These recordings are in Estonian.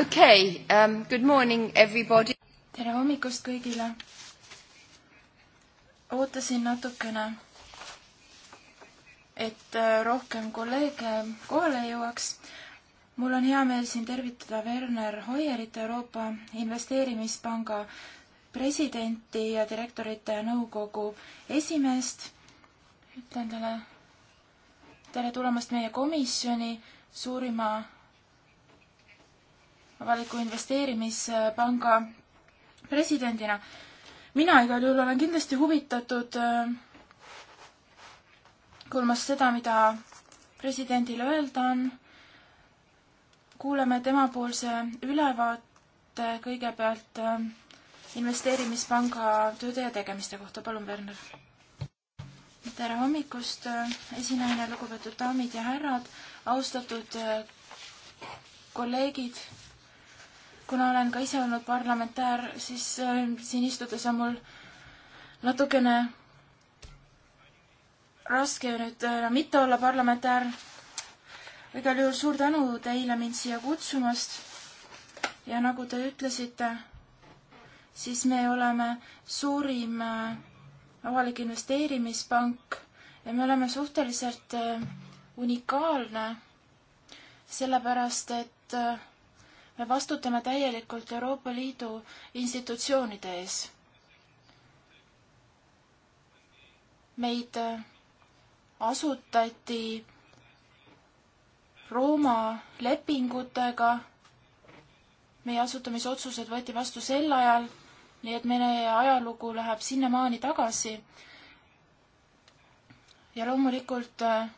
okei okay, um,, good morning everybody. tere hommikust kõigile. ootasin natukene, et äh, rohkem kolleege kohale jõuaks. mul on hea meel siin tervitada Werner Hoierit, Euroopa Investeerimispanga presidenti ja direktorite nõukogu esimeest. ütlen talle tere tulemast meie komisjoni suurima avaliku investeerimispanga presidendina. mina igal juhul olen kindlasti huvitatud äh, kuulmas seda, mida presidendil öelda on. kuuleme temapoolse ülevaate kõigepealt äh, investeerimispanga tööde ja tegemiste kohta. palun, Werner. tere hommikust, äh, esinaine, lugupeetud daamid ja härrad, austatud kolleegid kuna olen ka ise olnud parlamentäär, siis ähm, siin istudes on mul natukene raske nüüd äh, mitte olla parlamentäär. igal juhul suur tänu teile mind siia kutsumast. ja nagu te ütlesite, siis me oleme suurim äh, avalik investeerimispank ja me oleme suhteliselt äh, unikaalne, sellepärast et me vastutame täielikult Euroopa Liidu institutsioonide ees. meid äh, asutati Rooma lepingutega, meie asutamisotsused võeti vastu sel ajal, nii et meie ajalugu läheb sinnamaani tagasi. ja loomulikult äh,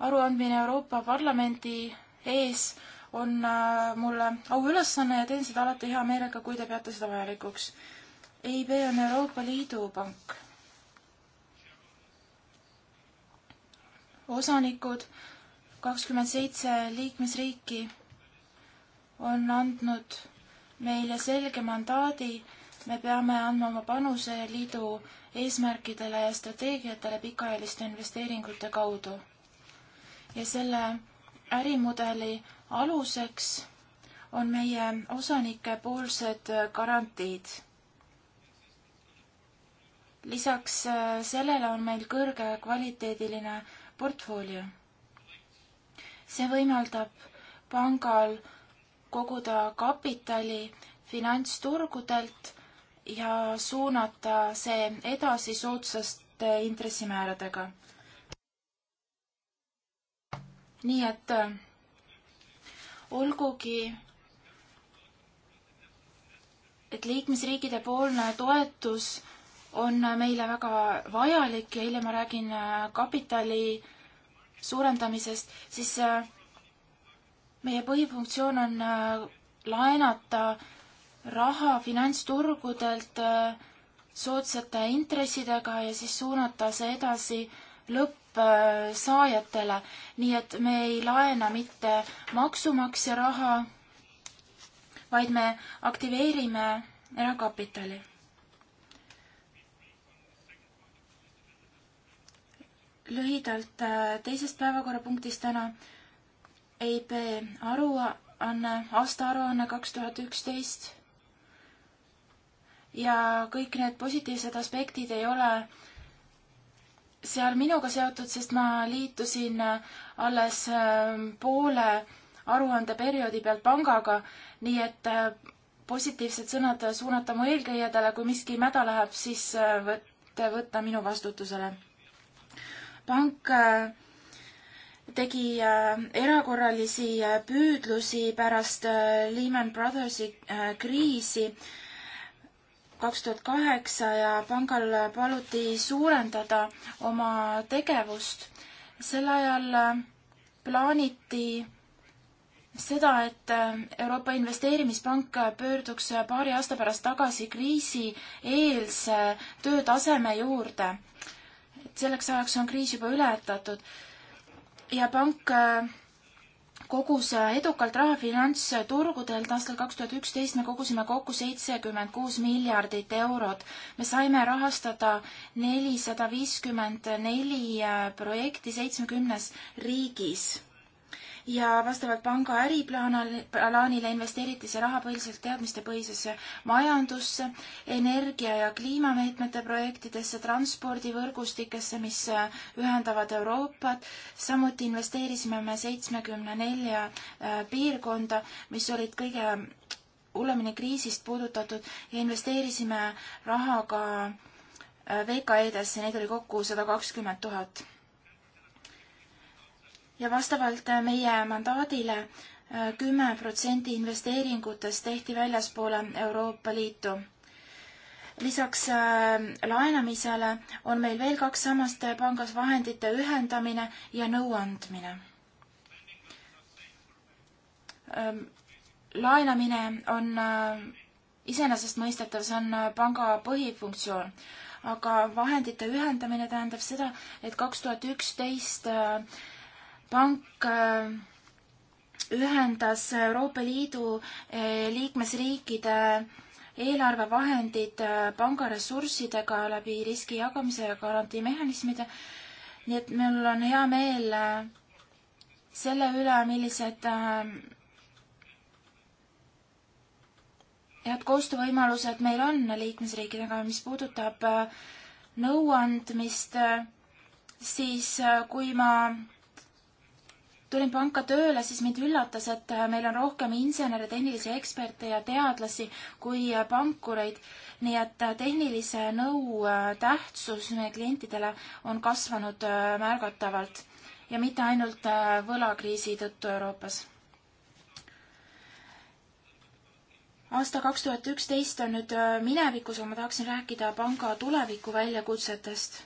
aruandmine Euroopa Parlamendi ees on äh, mulle auülesanne ja teen seda alati hea meelega, kui te peate seda vajalikuks. EIB on Euroopa Liidu pank. osanikud kakskümmend seitse liikmesriiki on andnud meile selge mandaadi, me peame andma oma panuse liidu eesmärkidele ja strateegiatele pikaajaliste investeeringute kaudu ja selle ärimudeli aluseks on meie osanike poolsed garantiid. lisaks äh, sellele on meil kõrge kvaliteediline portfoolio. see võimaldab pangal koguda kapitali finantsturgudelt ja suunata see edasi soodsaste intressimääradega nii et äh, olgugi, et liikmesriikide poolne toetus on meile väga vajalik ja hiljem ma räägin äh, kapitali suurendamisest, siis äh, meie põhifunktsioon on laenata raha finantsturgudelt soodsate intressidega ja siis suunata see edasi lõpp Äh, saajatele, nii et me ei laena mitte maksumaksja raha, vaid me aktiveerime erakapitali. lühidalt äh, teisest päevakorrapunktist täna EIB aruanne, aastaaruanne kaks tuhat üksteist ja kõik need positiivsed aspektid ei ole seal minuga seotud, sest ma liitusin äh, alles äh, poole aruandeperioodi pealt pangaga, nii et äh, positiivsed sõnad suunata mu eelkäijatele, kui miski mäda läheb, siis võtta, võtta minu vastutusele. pank tegi erakorralisi püüdlusi pärast Lehman Brothersi kriisi kaks tuhat kaheksa ja pangal paluti suurendada oma tegevust. sel ajal plaaniti seda, et Euroopa Investeerimispank pöörduks paari aasta pärast tagasi kriisieelse töötaseme juurde. et selleks ajaks on kriis juba ületatud ja pank kogus äh, edukalt raha finantsturgudelt aastal kaks tuhat üksteist me kogusime kokku seitsekümmend kuus miljardit eurot. me saime rahastada nelisada viiskümmend neli äh, projekti seitsmekümnes riigis ja vastavalt panga äriplaanile investeeriti see raha põhiliselt teadmistepõhisesse majandusse, energia- ja kliimameetmete projektidesse, transpordivõrgustikesse, mis äh, ühendavad Euroopat. samuti investeerisime me seitsmekümne nelja äh, piirkonda, mis olid kõige hullemini kriisist puudutatud ja investeerisime raha äh, ka VKE-desse, neid oli kokku sada kakskümmend tuhat ja vastavalt äh, meie mandaadile äh, kümme protsenti investeeringutest tehti väljaspoole Euroopa Liitu lisaks äh, laenamisele on meil veel kaks sammast pangas vahendite ühendamine ja nõuandmine. Ähm, laenamine on iseenesestmõistetav, see on panga põhifunktsioon, aga vahendite ühendamine tähendab seda, et kaks tuhat üksteist pank äh, ühendas Euroopa Liidu äh, liikmesriikide eelarvevahendid äh, panga ressurssidega läbi riski jagamise ja garantiimehhanismide. nii et mul on hea meel selle üle, millised head koostöövõimalused meil on liikmesriikidega, mis puudutab nõuandmist, siis kui ma tulin panka tööle, siis mind üllatas, et äh, meil on rohkem insenere, tehnilisi eksperte ja teadlasi kui äh, pankureid. nii et äh, tehnilise nõu tähtsus meie klientidele on kasvanud märgatavalt ja mitte ainult võlakriisi tõttu Euroopas. aasta kaks tuhat üksteist on nüüd minevikus, aga ma tahaksin rääkida panga tuleviku väljakutsetest.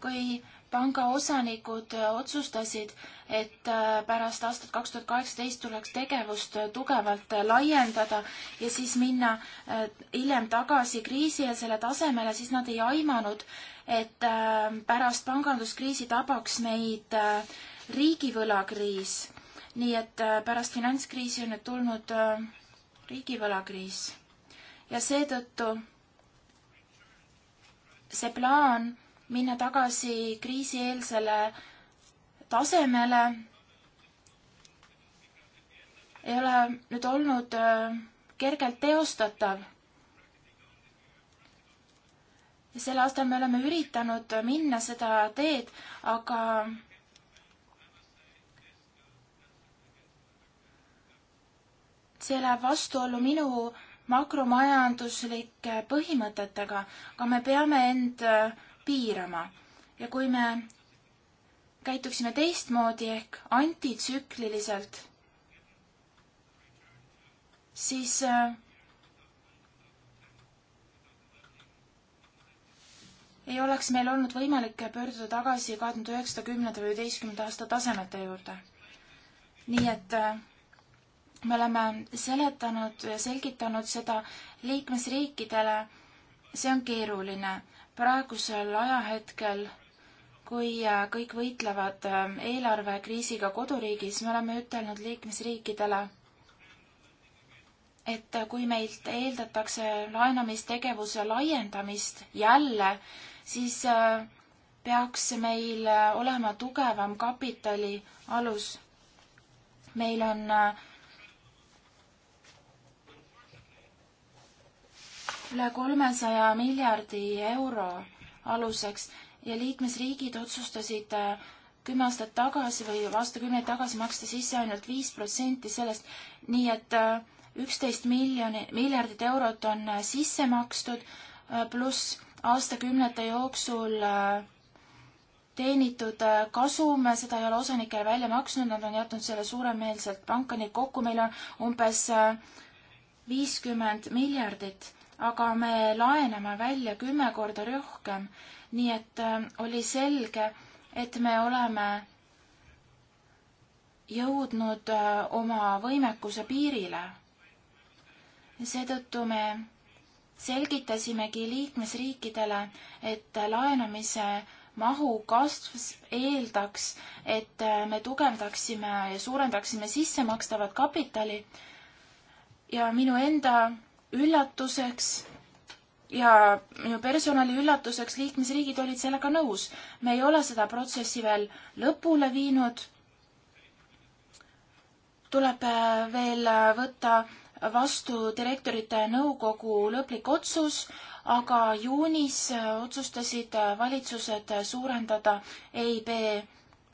kui panga osanikud äh, otsustasid, et äh, pärast aastat kaks tuhat kaheksateist tuleks tegevust äh, tugevalt laiendada ja siis minna hiljem tagasi kriisieelsele tasemele, siis nad ei aimanud, et pärast panganduskriisi tabaks meid riigivõlakriis. nii et pärast finantskriisi on nüüd tulnud riigivõlakriis ja seetõttu see plaan minna tagasi kriisieelsele tasemele. ei ole nüüd olnud äh, kergelt teostatav. ja sel aastal me oleme üritanud minna seda teed, aga see läheb vastuollu minu makromajanduslike põhimõtetega, aga me peame end äh, piirama ja kui me käituksime teistmoodi ehk antitsükliliselt, siis äh, ei oleks meil olnud võimalik pöörduda tagasi kahe tuhande üheksasada või üheteistkümnenda aasta tasemete juurde. nii et äh, me oleme seletanud ja selgitanud seda liikmesriikidele, see on keeruline praegusel ajahetkel, kui äh, kõik võitlevad äh, eelarvekriisiga koduriigis, me oleme ütelnud liikmesriikidele, et äh, kui meilt eeldatakse laenamistegevuse laiendamist jälle, siis peaks meil olema tugevam kapitali alus. meil on äh, üle kolmesaja miljardi euro aluseks ja liikmesriigid otsustasid äh, kümme aastat tagasi või aastakümneid tagasi maksta sisse ainult viis protsenti sellest, nii et äh, üksteist miljoni, miljardit eurot on äh, sisse makstud, pluss aastakümnete jooksul teenitud kasum, seda ei ole osanikele välja maksnud, nad on jätnud selle suuremeelselt panka, nii et kokku meil on umbes viiskümmend miljardit aga me laename välja kümme korda rohkem, nii et äh, oli selge, et me oleme jõudnud äh, oma võimekuse piirile. seetõttu me selgitasimegi liikmesriikidele, et laenamise mahu kasv eeldaks, et äh, me tugevdaksime ja suurendaksime sissemakstavat kapitali. ja minu enda üllatuseks ja minu personali üllatuseks liikmesriigid olid sellega nõus. me ei ole seda protsessi veel lõpule viinud. tuleb äh, veel äh, võtta vastu direktorite nõukogu lõplik otsus, aga juunis äh, otsustasid valitsused suurendada EIB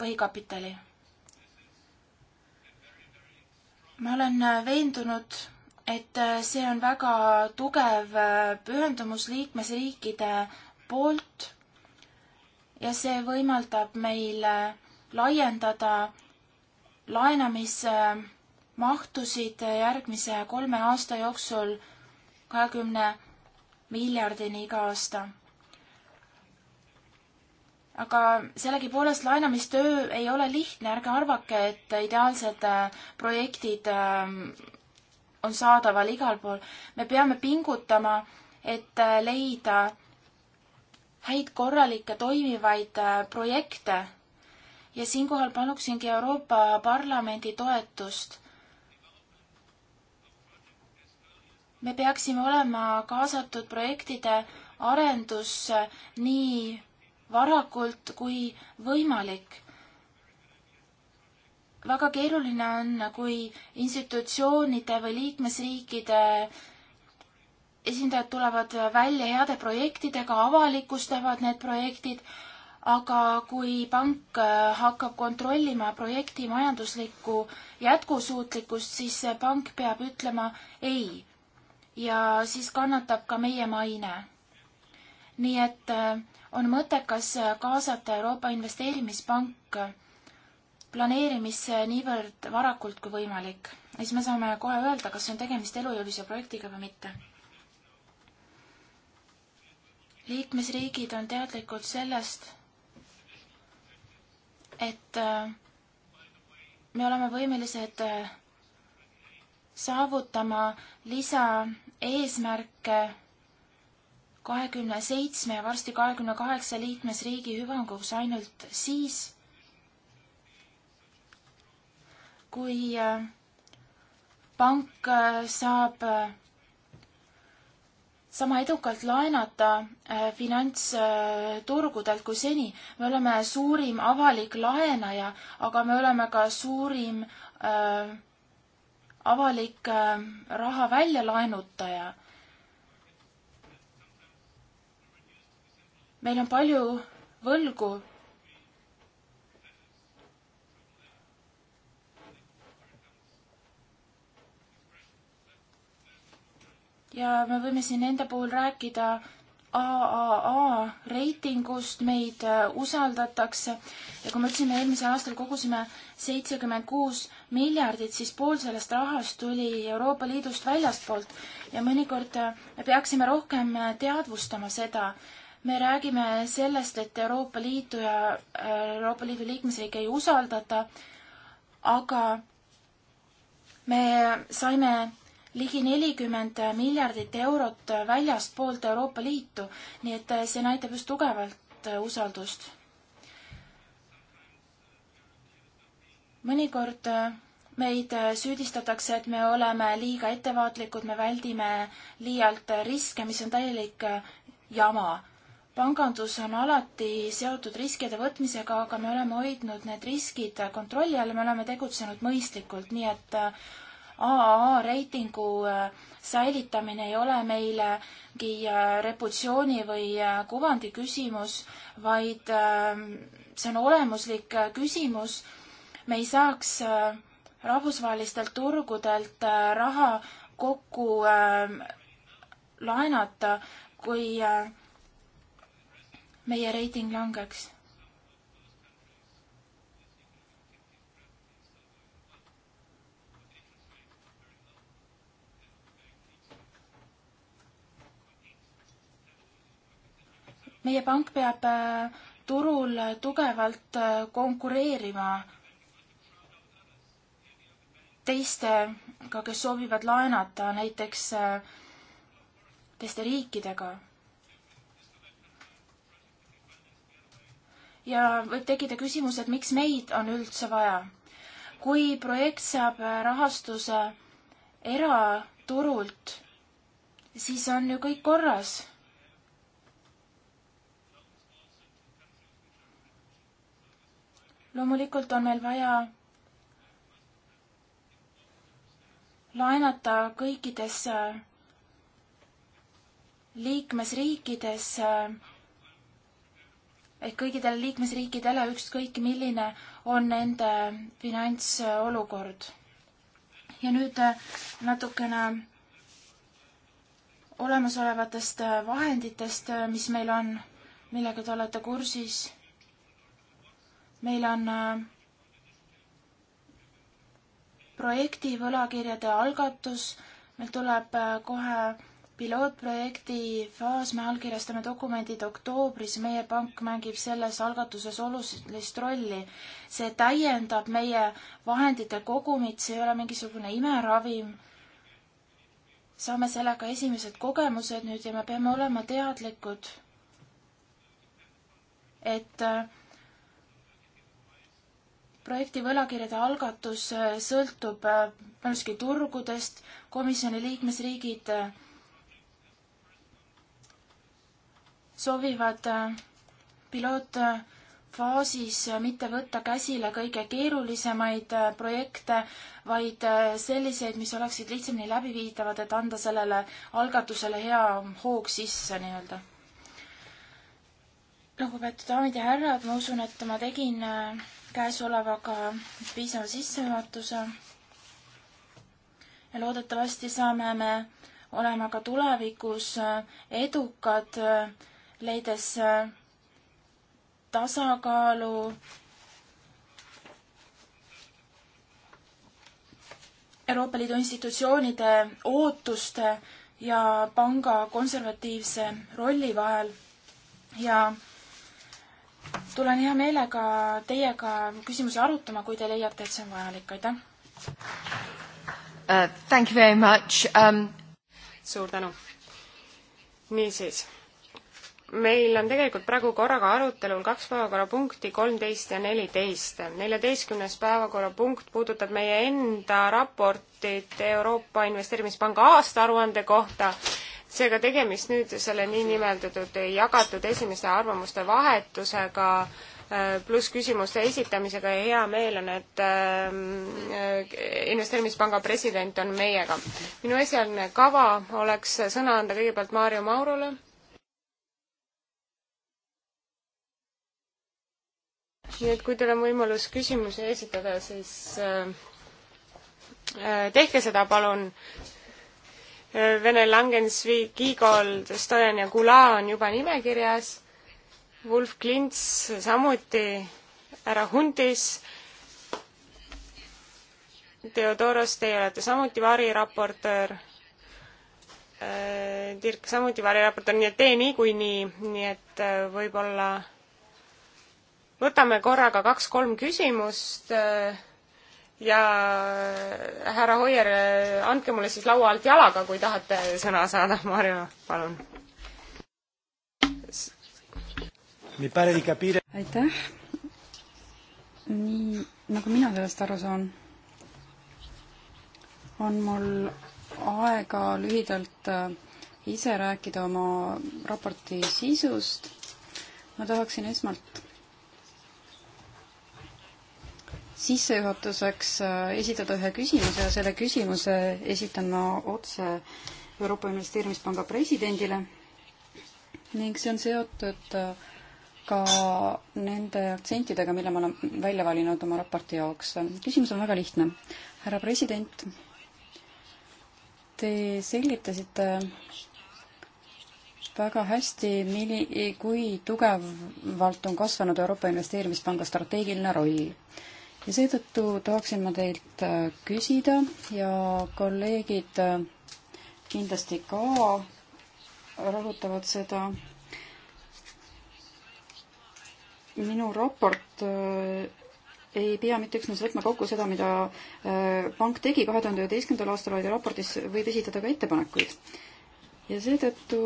põhikapitali. ma olen veendunud et äh, see on väga tugev äh, pühendumus liikmesriikide poolt ja see võimaldab meil äh, laiendada laenamismahtusid järgmise kolme aasta jooksul kahekümne miljardini iga aasta. aga sellegipoolest laenamistöö ei ole lihtne, ärge arvake, et ideaalsed projektid ähm, on saadaval igal pool. me peame pingutama, et äh, leida häid, korralikke, toimivaid äh, projekte. ja siinkohal paluksingi Euroopa Parlamendi toetust. me peaksime olema kaasatud projektide arendusse nii varakult kui võimalik väga keeruline on, kui institutsioonide või liikmesriikide esindajad tulevad välja heade projektidega, avalikustavad need projektid, aga kui pank äh, hakkab kontrollima projekti majanduslikku jätkusuutlikkust, siis see pank peab ütlema ei. ja siis kannatab ka meie maine. nii et äh, on mõttekas äh, kaasata Euroopa Investeerimispank planeerimisse niivõrd varakult kui võimalik. ja siis me saame kohe öelda, kas on tegemist elujõulise projektiga või mitte. liikmesriigid on teadlikud sellest, et äh, me oleme võimelised äh, saavutama lisaeesmärke kahekümne seitsme ja varsti kahekümne kaheksa liikmesriigi hüvanguks ainult siis, kui äh, pank äh, saab äh, sama edukalt laenata finantsturgudelt kui seni. me oleme suurim avalik laenaja, aga me oleme ka suurim äh, avalik äh, raha väljalaenutaja. meil on palju võlgu ja me võime siin enda puhul rääkida AAA reitingust, meid äh, usaldatakse ja kui me ütlesime, eelmisel aastal kogusime seitsekümmend kuus miljardit, siis pool sellest rahast tuli Euroopa Liidust väljastpoolt ja mõnikord äh, me peaksime rohkem äh, teadvustama seda, me räägime sellest, et Euroopa Liitu ja Euroopa Liidu liikmesriike ei usaldata, aga me saime ligi nelikümmend miljardit eurot väljaspoolt Euroopa Liitu, nii et äh, see näitab just tugevalt äh, usaldust. mõnikord äh, meid süüdistatakse, et me oleme liiga ettevaatlikud, me väldime liialt riske, mis on täielik jama. pangandus on alati seotud riskide võtmisega, aga me oleme hoidnud need riskid kontrolli all, me oleme tegutsenud mõistlikult, nii et äh, aa reitingu äh, säilitamine ei ole meilegi äh, reputsiooni või äh, kuvandi küsimus, vaid ähm, see on olemuslik küsimus. me ei saaks rahvusvahelistelt turgudelt raha kokku ähm, laenata, kui meie reiting langeks meie pank peab äh, turul tugevalt äh, konkureerima teistega, kes soovivad laenata näiteks äh, teiste riikidega. ja võib tekkida küsimus, et miks meid on üldse vaja. kui projekt saab rahastuse eraturult, siis on ju kõik korras loomulikult on meil vaja laenata kõikides äh, liikmesriikides äh, ehk kõikidele liikmesriikidele ükskõik milline on nende finantsolukord. ja nüüd äh, natukene olemasolevatest vahenditest, mis meil on, millega te olete kursis meil on äh, projekti võlakirjade algatus, meil tuleb äh, kohe pilootprojekti faas, me allkirjastame dokumendid oktoobris, meie pank mängib selles algatuses olulist rolli. see täiendab meie vahendite kogumit, see ei ole mingisugune imeravim. saame sellega esimesed kogemused nüüd ja me peame olema teadlikud, et äh, projekti võlakirjade algatus äh, sõltub äh, paljuski turgudest, komisjoni liikmesriigid äh, soovivad pilootfaasis mitte võtta käsile kõige keerulisemaid projekte, vaid selliseid, mis oleksid lihtsamini läbiviidavad, et anda sellele algatusele hea hoog sisse nii-öelda lugupeetud daamid ja härrad, ma usun, et ma tegin käesolevaga piisava sissejuhatuse. ja loodetavasti saame me olema ka tulevikus edukad, leides tasakaalu Euroopa Liidu institutsioonide ootuste ja panga konservatiivse rolli vahel ja tulen hea meelega teiega küsimusi arutama, kui te leiate, et see on vajalik, aitäh uh,! Thank you very much um...! suur tänu! niisiis, meil on tegelikult praegu korraga arutelul kaks päevakorrapunkti, kolmteist ja neliteist. neljateistkümnes päevakorrapunkt puudutab meie enda raportit Euroopa Investeerimispanga aastaaruande kohta seega tegemist nüüd selle niinimetatud jagatud esimeste arvamuste vahetusega äh, pluss küsimuste esitamisega ja hea meel on, et äh, investeerimispanga president on meiega. minu esialgne kava oleks sõna anda kõigepealt Maarju Maurule. nii et kui teil on võimalus küsimusi esitada, siis äh, tehke seda palun Vene Langensvi, Kiigold, Stojan ja Gula on juba nimekirjas, Wolf Klints samuti, härra Huntis, Theodoros, teie olete samuti variraportöör, äh, Dirk samuti variraportöör, nii et tee niikuinii, nii et äh, võib-olla võtame korraga kaks-kolm küsimust äh, ja äh, härra Hoier, äh, andke mulle siis laua alt jalaga, kui tahate sõna saada, Marju, palun. aitäh. nii nagu mina sellest aru saan, on mul aega lühidalt äh, ise rääkida oma raporti sisust. ma tahaksin esmalt sissejuhatuseks äh, esitada ühe küsimuse ja selle küsimuse esitan ma otse Euroopa Investeerimispanga presidendile ning see on seotud äh, ka nende aktsentidega, mille ma olen välja valinud oma raporti jaoks. küsimus on väga lihtne. härra president, te selgitasite väga hästi, milli-, kui tugevalt on kasvanud Euroopa Investeerimispanga strateegiline roll ja seetõttu tahaksin ma teilt äh, küsida ja kolleegid äh, kindlasti ka rõhutavad seda. minu raport äh, ei pea mitte üksnes võtma kokku seda, mida pank tegi kahe tuhande üheteistkümnendal aastal, vaid raportis võib esitada ka ettepanekuid ja seetõttu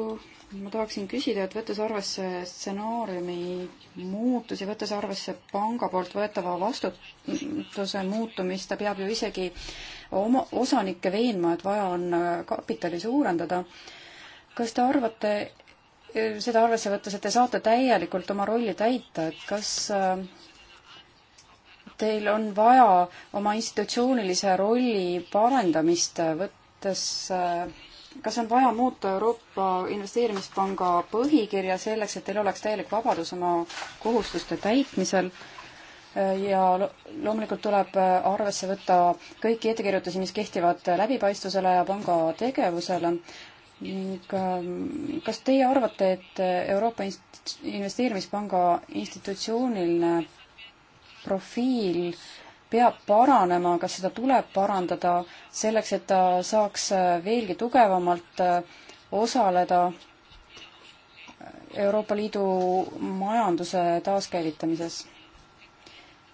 ma tahaksin küsida, et võttes arvesse stsenaariumi muutusi, võttes arvesse panga poolt võetava vastutuse muutumist, ta peab ju isegi oma, osanikke veenma, et vaja on kapitali suurendada. kas te arvate, seda arvesse võttes, et te saate täielikult oma rolli täita, et kas äh, teil on vaja oma institutsioonilise rolli parandamist, võttes äh, kas on vaja muuta Euroopa Investeerimispanga põhikirja selleks, et teil oleks täielik vabadus oma kohustuste täitmisel ja loomulikult tuleb arvesse võtta kõiki ettekirjutusi, mis kehtivad läbipaistvusele ja panga tegevusele. Ähm, kas teie arvate, et Euroopa Investeerimispanga institutsiooniline profiil peab paranema, kas seda tuleb parandada selleks, et ta saaks veelgi tugevamalt äh, osaleda Euroopa Liidu majanduse taaskäivitamises?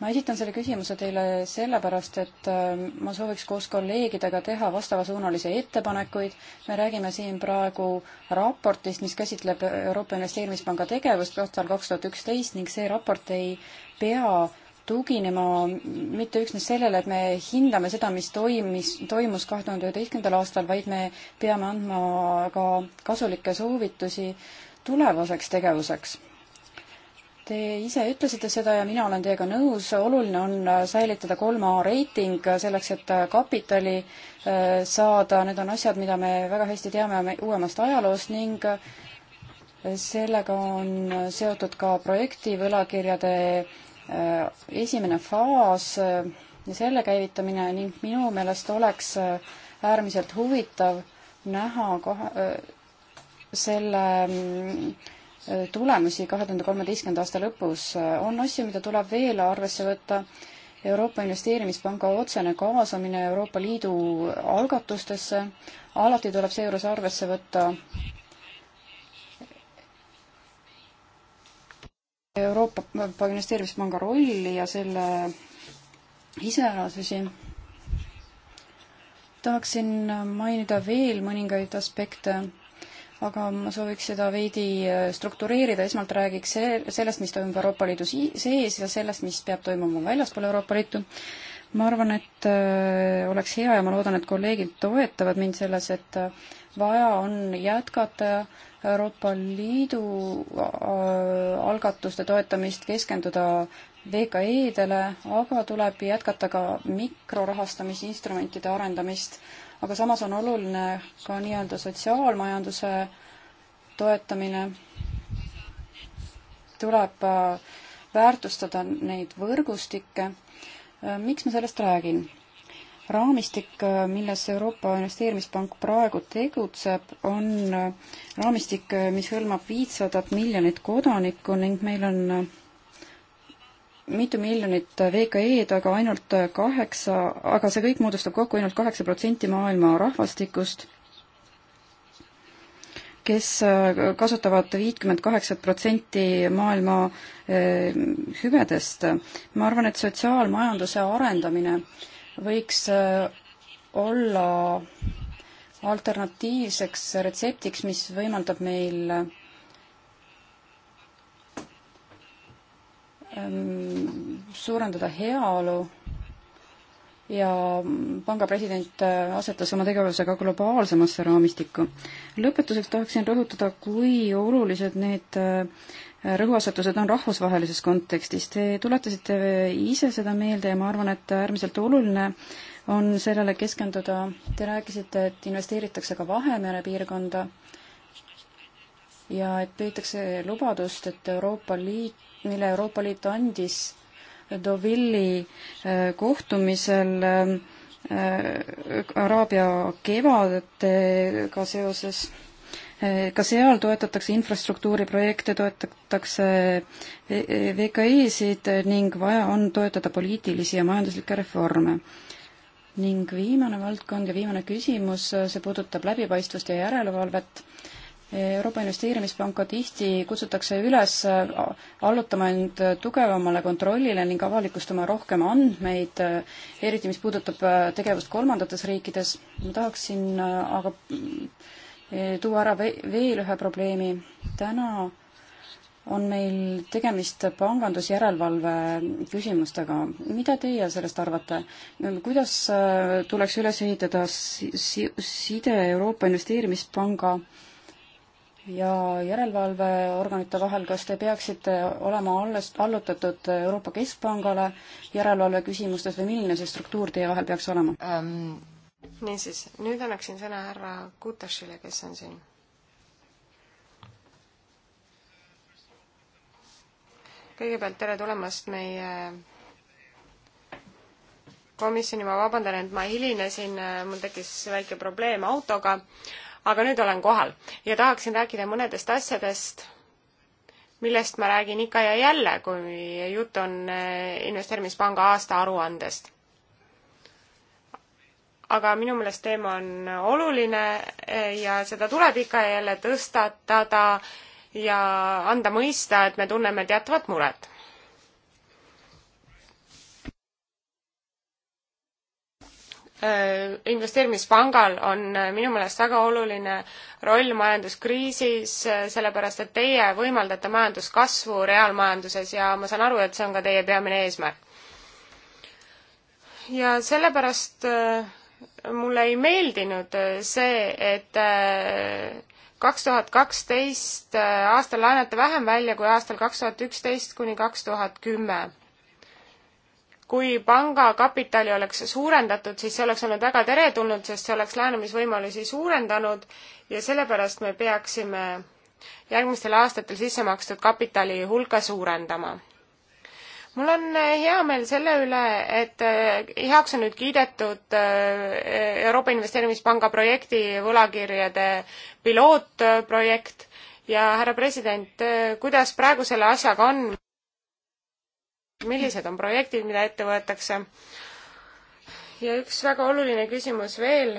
ma esitan selle küsimuse teile sellepärast, et äh, ma sooviks koos kolleegidega teha vastavasuunalisi ettepanekuid. me räägime siin praegu raportist, mis käsitleb Euroopa Investeerimispanga tegevust aastal kaks tuhat üksteist ning see raport ei pea tuginema mitte üksnes sellele, et me hindame seda, mis toimis, toimus kahe tuhande üheteistkümnendal aastal, vaid me peame andma ka kasulikke soovitusi tulevaseks tegevuseks. Te ise ütlesite seda ja mina olen teiega nõus, oluline on äh, säilitada kolm A reiting äh, selleks, et äh, kapitali saada, need on asjad, mida me väga hästi teame uuemast ajaloost ning sellega on seotud ka projekti võlakirjade Äh, esimene faas äh, ja selle käivitamine ning minu meelest oleks äh, äärmiselt huvitav näha kahe, selle tulemusi kahe tuhande kolmeteistkümnenda aasta lõpus. on asju, mida tuleb veel arvesse võtta. Euroopa Investeerimispanga otsene kaasamine Euroopa Liidu algatustesse, alati tuleb seejuures arvesse võtta Euroopa Investeerimispanga rolli ja selle iseärasusi. tahaksin mainida veel mõningaid aspekte, aga ma sooviks seda veidi äh, struktureerida, esmalt räägiks sellest, mis toimub Euroopa Liidu sees ja sellest, mis peab toimuma väljaspool Euroopa Liitu. ma arvan, et äh, oleks hea ja ma loodan, et kolleegid toetavad mind selles, et äh, vaja on jätkata äh, Euroopa Liidu äh, algatuste toetamist, keskenduda VKE-dele, aga tuleb jätkata ka mikrorahastamisinstrumentide arendamist. aga samas on oluline ka nii-öelda sotsiaalmajanduse toetamine. tuleb äh, väärtustada neid võrgustikke. Äh, miks ma sellest räägin? raamistik, milles Euroopa Investeerimispank praegu tegutseb, on raamistik, mis hõlmab viitsadat miljonit kodanikku ning meil on mitu miljonit VKE-d, aga ainult kaheksa, aga see kõik moodustab kokku ainult kaheksa protsenti maailma rahvastikust, kes äh, kasutavad viitkümmend kaheksa protsenti maailma äh, hüvedest. ma arvan, et sotsiaalmajanduse arendamine äh, võiks äh, olla alternatiivseks retseptiks, mis võimaldab meil ähm, suurendada heaolu ja panga president äh, asetas oma tegevusega globaalsemasse raamistikku. lõpetuseks tahaksin rõhutada, kui olulised need äh, rõhuasetused on rahvusvahelises kontekstis. Te tuletasite ise seda meelde ja ma arvan, et äärmiselt oluline on sellele keskenduda. Te rääkisite, et investeeritakse ka Vahemere piirkonda ja et peetakse lubadust, et Euroopa Liit, mille Euroopa Liit andis Deauville'i äh, kohtumisel äh, äh, Araabia kevadetega seoses ka seal toetatakse infrastruktuuriprojekte, toetatakse VKI-sid ning vaja on toetada poliitilisi ja majanduslikke reforme. ning viimane valdkond ja viimane küsimus, see puudutab läbipaistvust ja järelevalvet Euroopa Investeerimispanka tihti kutsutakse üles allutama end tugevamale kontrollile ning avalikustama rohkem andmeid, eriti mis puudutab tegevust kolmandates riikides. ma tahaksin aga Eh, tuua ära veel ühe probleemi. täna on meil tegemist pangandusjärelevalve küsimustega. mida teie sellest arvate? kuidas äh, tuleks üles ehitada side Euroopa Investeerimispanga ja järelevalveorganite vahel, kas te peaksite olema alles, allutatud Euroopa Keskpangale järelevalve küsimustes või milline see struktuur teie vahel peaks olema um,? niisiis, nüüd annaksin sõna härra Kutašile, kes on siin. kõigepealt tere tulemast meie komisjoni, ma vabandan, et ma hilinesin, mul tekkis väike probleem autoga, aga nüüd olen kohal ja tahaksin rääkida mõnedest asjadest, millest ma räägin ikka ja jälle, kui jutt on eh, investeerimispanga aastaaruandest aga minu meelest teema on oluline eh, ja seda tuleb ikka ja jälle tõstatada ja anda mõista, et me tunneme teatavat muret. Eh, investeerimispangal on eh, minu meelest väga oluline roll majanduskriisis, sellepärast et teie võimaldate majanduskasvu reaalmajanduses ja ma saan aru, et see on ka teie peamine eesmärk. ja sellepärast äh, mulle ei meeldinud äh, see, et äh, kaks tuhat kaksteist äh, aastal laenati vähem välja kui aastal kaks tuhat üksteist kuni kaks tuhat kümme. kui panga kapitali oleks suurendatud, siis see oleks olnud väga teretulnud, sest see oleks laenamisvõimalusi suurendanud ja sellepärast me peaksime järgmistel aastatel sisse makstud kapitali hulka suurendama mul on eh, hea meel selle üle, et eh, heaks on nüüd kiidetud eh, Euroopa Investeerimispanga projekti võlakirjade pilootprojekt ja härra president, kuidas praegu selle asjaga on? millised on projektid, mida ette võetakse? ja üks väga oluline küsimus veel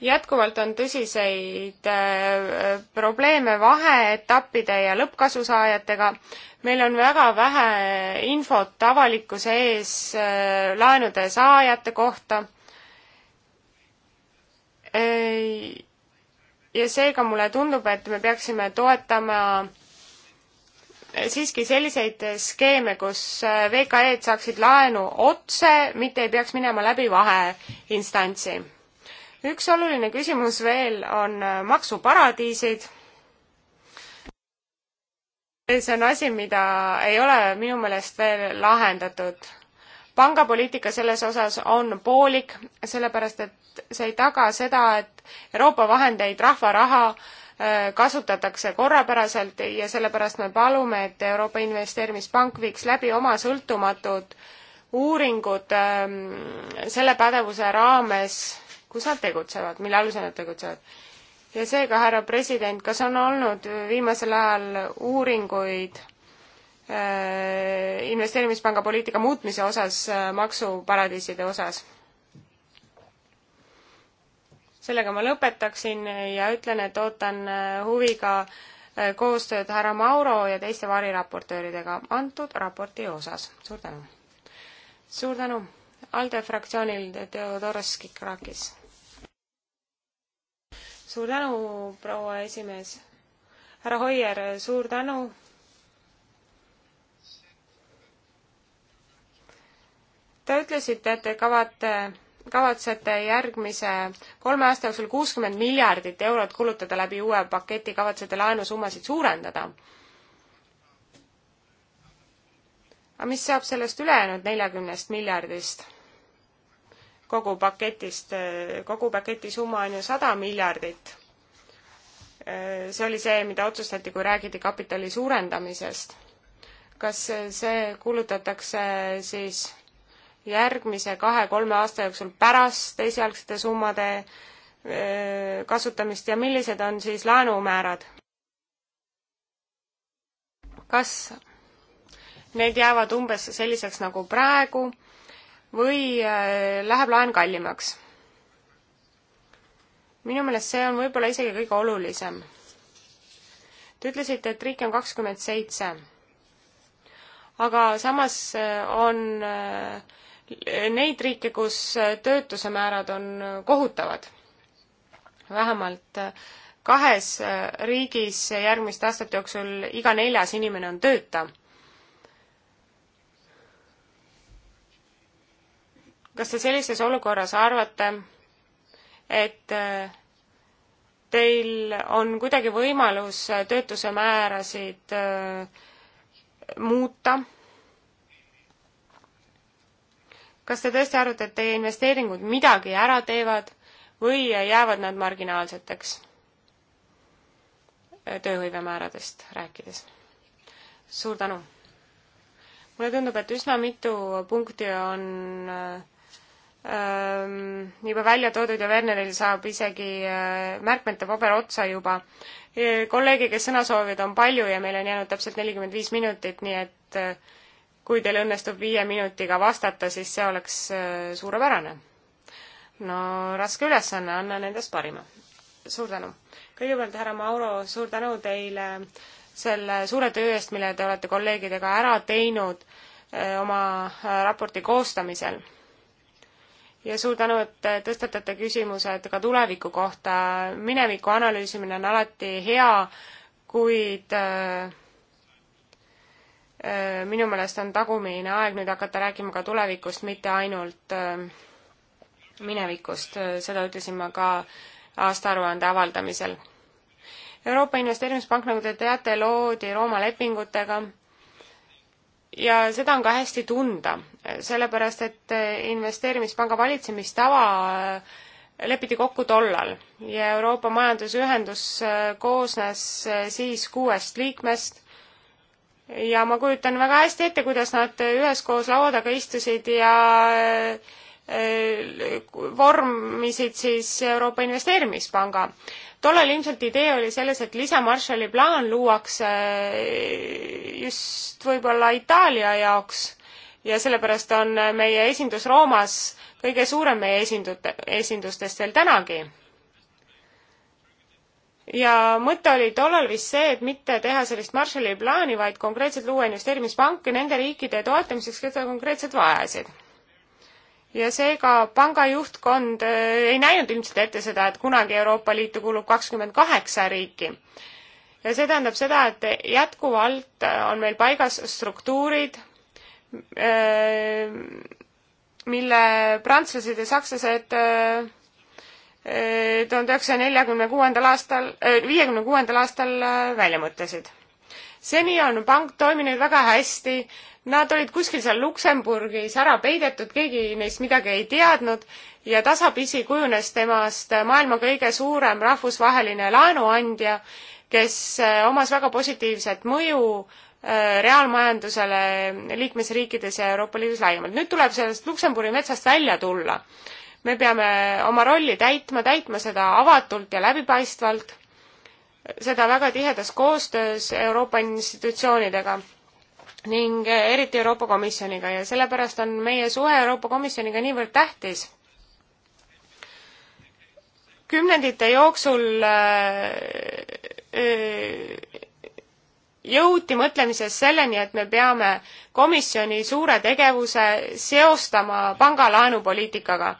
jätkuvalt on tõsiseid äh, probleeme vaheetappide ja lõppkasusaajatega. meil on väga vähe infot avalikkuse ees äh, laenude saajate kohta. Äh, ja seega mulle tundub, et me peaksime toetama siiski selliseid skeeme, kus VKE-d saaksid laenu otse, mitte ei peaks minema läbi vaheinstantsi üks oluline küsimus veel on äh, maksuparadiisid. see on asi, mida ei ole minu meelest veel lahendatud pangapoliitika selles osas on poolik, sellepärast et see ei taga seda, et Euroopa vahendeid, rahva raha äh, kasutatakse korrapäraselt ja sellepärast me palume, et Euroopa Investeerimispank viiks läbi oma sõltumatud uuringud ähm, selle pädevuse raames, kus nad tegutsevad, mille alusel nad tegutsevad. ja seega, härra president, kas on olnud viimasel ajal uuringuid äh, investeerimispanga poliitika muutmise osas äh, maksuparadiiside osas? sellega ma lõpetaksin ja ütlen, et ootan äh, huviga koostööd härra Mauro ja teiste variraportööridega antud raporti osas. suur tänu! suur tänu! ALDE fraktsioonil Theodoros Kikrakis suur tänu, proua esimees. härra Hoier, suur tänu Te ütlesite, et te kavate, kavatsete järgmise kolme aasta jooksul kuuskümmend miljardit eurot kulutada läbi uue paketi, kavatsete laenusummasid suurendada. aga mis saab sellest ülejäänud neljakümnest miljardist? kogu paketist, kogu paketi summa on ju sada miljardit. see oli see, mida otsustati, kui räägiti kapitali suurendamisest. kas see kuulutatakse siis järgmise kahe-kolme aasta jooksul pärast esialgsete summade eh, kasutamist ja millised on siis laenumäärad? kas need jäävad umbes selliseks nagu praegu või äh, läheb laen kallimaks. minu meelest see on võib-olla isegi kõige olulisem. Te ütlesite, et riike on kakskümmend seitse. aga samas äh, on äh, neid riike, kus töötuse määrad on kohutavad. vähemalt kahes riigis järgmiste aastate jooksul iga neljas inimene on tööta kas te sellises olukorras arvate, et äh, teil on kuidagi võimalus äh, töötuse määrasid äh, muuta? kas te tõesti arvate, et teie investeeringud midagi ära teevad või jäävad nad marginaalseteks tööhõivemääradest rääkides? suur tänu! mulle tundub, et üsna mitu punkti on äh, Ehm, juba välja toodud ja Werneril saab isegi eh, märkmete paber otsa juba. E, kolleege, kes sõna soovivad, on palju ja meil on jäänud täpselt nelikümmend viis minutit, nii et eh, kui teil õnnestub viie minutiga vastata, siis see oleks eh, suurepärane. no raske ülesanne, annan endast parima. suur tänu. kõigepealt, härra Mauro, suur tänu teile selle suure töö eest, mille te olete kolleegidega ära teinud öö, oma raporti koostamisel ja suur tänu, et tõstatate küsimused ka tuleviku kohta. mineviku analüüsimine on alati hea, kuid äh, äh, minu meelest on tagumine aeg nüüd hakata rääkima ka tulevikust, mitte ainult äh, minevikust, seda ütlesin ma ka aastaaruande avaldamisel. Euroopa Investeerimispank, nagu te teate, loodi Rooma lepingutega ja seda on ka hästi tunda, sellepärast et investeerimispanga valitsemistava äh, lepiti kokku tollal ja Euroopa Majandusühendus äh, koosnes äh, siis kuuest liikmest ja ma kujutan väga hästi ette, kuidas nad üheskoos laua taga istusid ja vormisid siis Euroopa Investeerimispanga tollal ilmselt idee oli selles, et Liisa Marshalli plaan luuakse äh, just võib-olla Itaalia jaoks ja sellepärast on äh, meie esindus Roomas kõige suurem meie esindut-, esindustest veel tänagi. ja mõte oli tollal vist see, et mitte teha sellist Marshalli plaani, vaid konkreetselt luua investeerimispanke nende riikide toetamiseks, keda konkreetselt vajasid ja seega panga juhtkond äh, ei näinud ilmselt ette seda, et kunagi Euroopa Liitu kuulub kakskümmend kaheksa riiki. ja see tähendab seda, et jätkuvalt äh, on meil paigas struktuurid, äh, mille prantslased ja sakslased tuhande üheksasaja neljakümne kuuendal aastal, viiekümne kuuendal aastal välja mõtlesid seni on pank toiminud väga hästi, nad olid kuskil seal Luksemburgis ära peidetud, keegi neist midagi ei teadnud ja tasapisi kujunes temast maailma kõige suurem rahvusvaheline laenuandja, kes eh, omas väga positiivset mõju eh, reaalmajandusele liikmesriikides ja Euroopa Liidus laiemalt. nüüd tuleb sellest Luksemburgi metsast välja tulla. me peame oma rolli täitma, täitma seda avatult ja läbipaistvalt seda väga tihedas koostöös Euroopa institutsioonidega ning eriti Euroopa Komisjoniga ja sellepärast on meie suhe Euroopa Komisjoniga niivõrd tähtis. kümnendite jooksul äh, äh, jõuti mõtlemises selleni, et me peame komisjoni suure tegevuse seostama pangalaenupoliitikaga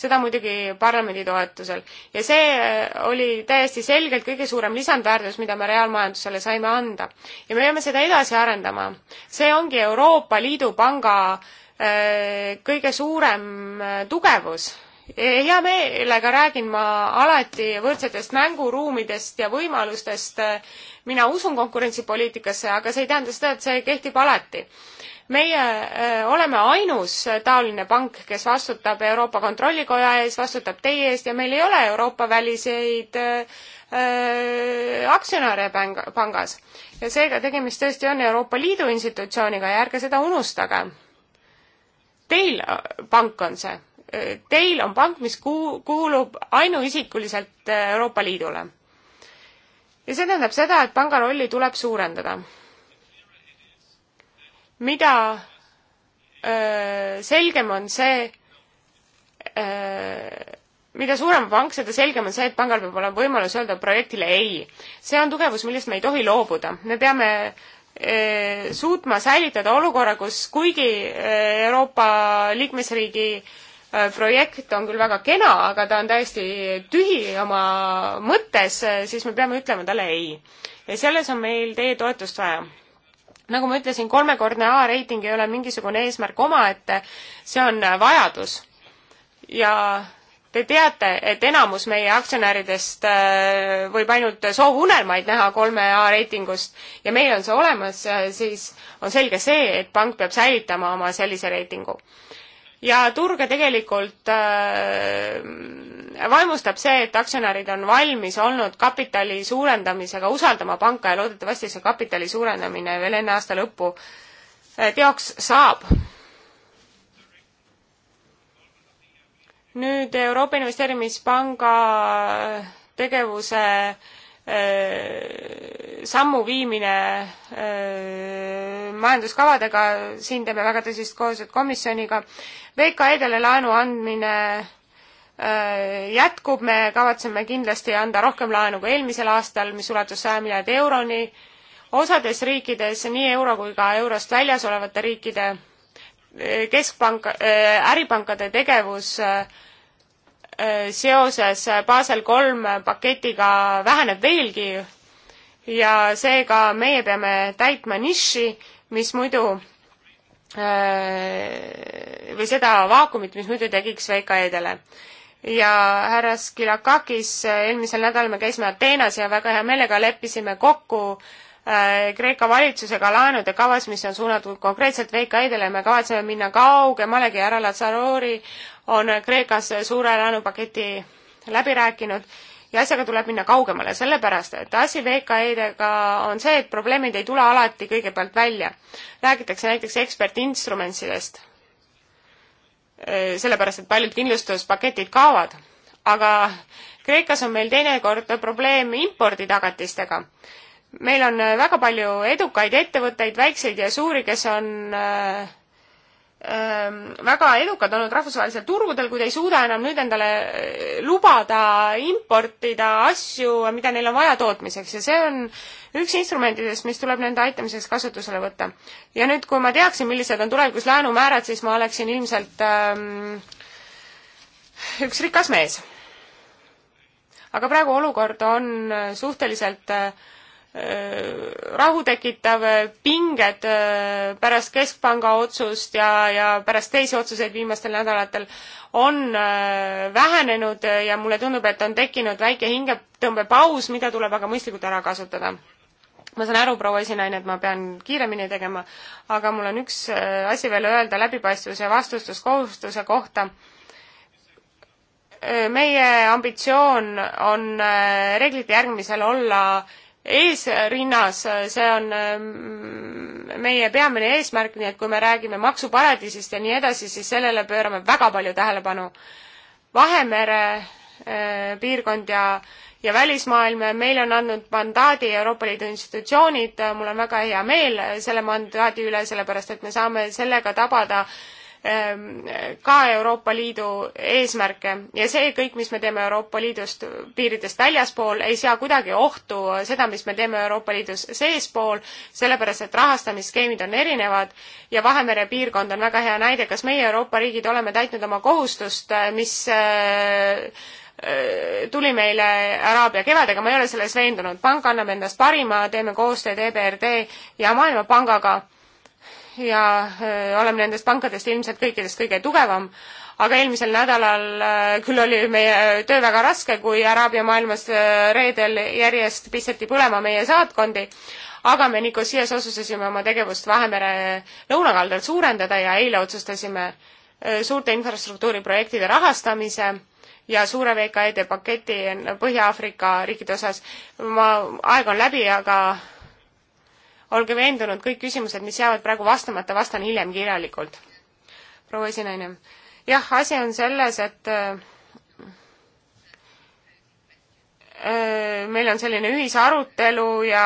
seda muidugi parlamendi toetusel. ja see äh, oli täiesti selgelt kõige suurem lisandväärtus, mida me reaalmajandusele saime anda. ja me peame seda edasi arendama. see ongi Euroopa Liidu Panga äh, kõige suurem äh, tugevus e, hea meelega räägin ma alati võrdsetest mänguruumidest ja võimalustest. mina usun konkurentsipoliitikasse, aga see ei tähenda seda, et see kehtib alati meie äh, oleme ainus äh, taoline pank, kes vastutab Euroopa Kontrollikoja ees, vastutab teie eest ja meil ei ole Euroopa väliseid äh, aktsionäre pang-, pangas. ja seega tegemist tõesti on Euroopa Liidu institutsiooniga ja ärge seda unustage. Teil pank on see. Teil on pank, mis kuu-, kuulub ainuisikuliselt Euroopa Liidule. ja see tähendab seda, et panga rolli tuleb suurendada mida öö, selgem on see, mida suurem pank, seda selgem on see, et pangal peab olema võimalus öelda projektile ei. see on tugevus, millest me ei tohi loobuda. me peame öö, suutma säilitada olukorra, kus kuigi Euroopa liikmesriigi projekt on küll väga kena, aga ta on täiesti tühi oma mõttes, siis me peame ütlema talle ei. ja selles on meil teie toetust vaja nagu ma ütlesin, kolmekordne A-reiting ei ole mingisugune eesmärk omaette, see on äh, vajadus. ja te teate, et enamus meie aktsionäridest äh, võib ainult soovunelmaid näha kolme A-reitingust ja meil on see olemas, äh, siis on selge see, et pank peab säilitama oma sellise reitingu ja turge tegelikult äh, vaimustab see, et aktsionärid on valmis olnud kapitali suurendamisega usaldama panka ja loodetavasti see kapitali suurendamine veel enne aasta lõppu äh, teoks saab. nüüd Euroopa Investeerimispanga äh, tegevuse äh, sammu viimine äh, majanduskavadega, siin teeme väga tõsist koostööd komisjoniga VKE-dele laenu andmine äh, jätkub, me kavatseme kindlasti anda rohkem laenu kui eelmisel aastal, mis ulatus saja miljardi euroni. osades riikides, nii euro kui ka eurost väljas olevate riikide äh, keskpank, äh, äripankade tegevus seoses Basel kolm paketiga väheneb veelgi ja seega meie peame täitma niši, mis muidu Äh, või seda vaakumit, mis muidu tekiks VKE-dele. ja härra Skilakakis, äh, eelmisel nädalal me käisime Ateenas ja väga hea meelega leppisime kokku äh, Kreeka valitsusega laenude kavas, mis on suunatud konkreetselt VKI-dele, me kavatseme minna kaugemalegi, härra Lazarori on Kreekas suure laenupaketi läbi rääkinud ja asjaga tuleb minna kaugemale, sellepärast et asi VKE-dega on see, et probleemid ei tule alati kõigepealt välja. räägitakse näiteks ekspertinstrumentsidest, eh, sellepärast et paljud kindlustuspaketid kaovad, aga Kreekas on meil teinekord probleem imporditagatistega meil on väga palju edukaid ettevõtteid, väikseid ja suuri, kes on äh, Ähm, väga edukad olnud rahvusvahelisel turgudel, kui te ei suuda enam nüüd endale äh, lubada importida asju, mida neil on vaja tootmiseks ja see on üks instrumentidest, mis tuleb nende aitamiseks kasutusele võtta. ja nüüd, kui ma teaksin, millised on tulevikus laenumäärad, siis ma oleksin ilmselt ähm, üks rikas mees. aga praegu olukord on äh, suhteliselt äh, rahu tekitav pinged äh, pärast Keskpanga otsust ja, ja pärast teisi otsuseid viimastel nädalatel on äh, vähenenud ja mulle tundub, et on tekkinud väike hingetõmbepaus, mida tuleb aga mõistlikult ära kasutada. ma saan aru, proua esinaine, et ma pean kiiremini tegema, aga mul on üks äh, asi veel öelda läbipaistvuse ja vastustuskohustuse kohta meie ambitsioon on reeglite järgmisel olla eesrinnas, see on ähm, meie peamine eesmärk, nii et kui me räägime maksuparadiisist ja nii edasi, siis sellele pöörame väga palju tähelepanu. Vahemere äh, piirkond ja, ja välismaailm, meile on andnud mandaadi Euroopa Liidu institutsioonid, mul on väga hea meel selle mandaadi üle, sellepärast et me saame sellega tabada äh, Ähm, ka Euroopa Liidu eesmärke ja see kõik, mis me teeme Euroopa Liidust piiridest väljaspool, ei sea kuidagi ohtu seda, mis me teeme Euroopa Liidus seespool, sellepärast et rahastamisskeemid on erinevad ja Vahemere piirkond on väga hea näide, kas meie Euroopa riigid oleme täitnud oma kohustust, äh, mis äh, äh, tuli meile Araabia kevadega, ma ei ole selles veendunud. pank annab endast parima, teeme koostööd EBRD ja Maailmapangaga ja äh, oleme nendest pankadest ilmselt kõikidest kõige tugevam, aga eelmisel nädalal äh, küll oli meie äh, töö väga raske, kui Araabia maailmas reedel järjest pisteti põlema meie saatkondi, aga me Nikosias otsustasime oma tegevust Vahemere lõunakaldal suurendada ja eile otsustasime suurte infrastruktuuriprojektide rahastamise ja suure VKE-de paketi Põhja-Aafrika riikide osas. ma, aeg on läbi, aga olge veendunud, kõik küsimused, mis jäävad praegu vastamata, vastan hiljem kirjalikult. proua esinaine. jah, asi on selles, et äh, äh, meil on selline ühisarutelu ja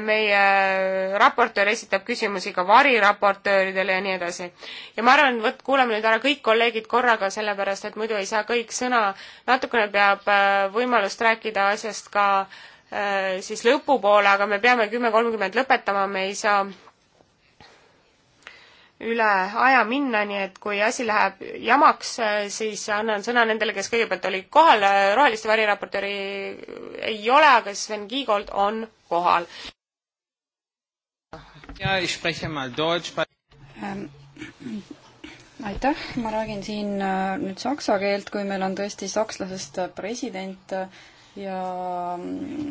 meie raportöör esitab küsimusi ka variraportööridele ja nii edasi. ja ma arvan, vot kuulame nüüd ära kõik kolleegid korraga, sellepärast et muidu ei saa kõik sõna. natukene peab äh, võimalust rääkida asjast ka äh, Äh, siis lõpupoole, aga me peame kümme kolmkümmend lõpetama, me ei saa üle aja minna, nii et kui asi läheb jamaks, äh, siis annan sõna nendele, kes kõigepealt olid kohal, äh, roheliste variraportööri ei ole, aga Sven Kiigold on kohal. ja, ich spreche mal deutsch ähm, aitäh, ma räägin siin nüüd saksa keelt, kui meil on tõesti sakslasest president ja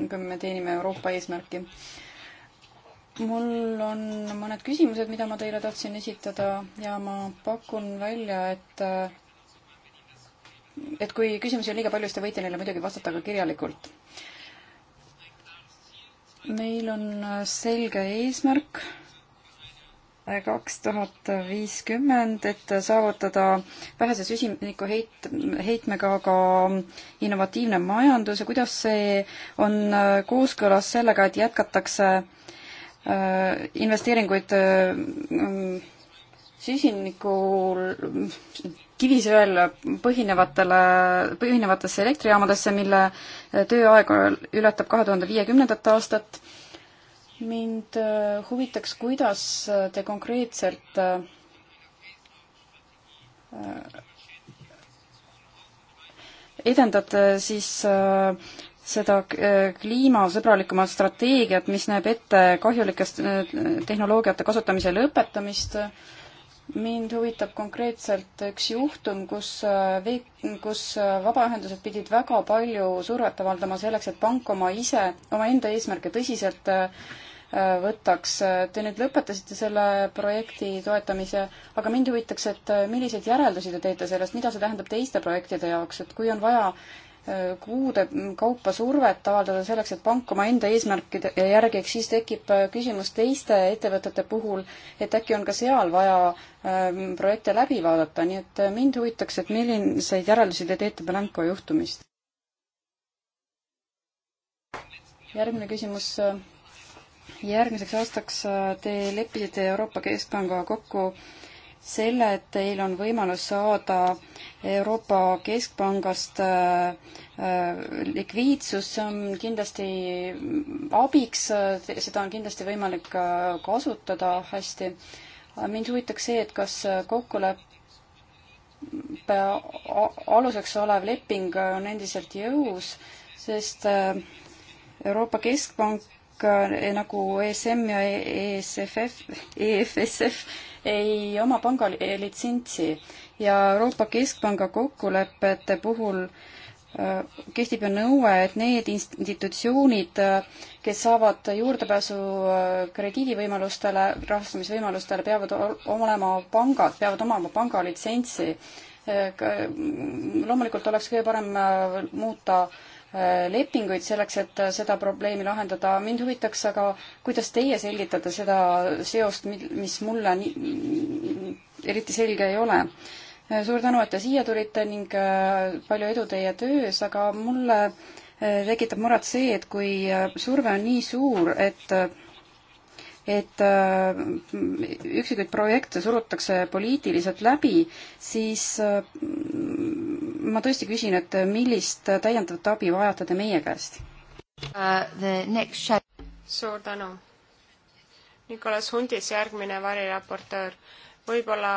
kui me teenime Euroopa eesmärki. mul on mõned küsimused, mida ma teile tahtsin esitada ja ma pakun välja, et et kui küsimusi on liiga palju, siis te võite neile muidugi vastata ka kirjalikult. meil on selge eesmärk kaks tuhat viiskümmend, et saavutada vähese süsiniku heit-, heitmega ka innovatiivne majandus ja kuidas see on äh, kooskõlas sellega, et jätkatakse äh, investeeringuid äh, mm, süsinikul kivisöel põhinevatele, põhinevatesse elektrijaamadesse, mille tööaeg ületab kahe tuhande viiekümnendat aastat mind äh, huvitaks, kuidas äh, te konkreetselt äh, edendate siis seda kliimasõbralikumat strateegiat, mis näeb ette kahjulikest tehnoloogiate kasutamise lõpetamist. mind huvitab konkreetselt üks juhtum, kus vee-, kus vabaühendused pidid väga palju survet avaldama selleks, et pank oma ise, omaenda eesmärke tõsiselt äh, Äh, võtaks. Te nüüd lõpetasite selle projekti toetamise, aga mind huvitaks, et äh, milliseid järeldusi te teete sellest, mida see tähendab teiste projektide jaoks, et kui on vaja äh, kuude kaupa survet avaldada selleks, et pank omaenda eesmärkide järgiks, siis tekib küsimus teiste ettevõtete puhul, et äkki on ka seal vaja ähm, projekte läbi vaadata, nii et mind huvitaks, et milliseid järeldusi te teete Belenko juhtumist? järgmine küsimus järgmiseks aastaks äh, te leppisite Euroopa Keskpangaga kokku selle, et teil on võimalus saada Euroopa Keskpangast äh, äh, likviidsus, see on kindlasti abiks, seda on kindlasti võimalik kasutada hästi. mind huvitaks see, et kas kokkuleppe aluseks olev leping on endiselt jõus, sest Euroopa Keskpank Eh, nagu ESM ja ESFF, EFSF ei oma pangalitsentsi ja Euroopa Keskpanga kokkulepete puhul eh, kehtib ju nõue, et need institutsioonid, eh, kes saavad juurdepääsu krediidivõimalustele, rahastamisvõimalustele, peavad olema pangad, peavad omama pangalitsentsi. Mm, loomulikult oleks kõige parem muuta äh, Äh, lepinguid selleks, et äh, seda probleemi lahendada. mind huvitaks aga, kuidas teie selgitate seda seost, mis mulle nii, eriti selge ei ole. Äh, suur tänu, et te siia tulite ning palju edu teie töös, aga mulle tekitab muret see, et kui surve on nii suur, et et üksikuid projekte surutakse poliitiliselt läbi, siis ma tõesti küsin, et millist täiendavat abi vajate te meie käest uh,? suur tänu. Nicolas Hundis, järgmine variraportöör. võib-olla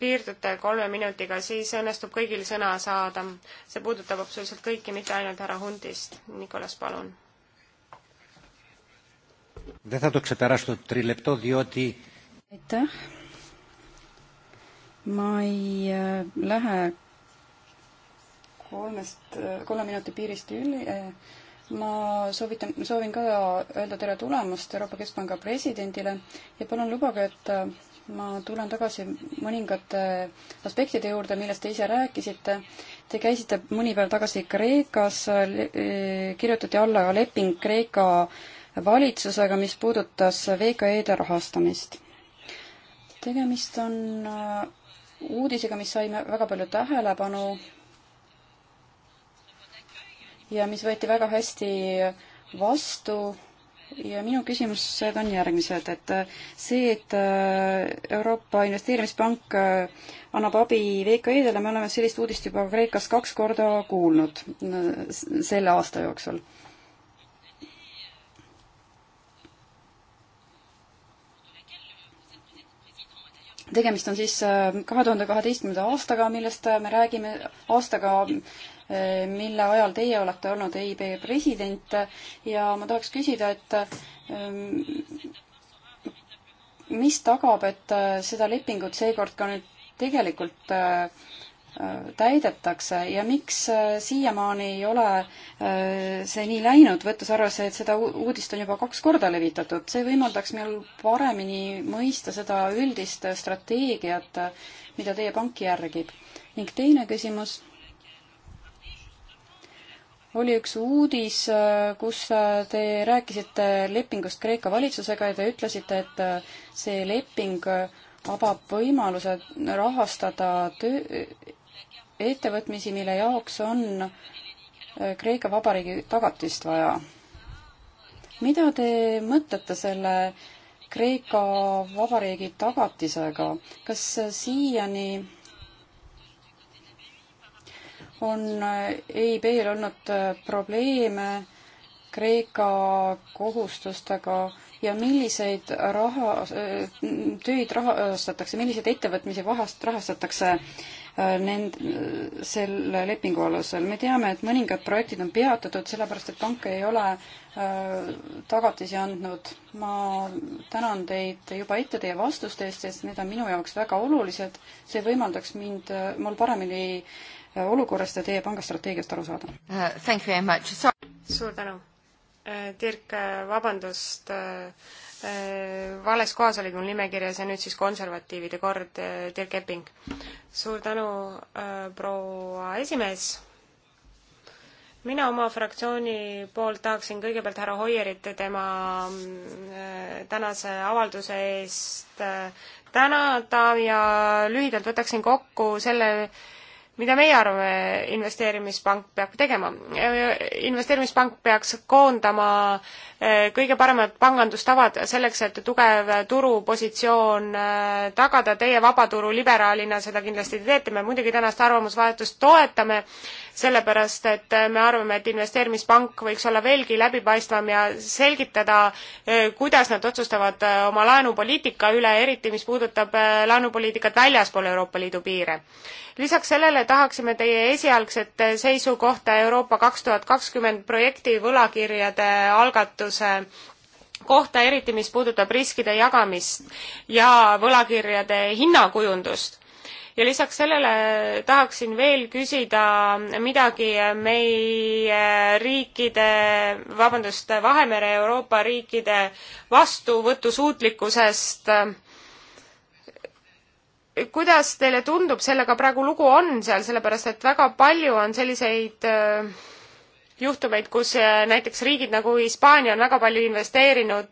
piirdute kolme minutiga, siis õnnestub kõigil sõna saada. see puudutab absoluutselt kõiki, mitte ainult härra Hundist. Nicolas, palun. aitäh ma ei äh, lähe kolmest, kolme minuti piirist üli. Eh, ma soovitan, soovin ka öelda tere tulemast Euroopa Keskpanga presidendile ja palun lubage, et eh, ma tulen tagasi mõningate aspektide juurde, millest te ise rääkisite. Te käisite mõni päev tagasi Kreekas, eh, kirjutati alla leping Kreeka valitsusega, mis puudutas VKE-de rahastamist. tegemist on uudisega, mis sai väga palju tähelepanu ja mis võeti väga hästi vastu ja minu küsimused on järgmised, et äh, see, et äh, Euroopa Investeerimispank äh, annab abi VKI-dele, me oleme sellist uudist juba Kreekas kaks korda kuulnud selle aasta jooksul. tegemist on siis kahe tuhande kaheteistkümnenda aastaga, millest me räägime, aastaga, Eh, mille ajal teie olete olnud EIB president ja ma tahaks küsida, et ehm, mis tagab, et eh, seda lepingut seekord ka nüüd tegelikult eh, täidetakse ja miks siiamaani ei ole see nii läinud, võttes arvesse, et seda uudist on juba kaks korda levitatud, see võimaldaks meil paremini mõista seda üldist strateegiat, mida teie pank järgib. ning teine küsimus oli üks uudis, äh, kus äh, te rääkisite lepingust Kreeka valitsusega ja te ütlesite, et äh, see leping avab võimaluse rahastada töö, ettevõtmisi, mille jaoks on Kreeka Vabariigi tagatist vaja. mida te mõtlete selle Kreeka Vabariigi tagatisega, kas siiani on EIB-l olnud äh, probleeme Kreeka kohustustega ja milliseid raha, äh, töid rahastatakse, milliseid ettevõtmisi vahast rahastatakse äh, nend-, selle lepingu alusel. me teame, et mõningad projektid on peatatud, sellepärast et pank ei ole tagatisi andnud. ma tänan teid juba ette teie vastuste eest, sest need on minu jaoks väga olulised. see võimaldaks mind, mul paremini olukorrast ja teie panga strateegiast aru saada uh,. suur tänu. Äh, Dirk, äh, vabandust uh,, vales kohas olid mul nimekirjas ja nüüd siis konservatiivide kord, Dirk Epping. suur tänu uh,, proua esimees mina oma fraktsiooni poolt tahaksin kõigepealt härra Hoierit tema mm, tänase avalduse eest tänada ja lühidalt võtaksin kokku selle, mida meie arvame, investeerimispank peab tegema? investeerimispank peaks koondama eh, kõige paremad pangandustavad selleks, et tugev turupositsioon eh, tagada, teie vabaturu liberaalina seda kindlasti te teete, me muidugi tänast arvamusvahetust toetame, sellepärast et me arvame, et investeerimispank võiks olla veelgi läbipaistvam ja selgitada, eh, kuidas nad otsustavad eh, oma laenupoliitika üle, eriti mis puudutab eh, laenupoliitikat väljaspool Euroopa Liidu piire. lisaks sellele tahaksime teie esialgset seisukohta Euroopa kaks tuhat kakskümmend projekti võlakirjade algatuse kohta, eriti mis puudutab riskide jagamist ja võlakirjade hinnakujundust ja lisaks sellele tahaksin veel küsida midagi meie riikide, vabandust, Vahemere Euroopa riikide vastuvõtusuutlikkusest. kuidas teile tundub, sellega praegu lugu on seal, sellepärast et väga palju on selliseid äh, juhtumeid, kus äh, näiteks riigid nagu Hispaania on väga palju investeerinud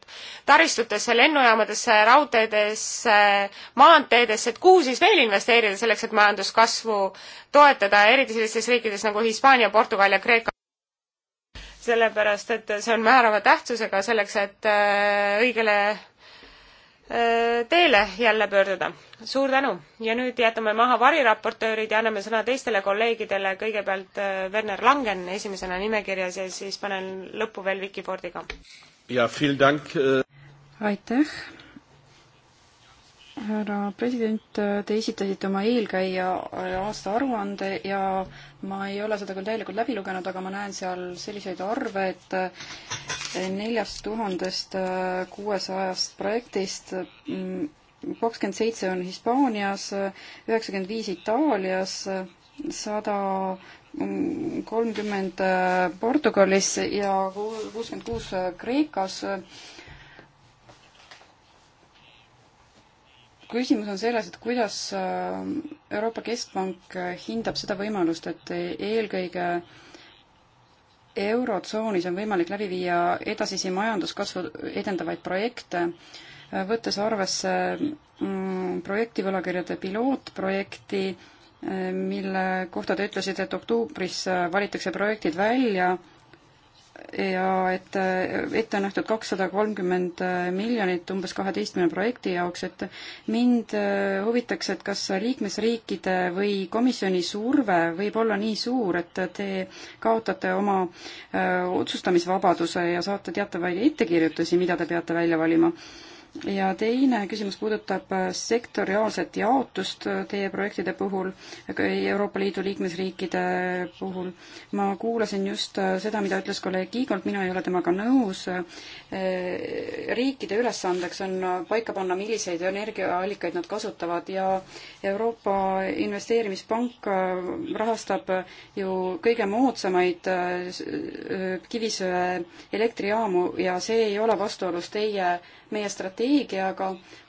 taristutesse, lennujaamadesse, raudteedesse, maanteedesse, et kuhu siis veel investeerida selleks, et majanduskasvu toetada, eriti sellistes riikides nagu Hispaania, Portugal ja Kreeka. sellepärast, et see on määrava tähtsusega selleks, et äh, õigele Äh, teele jälle pöörduda. suur tänu ja nüüd jätame maha variraportöörid ja anname sõna teistele kolleegidele, kõigepealt äh, Werner Langen esimesena nimekirjas ja siis panen lõppu veel Vikifordiga. ja, äh aitäh härra president, te esitasite oma eelkäija aastaaruande ja ma ei ole seda küll täielikult läbi lugenud, aga ma näen seal selliseid arve, et neljast tuhandest kuuesajast projektist kakskümmend seitse on Hispaanias, üheksakümmend viis Itaalias, sada kolmkümmend Portugalis ja kuuskümmend kuus Kreekas küsimus on selles, et kuidas äh, Euroopa Keskpank äh, hindab seda võimalust, et eelkõige eurotsoonis on võimalik läbi viia edasisi majanduskasvu edendavaid projekte, äh, võttes arvesse mm, projekti võlakirjade pilootprojekti, mille kohta te ütlesite, et oktoobris valitakse projektid välja ja et ette on nähtud kakssada kolmkümmend miljonit umbes kaheteistkümne projekti jaoks, et mind huvitaks, et kas liikmesriikide või komisjoni surve võib olla nii suur, et te kaotate oma äh, otsustamisvabaduse ja saate teatavaid ettekirjutusi, mida te peate välja valima ja teine küsimus puudutab äh, sektoriaalset jaotust äh, teie projektide puhul, Euroopa Liidu liikmesriikide puhul. ma kuulasin just äh, seda, mida ütles kolleeg Kiigolt, mina ei ole temaga nõus. riikide ülesandeks on paika panna, milliseid energiaallikaid nad kasutavad ja Euroopa Investeerimispank rahastab ju kõige moodsamaid kivisöe elektrijaamu ja see ei ole vastuolus teie meie strateegiaga.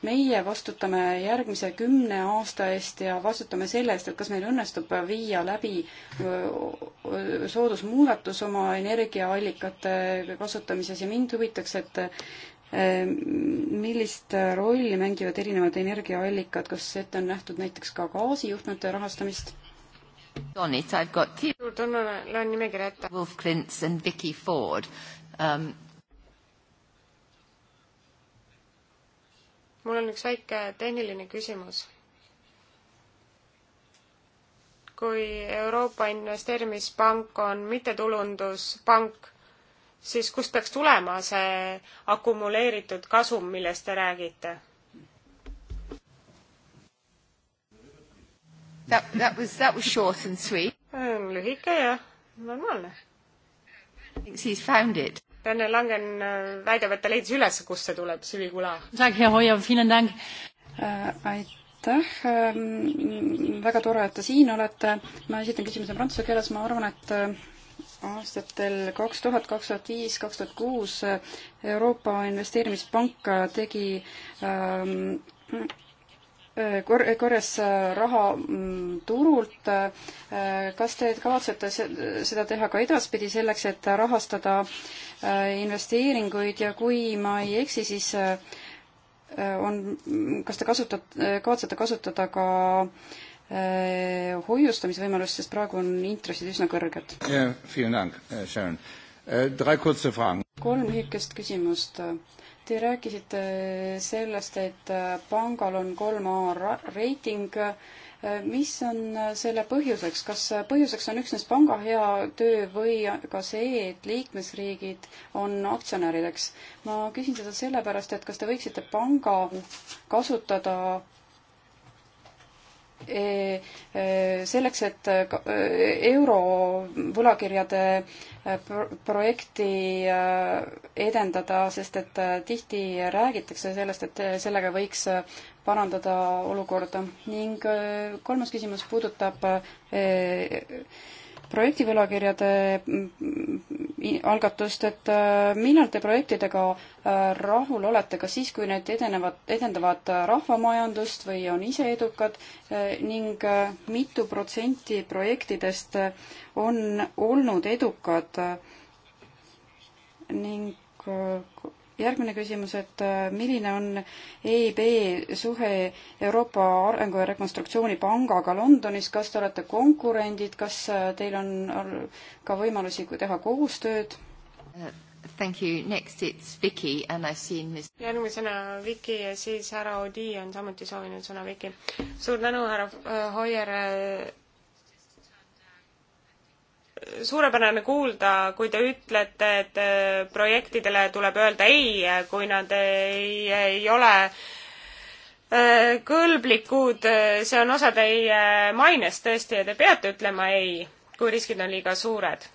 meie vastutame järgmise kümne aasta eest ja vastutame selle eest, et kas meil õnnestub viia läbi soodusmuudatus oma energiaallikate kasutamises ja mind huvitaks, et millist rolli mängivad erinevad energiaallikad, kas ette on nähtud näiteks ka gaasijuhtmete rahastamist? Donit, I have got two. Loen nimekirja ette. Wolf Klints and Vicky Ford um,. mul on üks väike tehniline küsimus. kui Euroopa Investeerimispank on mittetulunduspank, siis kust peaks tulema see akumuleeritud kasum, millest te räägite? That, that was, that was short and sweet. Hmm, lühike ja normaalne. He's found it. Rene Langen äh, väidab, et ta leidis üles, kust see tuleb, süvikula. Äh, aitäh, ähm, väga tore, et te siin olete. ma esitan küsimuse prantsuse keeles, ma arvan, et äh, aastatel kaks tuhat, kaks tuhat viis, kaks tuhat kuus Euroopa Investeerimispank tegi ähm, kor-, korjas äh, raha mm, turult, äh, kas te kavatsete seda teha ka edaspidi selleks, et rahastada äh, investeeringuid ja kui ma ei eksi, siis on, kas te kasutat-, kavatsete kasutada ka hoiustamisvõimalust, sest praegu on intressid üsna kõrged. kolm lühikest küsimust. Te rääkisite sellest, et pangal on kolm A reiting. mis on selle põhjuseks, kas põhjuseks on üksnes panga hea töö või ka see, et liikmesriigid on aktsionärideks? ma küsin seda sellepärast, et kas te võiksite panga kasutada e, e, selleks, et e, euro võlakirjade projekti äh, edendada, sest et äh, tihti räägitakse sellest, et äh, sellega võiks parandada olukorda. ning kolmas küsimus puudutab projektivõlakirjade algatust, et äh, millal te projektidega äh, rahul olete, kas siis, kui need edenevad, edendavad äh, rahvamajandust või on ise edukad ning mitu protsenti projektidest on olnud edukad ning järgmine küsimus, et äh, milline on EIB suhe Euroopa Arengu- ja Rekonstruktsioonipangaga Londonis, kas te olete konkurendid, kas äh, teil on ka võimalusi teha koostööd? Uh, thank you, next it's Vicky and I see Miss järgmisena Vicky ja siis härra Odi on samuti soovinud sõna, Vicky. suur tänu, härra äh, Hoier suurepärane kuulda, kui te ütlete, et äh, projektidele tuleb öelda ei, kui nad ei, ei ole äh, kõlblikud, äh, see on osa teie mainest tõesti ja te peate ütlema ei, kui riskid on liiga suured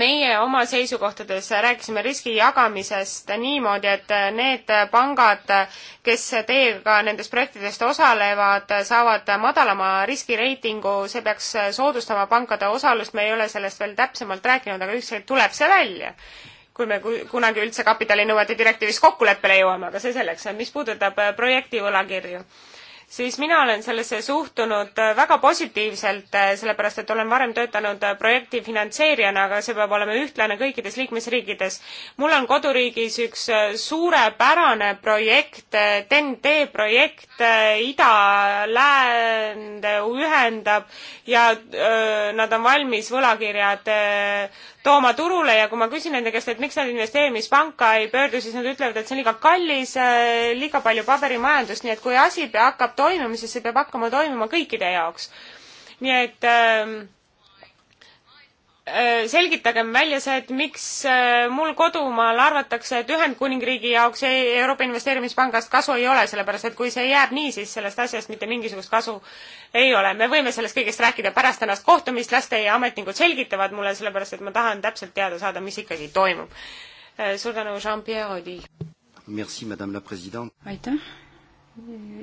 meie oma seisukohtades rääkisime riski jagamisest niimoodi, et need pangad, kes teiega nendest projektidest osalevad, saavad madalama riskireitingu, see peaks soodustama pankade osalust, me ei ole sellest veel täpsemalt rääkinud, aga ükskord tuleb see välja. kui me kunagi üldse kapitalinõuete direktiivis kokkuleppele jõuame, aga see selleks, mis puudutab projekti võlakirju siis mina olen sellesse suhtunud äh, väga positiivselt, äh, sellepärast et olen varem töötanud äh, projekti finantseerijana, aga see peab olema ühtlane kõikides liikmesriikides. mul on koduriigis üks suurepärane projekt, TEN-T projekt, ida-läände ühendab ja öö, nad on valmis võlakirjad öö, tooma turule ja kui ma küsin nende käest, et miks nad investeerimispanka ei pöördu, siis nad ütlevad, et see on liiga kallis, äh, liiga palju paberimajandust, nii et kui asi hakkab toimima, siis see peab hakkama toimima kõikide jaoks. nii et äh, Äh, selgitagem välja see, et miks äh, mul kodumaal arvatakse, et Ühendkuningriigi jaoks Euroopa Investeerimispangast kasu ei ole, sellepärast et kui see jääb nii, siis sellest asjast mitte mingisugust kasu ei ole. me võime sellest kõigest rääkida pärast tänast kohtumist, las teie ametnikud selgitavad mulle, sellepärast et ma tahan täpselt teada saada, mis ikkagi toimub. Äh, suur tänu, Jean-Pierre Audi! aitäh,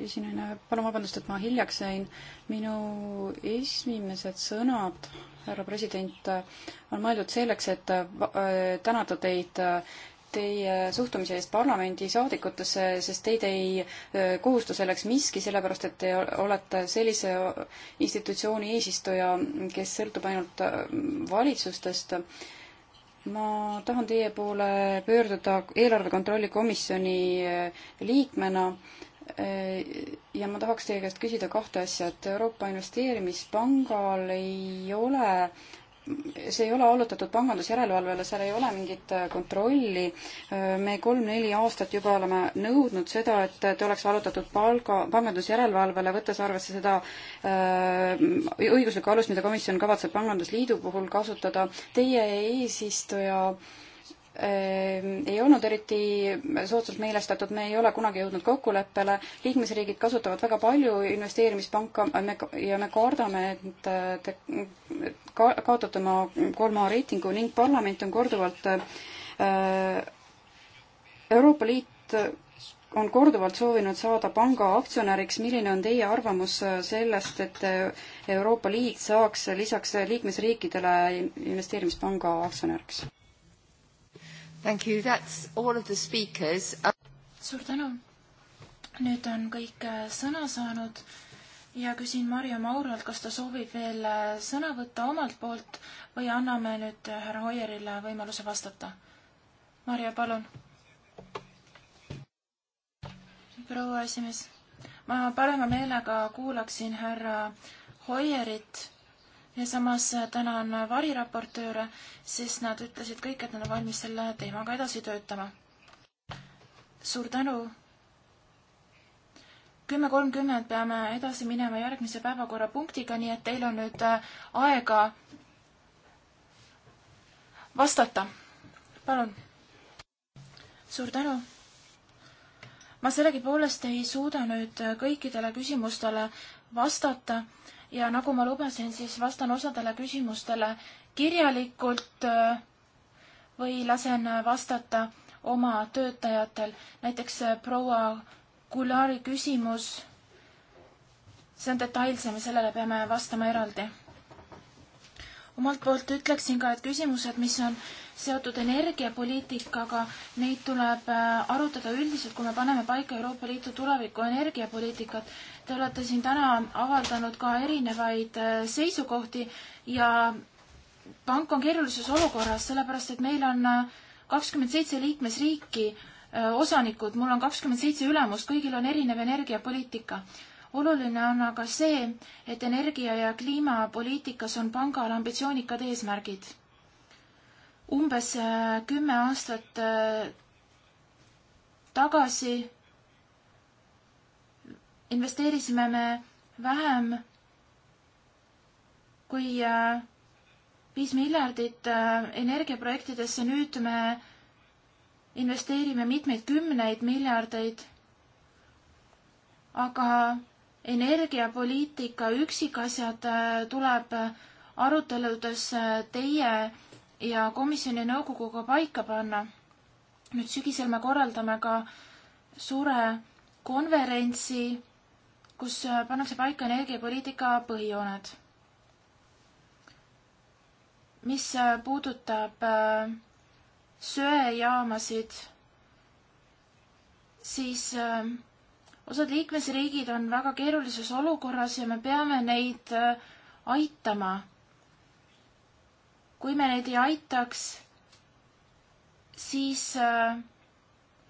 esinejana, palun vabandust, et ma hiljaks jäin. minu esimesed sõnad, härra president, on mõeldud selleks, et äh, tänada teid äh, teie suhtumise eest parlamendi saadikutesse, sest teid ei äh, kohusta selleks miski, sellepärast et te olete sellise institutsiooni eesistuja, kes sõltub ainult valitsustest ma tahan teie poole pöörduda eelarve kontrolli komisjoni liikmena Äh, ja ma tahaks teie käest küsida kahte asja, et Euroopa Investeerimispangal ei ole see ei ole allutatud pangandusjärelevalvele, seal ei ole mingit äh, kontrolli. Äh, me kolm-neli aastat juba oleme nõudnud seda, et ta oleks allutatud palga, pangandusjärelevalvele, võttes arvesse seda öö, õiguslikku alust, mida komisjon kavatseb pangandusliidu puhul kasutada. Teie eesistuja öö, Ehm, ei olnud eriti soodsalt meelestatud, me ei ole kunagi jõudnud kokkuleppele, liikmesriigid kasutavad väga palju investeerimispanka me, ja me kardame, et te ka, kaotate oma kolma reitingu ning parlament on korduvalt äh, Euroopa Liit on korduvalt soovinud saada panga aktsionäriks, milline on teie arvamus sellest, et Euroopa Liit saaks lisaks liikmesriikidele investeerimispanga aktsionäriks? Thank you, that's all of the speakers. suur tänu. nüüd on kõik äh, sõna saanud ja küsin Marju Mauralt, kas ta soovib veel äh, sõna võtta omalt poolt või anname nüüd äh, härra Hoierile võimaluse vastata. Marju, palun. proua esimees, ma parema meelega kuulaksin härra Hoierit ja samas äh, tänan variraportööre, sest nad ütlesid kõik, et nad on valmis selle teemaga edasi töötama. suur tänu! kümme kolmkümmend peame edasi minema järgmise päevakorrapunktiga, nii et teil on nüüd äh, aega vastata. palun. suur tänu. ma sellegipoolest ei suuda nüüd kõikidele küsimustele vastata ja nagu ma lubasin, siis vastan osadele küsimustele kirjalikult äh, või lasen vastata oma töötajatel. näiteks äh, proua Kulari küsimus, see on detailsem ja sellele peame vastama eraldi omalt poolt ütleksin ka, et küsimused, mis on seotud energiapoliitikaga, neid tuleb äh, arutada üldiselt, kui me paneme paika Euroopa Liidu tuleviku energiapoliitikat. Te olete siin täna avaldanud ka erinevaid äh, seisukohti ja pank on keerulises olukorras, sellepärast et meil on äh, kakskümmend seitse liikmesriiki osanikud, mul on kakskümmend seitse ülemust, kõigil on erinev energiapoliitika oluline on aga see, et energia- ja kliimapoliitikas on pangal ambitsioonikad eesmärgid. umbes äh, kümme aastat äh, tagasi investeerisime me vähem kui äh, viis miljardit energiaprojektidesse, nüüd me investeerime mitmeid kümneid miljardeid. aga energiapoliitika üksikasjad äh, tuleb aruteludes teie ja komisjoni nõukoguga paika panna. nüüd sügisel me korraldame ka suure konverentsi, kus äh, pannakse paika energiapoliitika põhijooned. mis äh, puudutab söejaamasid, siis äh, osad liikmesriigid on väga keerulises olukorras ja me peame neid äh, aitama. kui me neid ei aitaks, siis äh,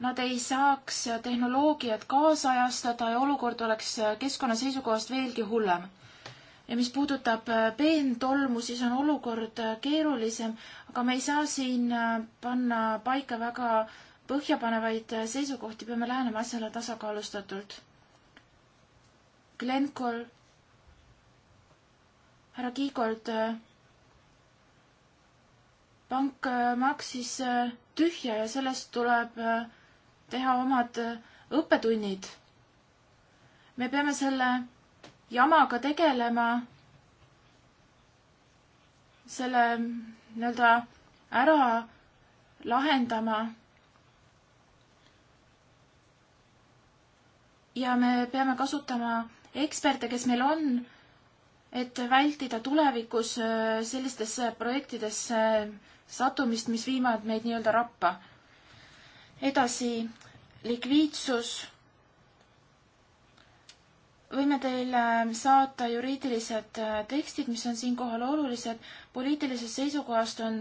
nad ei saaks tehnoloogiat kaasajastada ja olukord oleks äh, keskkonna seisukohast veelgi hullem. ja mis puudutab peentolmu, siis on olukord keerulisem, aga me ei saa siin panna paika väga põhjapanevaid seisukohti, peame lähenema asjale tasakaalustatult. Glencol, härra Kiigold, pank äh, maksis äh, tühja ja sellest tuleb äh, teha omad õppetunnid. me peame selle jamaga tegelema, selle mm, nii-öelda ära lahendama ja me peame kasutama eksperte, kes meil on, et vältida tulevikus äh, sellistesse äh, projektidesse äh, sattumist, mis viivad meid nii-öelda rappa. edasi, likviidsus. võime teile saata juriidilised tekstid, mis on siinkohal olulised. poliitilisest seisukohast on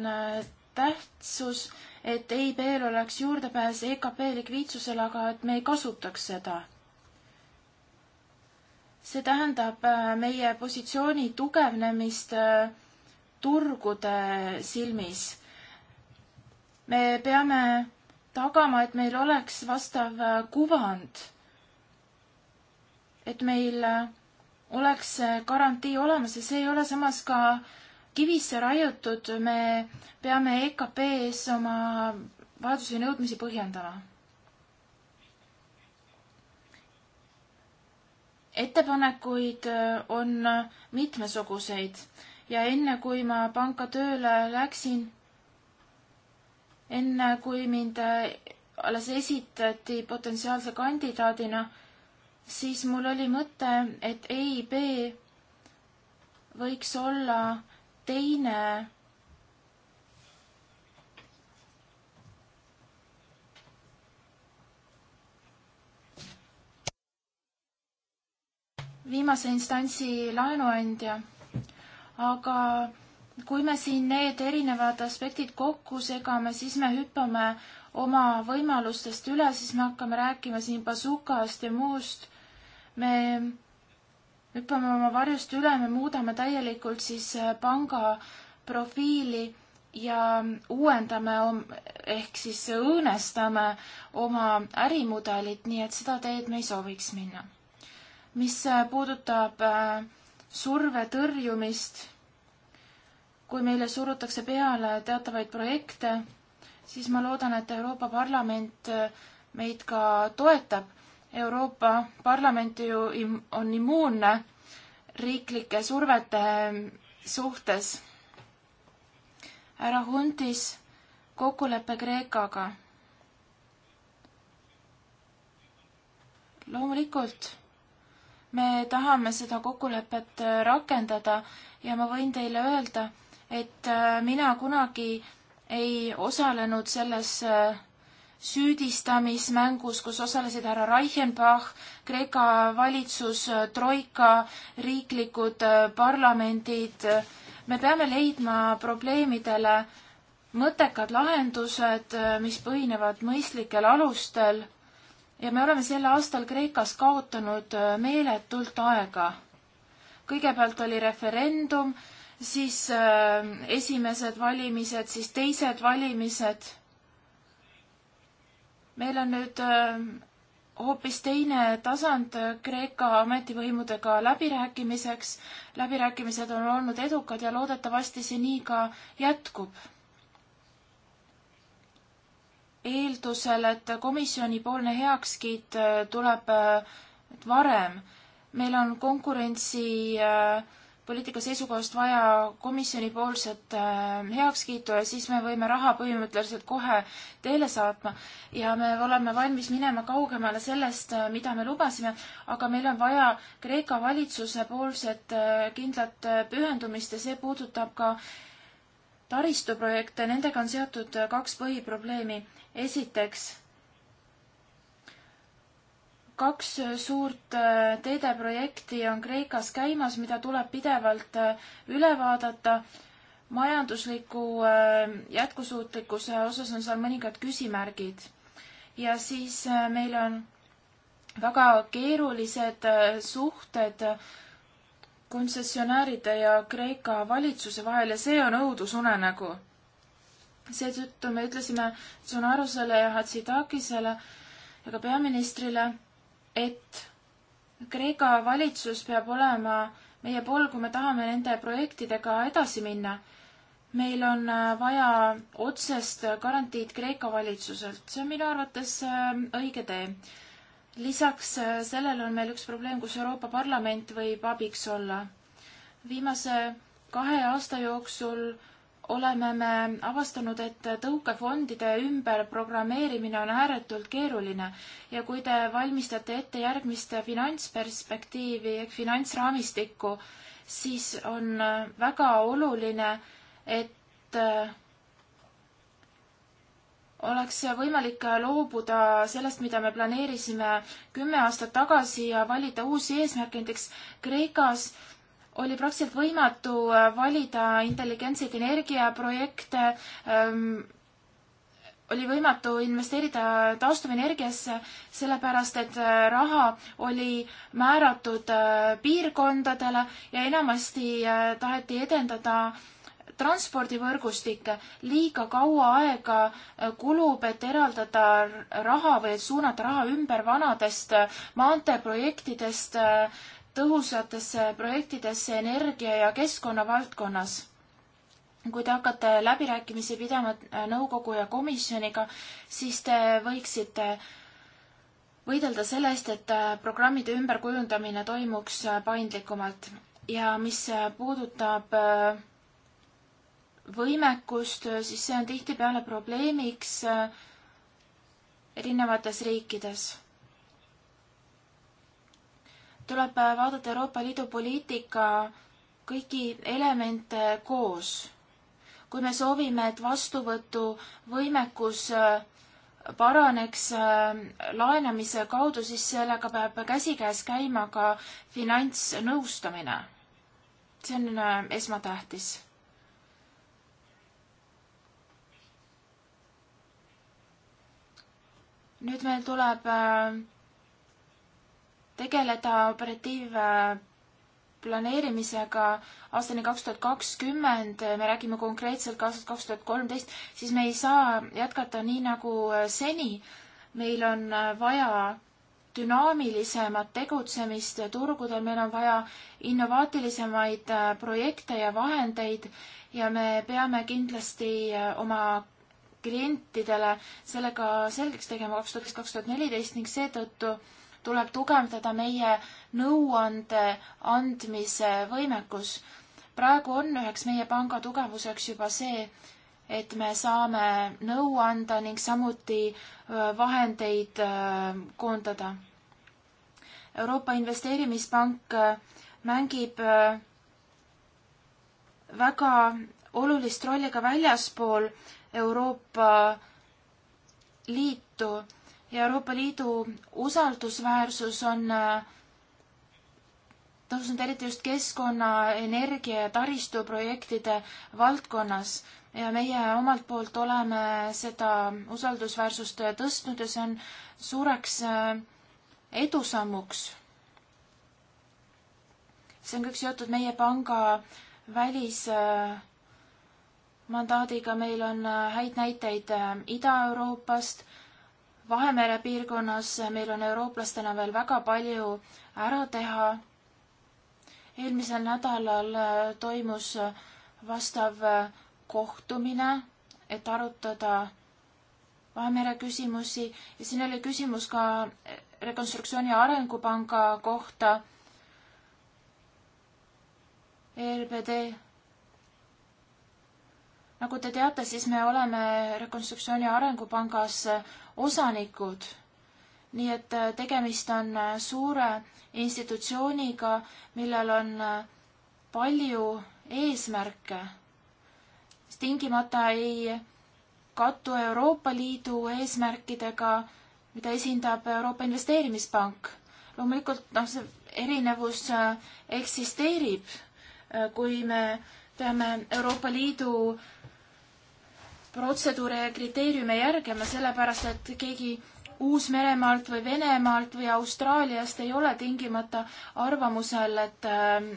tähtsus, et EIB-l oleks juurdepääs EKP likviidsusele, aga et me ei kasutaks seda see tähendab äh, meie positsiooni tugevnemist äh, turgude silmis. me peame tagama, et meil oleks vastav äh, kuvand, et meil oleks garantii olemas ja see ei ole samas ka kivisse raiutud, me peame EKP-s oma vajadusi ja nõudmisi põhjendama ettepanekuid äh, on äh, mitmesuguseid ja enne kui ma panka tööle läksin, enne kui mind äh, alles esitati potentsiaalse kandidaadina, siis mul oli mõte, et EIB võiks olla teine viimase instantsi laenuandja. aga kui me siin need erinevad aspektid kokku segame, siis me hüppame oma võimalustest üle, siis me hakkame rääkima siin bazukast ja muust. me hüppame oma varjust üle, me muudame täielikult siis äh, panga profiili ja uuendame ehk siis õõnestame oma ärimudelit, nii et seda teed me ei sooviks minna mis äh, puudutab äh, surve tõrjumist, kui meile surutakse peale teatavaid projekte, siis ma loodan, et Euroopa Parlament äh, meid ka toetab. Euroopa Parlament ju on immuunne riiklike survete suhtes. härra Huntis, kokkulepe Kreekaga loomulikult me tahame seda kokkulepet äh, rakendada ja ma võin teile öelda, et äh, mina kunagi ei osalenud selles äh, süüdistamismängus, kus osalesid härra Reichenbach, Kreeka valitsus, Troika, riiklikud parlamendid. me peame leidma probleemidele mõttekad lahendused, mis põhinevad mõistlikel alustel ja me oleme sel aastal Kreekas kaotanud äh, meeletult aega. kõigepealt oli referendum, siis äh, esimesed valimised, siis teised valimised. meil on nüüd äh, hoopis teine tasand Kreeka ametivõimudega läbirääkimiseks. läbirääkimised on olnud edukad ja loodetavasti see nii ka jätkub eeldusel, et komisjonipoolne heakskiit äh, tuleb äh, varem. meil on konkurentsipoliitika äh, seisukohast vaja komisjonipoolset heakskiitu ja siis me võime raha põhimõtteliselt kohe teele saatma ja me oleme valmis minema kaugemale sellest, mida me lubasime, aga meil on vaja Kreeka valitsuse poolset kindlat pühendumist ja see puudutab ka taristuprojekte, nendega on seotud kaks põhiprobleemi esiteks, kaks suurt äh, teedeprojekti on Kreekas käimas, mida tuleb pidevalt äh, üle vaadata. majandusliku äh, jätkusuutlikkuse osas on seal mõningad küsimärgid. ja siis meil on väga keerulised suhted kontsessionääride ja Kreeka valitsuse vahel ja see on õudusunenägu seetõttu me ütlesime Tsunarusele ja Hatsitakisele ja ka peaministrile, et Kreeka valitsus peab olema meie pool, kui me tahame nende projektidega edasi minna. meil on äh, vaja otsest garantiid Kreeka valitsuselt, see on minu arvates äh, õige tee. lisaks äh, sellele on meil üks probleem, kus Euroopa Parlament võib abiks olla. viimase kahe aasta jooksul oleme me avastanud, et tõukefondide ümberprogrammeerimine on ääretult keeruline ja kui te valmistate ette järgmist finantsperspektiivi ehk finantsraamistikku, siis on väga oluline, et äh, oleks võimalik loobuda sellest, mida me planeerisime kümme aastat tagasi ja valida uusi eesmärke, näiteks Kreekas äh, oli praktiliselt võimatu äh, valida intelligentseid energiaprojekte ähm,, oli võimatu investeerida taastuvenergiasse, sellepärast et äh, raha oli määratud äh, piirkondadele ja enamasti taheti edendada transpordivõrgustikke. liiga kaua aega kulub, et eraldada raha või suunata raha ümber vanadest maanteeprojektidest äh, tõhusatesse projektidesse energia ja keskkonna valdkonnas. kui te hakkate läbirääkimisi pidama äh, nõukogu ja komisjoniga, siis te võiksite võidelda selle eest, et äh, programmide ümberkujundamine toimuks äh, paindlikumalt ja mis puudutab võimekust, siis see on tihtipeale probleemiks erinevates riikides tuleb äh, vaadata Euroopa Liidu poliitika kõiki elemente koos. kui me soovime, et vastuvõtuvõimekus äh, paraneks äh, laenamise kaudu, siis sellega peab käsikäes käima ka finantsnõustamine. see on esmatähtis. nüüd meil tuleb äh, tegeleda operatiivplaneerimisega aastani kaks tuhat kakskümmend, me räägime konkreetselt ka aastast kaks tuhat kolmteist, siis me ei saa jätkata nii nagu seni. meil on vaja dünaamilisemat tegutsemist turgudel, meil on vaja innovaatilisemaid projekte ja vahendeid ja me peame kindlasti oma klientidele sellega selgeks tegema kaks tuhat, kaks tuhat neliteist ning seetõttu tuleb tugevdada meie nõuande andmise võimekus. praegu on üheks meie panga tugevuseks juba see, et me saame nõu anda ning samuti vahendeid koondada. Euroopa Investeerimispank mängib väga olulist rolli ka väljaspool Euroopa Liitu ja Euroopa Liidu usaldusväärsus on äh, tõusnud eriti just keskkonna, energia ja taristuprojektide valdkonnas ja meie omalt poolt oleme seda usaldusväärsust äh, tõstnud ja see on suureks äh, edusammuks. see on kõik seotud meie panga välismandaadiga, meil on häid näiteid Ida-Euroopast Vahemere piirkonnas meil on eurooplastena veel väga palju ära teha. eelmisel nädalal äh, toimus äh, vastav äh, kohtumine, et arutada Vahemere küsimusi ja siin oli küsimus ka Rekonstruktsiooni Arengupanga kohta. ERPD nagu te teate, siis me oleme Rekonstruktsiooni Arengupangas osanikud. nii et äh, tegemist on äh, suure institutsiooniga, millel on äh, palju eesmärke, mis tingimata ei kattu Euroopa Liidu eesmärkidega, mida esindab Euroopa Investeerimispank. loomulikult noh, see erinevus eksisteerib, kui me peame Euroopa Liidu protseduure ja kriteeriume järgima, sellepärast et keegi Uus-Meremaalt või Venemaalt või Austraaliast ei ole tingimata arvamusel, et ähm,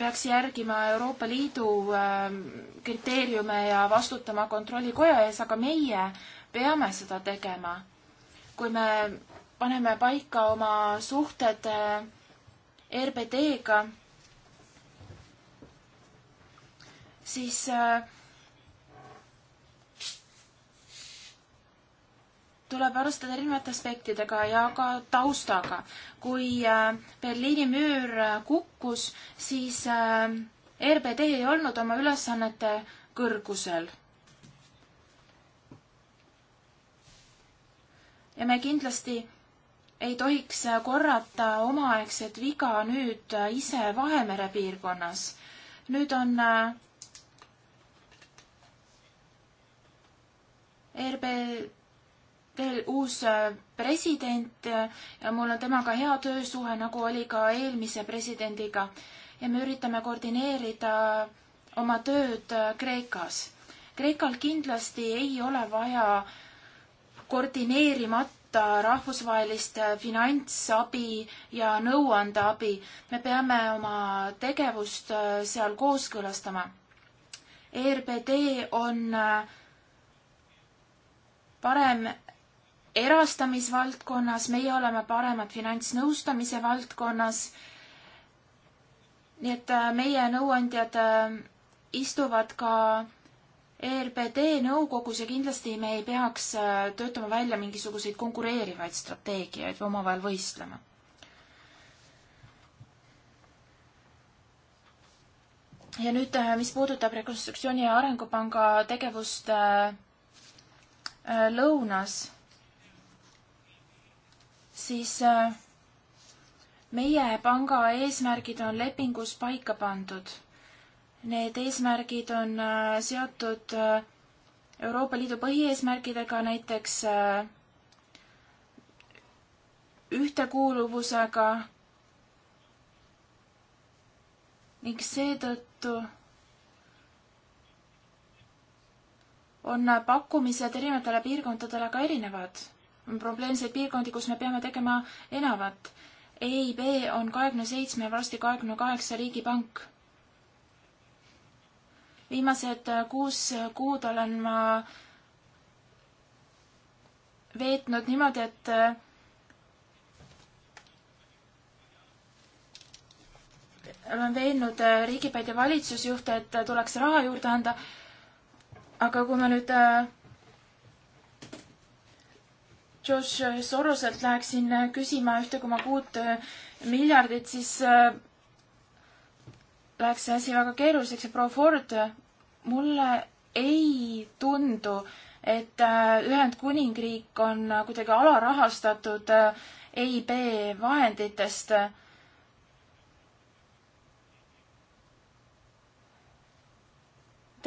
peaks järgima Euroopa Liidu ähm, kriteeriume ja vastutama Kontrollikoja ees, aga meie peame seda tegema. kui me paneme paika oma suhted äh, RBD-ga, siis äh, tuleb arvestada erinevate aspektidega ja ka taustaga. kui äh, Berliini müür äh, kukkus, siis äh, RBD ei olnud oma ülesannete kõrgusel. ja me kindlasti ei tohiks korrata omaaegset viga nüüd ise Vahemere piirkonnas. nüüd on RB teil uus äh, president äh, ja mul on temaga hea töösuhe, nagu oli ka eelmise presidendiga. ja me üritame koordineerida oma tööd äh, Kreekas. Kreekal kindlasti ei ole vaja koordineerimata rahvusvahelist finantsabi ja nõuandeabi. me peame oma tegevust seal kooskõlastama. ERPD on parem erastamisvaldkonnas, meie oleme paremad finantsnõustamise valdkonnas. nii et äh, meie nõuandjad äh, istuvad ka ERPD nõukogus ja kindlasti me ei peaks äh, töötama välja mingisuguseid konkureerivaid strateegiaid või omavahel võistlema. ja nüüd, mis puudutab Rekonstruktsiooni ja Arengupanga tegevust lõunas siis äh, meie panga eesmärgid on lepingus paika pandud. Need eesmärgid on äh, seotud äh, Euroopa Liidu põhieesmärgidega, näiteks ühtekuuluvusega ning seetõttu on pakkumised erinevatele piirkondadele ka erinevad probleemseid piirkondi, kus me peame tegema enamat. EIB on kahekümne seitsme, varsti kahekümne kaheksa riigi pank. viimased äh, kuus kuud olen ma veetnud niimoodi, et äh, olen veennud äh, riigipäid ja valitsusjuhte, et tuleks raha juurde anda. aga kui ma nüüd Josh Soroselt läheksin äh, küsima ühte koma kuut äh, miljardit, siis äh, läheks see asi väga keeruliseks ja proua Ford, mulle ei tundu, et Ühendkuningriik on kuidagi alarahastatud EIB vahenditest.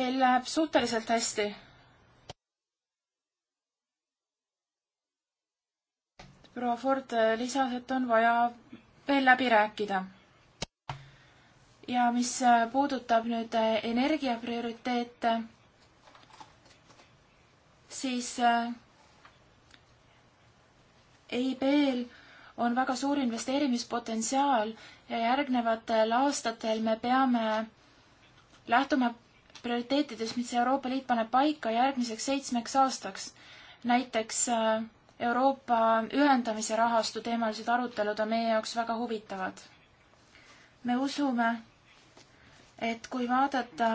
Teil läheb suhteliselt hästi proua Ford lisas, et on vaja veel läbi rääkida. ja mis puudutab nüüd energia prioriteete, siis EIB-l eh, e on väga suur investeerimispotentsiaal ja järgnevatel aastatel me peame lähtuma prioriteetidest, mis Euroopa Liit paneb paika järgmiseks seitsmeks aastaks. näiteks äh, Euroopa ühendamise rahastu teemalised arutelud on meie jaoks väga huvitavad. me usume, et kui vaadata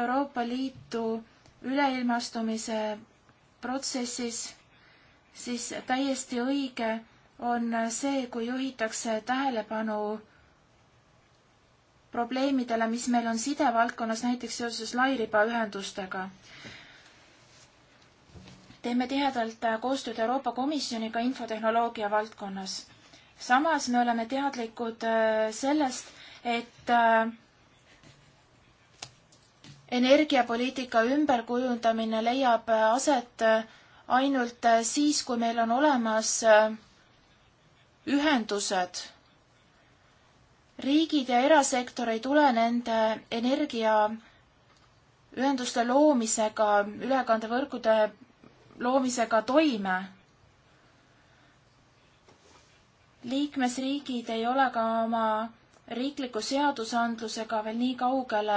Euroopa Liitu üleilmastumise protsessis, siis täiesti õige on see, kui juhitakse tähelepanu probleemidele, mis meil on sidevaldkonnas näiteks seoses lairibaühendustega teeme tihedalt koostööd Euroopa Komisjoniga infotehnoloogia valdkonnas. samas me oleme teadlikud äh, sellest, et äh, energiapoliitika ümberkujundamine leiab äh, aset ainult siis, kui meil on olemas ühendused. riigid ja erasektor ei tule nende energiaühenduste loomisega, ülekandevõrkude loomisega toime. liikmesriigid ei ole ka oma riikliku seadusandlusega veel nii kaugele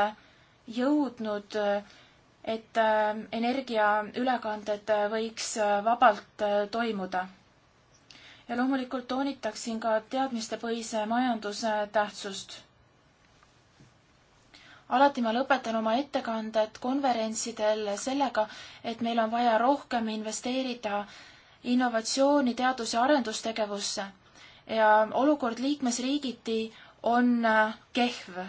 jõudnud, et äh, energiaülekanded äh, võiks äh, vabalt toimuda. ja loomulikult toonitaksin ka teadmistepõhise majanduse tähtsust alati ma lõpetan oma ettekanded konverentsidel sellega, et meil on vaja rohkem investeerida innovatsiooni teadus, teadus- ja arendustegevusse ja olukord liikmesriigiti on äh, kehv.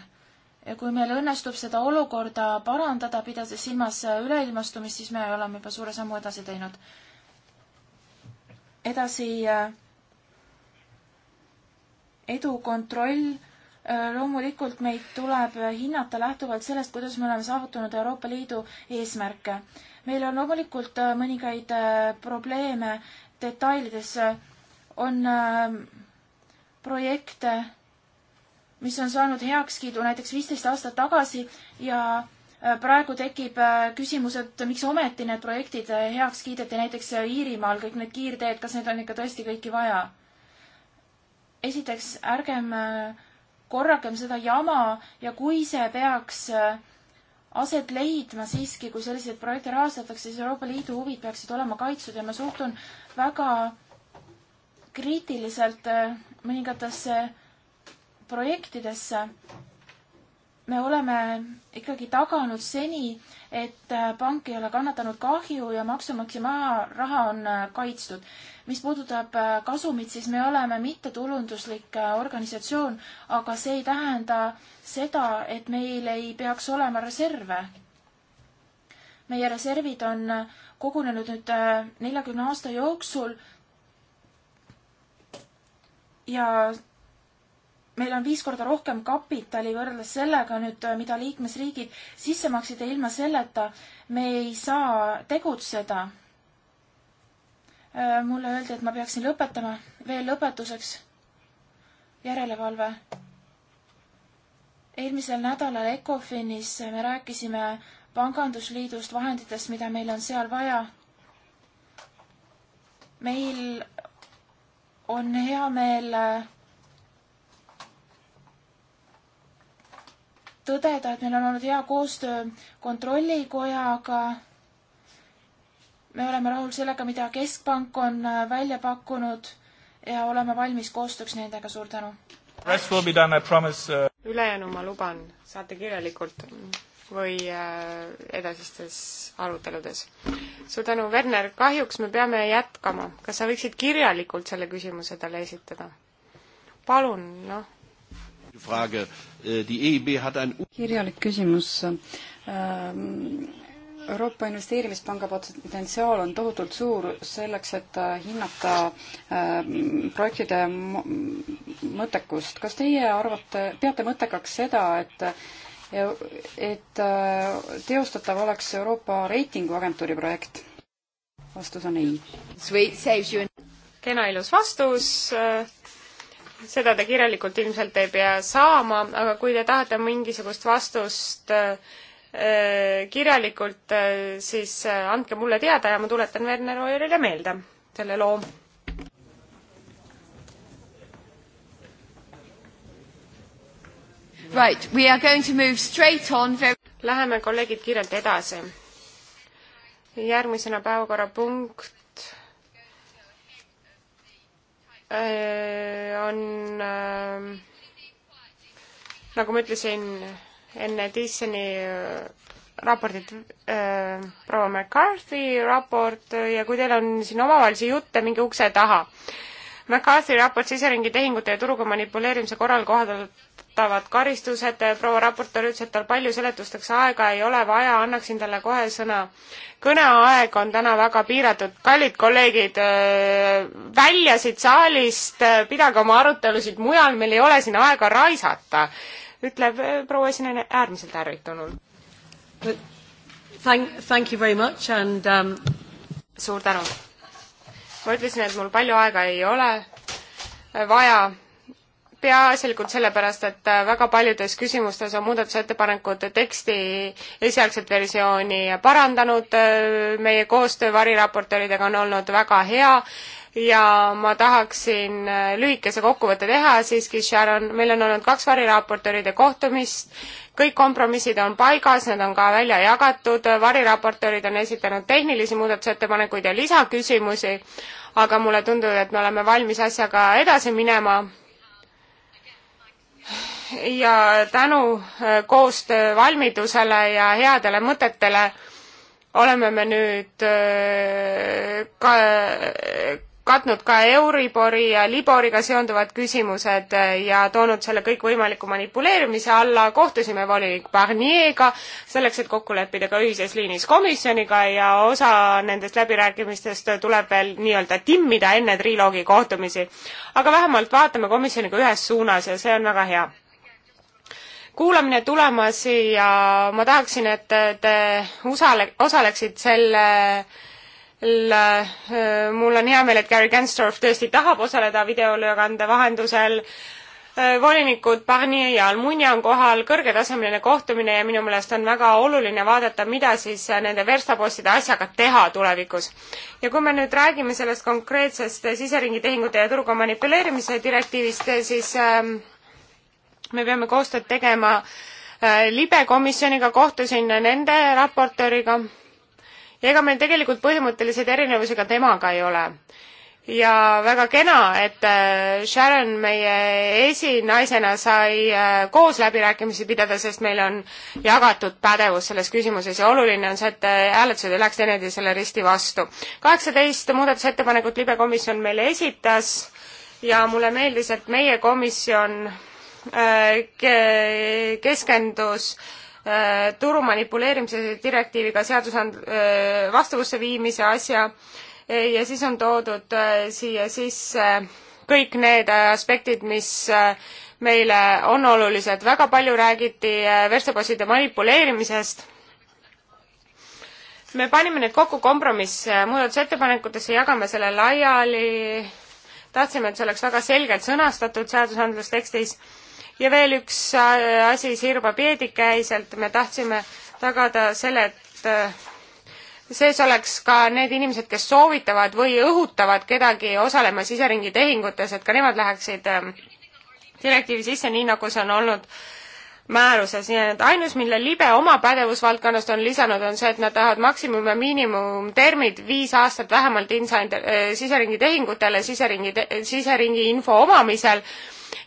ja kui meil õnnestub seda olukorda parandada, pidades silmas äh, üleilmastumist, siis me oleme juba suure sammu edasi teinud. edasi äh, edukontroll Äh, loomulikult meid tuleb hinnata lähtuvalt sellest, kuidas me oleme saavutanud Euroopa Liidu eesmärke. meil on loomulikult äh, mõningaid äh, probleeme detailides, on ähm, projekte, mis on saanud heakskiidu näiteks viisteist aastat tagasi ja praegu tekib küsimus, et miks ometi need projektid heaks kiideti, näiteks Iirimaal kõik need kiirteed, kas neid on ikka tõesti kõiki vaja? esiteks, ärgem äh, korragem seda jama ja kui see peaks äh, aset leidma siiski, kui selliseid projekte rahastatakse, siis Euroopa Liidu huvid peaksid olema kaitstud ja ma suhtun väga kriitiliselt äh, mõningatesse projektidesse me oleme ikkagi taganud seni, et pank ei ole kannatanud kahju ja maksumaksja maa raha on äh, kaitstud. mis puudutab äh, kasumit, siis me oleme mittetulunduslik äh, organisatsioon, aga see ei tähenda seda, et meil ei peaks olema reserve. meie reservid on kogunenud nüüd neljakümne aasta jooksul ja meil on viis korda rohkem kapitali võrreldes sellega nüüd, äh, mida liikmesriigid sisse maksid ja ilma selleta me ei saa tegutseda. Äh, mulle öeldi, et ma peaksin lõpetama. veel lõpetuseks järelevalve. eelmisel nädalal Ecofinis me rääkisime pangandusliidust, vahenditest, mida meil on seal vaja. meil on hea meel äh, tõdeda, et meil on olnud hea koostöö kontrollikojaga. me oleme rahul sellega, mida Keskpank on äh, välja pakkunud ja oleme valmis koostööks nendega, suur tänu. Uh, ülejäänu ma luban, saate kirjalikult või äh, edasistes aruteludes. suur tänu, Werner, kahjuks me peame jätkama, kas sa võiksid kirjalikult selle küsimuse talle esitada? palun, noh Äh, e e kirjalik küsimus. Ähm, Euroopa Investeerimispanga potentsiaal on tohutult suur selleks, et äh, hinnata ähm, projektide mõttekust. kas teie arvate, peate mõttekaks seda, et, äh, et teostatav oleks Euroopa reitinguagentuuri projekt? vastus on ei. kena ilus vastus seda te kirjalikult ilmselt ei pea saama, aga kui te tahate mingisugust vastust äh, äh, kirjalikult, äh, siis andke mulle teada ja ma tuletan Werner Oirile meelde selle loo. Right, we are going to move straight on very... Läheme kolleegid kiirelt edasi. järgmisena päevakorrapunkt Äh, on ähm, nagu ma ütlesin enne Thyssen'i äh, raportit äh,, proua McCarthy raport äh, ja kui teil on siin omavahelisi jutte, minge ukse taha. McCarthy raport siseringi tehingute ja turuga manipuleerimise korral kohaldatud ootavad karistused, proua raportöör ütles, et tal palju seletusteks aega ei ole vaja, annaksin talle kohe sõna. kõneaeg on täna väga piiratud, kallid kolleegid, äh, välja siit saalist, äh, pidage oma arutelusid mujal, meil ei ole siin aega raisata, ütleb äh, proua esineja äärmiselt ärritunult. Thank, thank you very much and um... suur tänu. ma ütlesin, et mul palju aega ei ole vaja peaasjalikult sellepärast, et äh, väga paljudes küsimustes on muudatusettepanekud teksti esialgset versiooni parandanud, äh, meie koostöö variraportööridega on olnud väga hea ja ma tahaksin äh, lühikese kokkuvõtte teha siiski, Sharon, meil on olnud kaks variraportööride kohtumist, kõik kompromissid on paigas, need on ka välja jagatud, variraportöörid on esitanud tehnilisi muudatusettepanekuid ja lisaküsimusi, aga mulle tundub, et me oleme valmis asjaga edasi minema ja tänu äh, koostöövalmidusele ja headele mõtetele oleme me nüüd äh, ka katnud ka Euribori ja Liboriga seonduvad küsimused äh, ja toonud selle kõikvõimaliku manipuleerimise alla, kohtusime volinik Barnier'ga selleks, et kokku leppida ka ühises liinis komisjoniga ja osa nendest läbirääkimistest tuleb veel nii-öelda timmida enne triloogi kohtumisi. aga vähemalt vaatame komisjoniga ühes suunas ja see on väga hea kuulamine tulemas ja ma tahaksin, et te usale-, osaleksid selle äh, mul on hea meel, et Gary Gensdorf tõesti tahab osaleda videoülekande vahendusel. Äh, volinikud Barnier ja Almunia on kohal, kõrgetasemeline kohtumine ja minu meelest on väga oluline vaadata, mida siis äh, nende verstapostide asjaga teha tulevikus. ja kui me nüüd räägime sellest konkreetsest siseringi tehingute ja turuga manipuleerimise direktiivist, siis äh, me peame koostööd tegema äh, libe komisjoniga, kohtusin nende raportööriga ja ega meil tegelikult põhimõtteliseid erinevusi ka temaga ei ole. ja väga kena, et äh, Sharon meie esinaisena sai äh, koos läbirääkimisi pidada, sest meil on jagatud pädevus selles küsimuses ja oluline on see, et hääletused ei läheks teineteisele risti vastu. kaheksateist muudatusettepanekut libe komisjon meile esitas ja mulle meeldis, et meie komisjon keskendus äh, turu manipuleerimise direktiiviga seadusand-, äh, vastavusse viimise asja äh, ja siis on toodud siia sisse kõik need aspektid, mis meile on olulised. väga palju räägiti verstapasside manipuleerimisest. me panime need kokku kompromissmuudatusettepanekutesse, jagame selle laiali. tahtsime, et see oleks väga selgelt sõnastatud seadusandlustekstis ja veel üks äh, asi Sirba Piedikäiselt, me tahtsime tagada selle, et äh, sees oleks ka need inimesed, kes soovitavad või õhutavad kedagi osalema siseringi tehingutes, et ka nemad läheksid äh, direktiivi sisse, nii nagu see on olnud määruses, nii et ainus, mille libe oma pädevusvaldkonnast on lisanud, on see, et nad tahavad maksimum- ja miinimumtermid viis aastat vähemalt inside, siseringi tehingutele, siseringi te,, siseringi info omamisel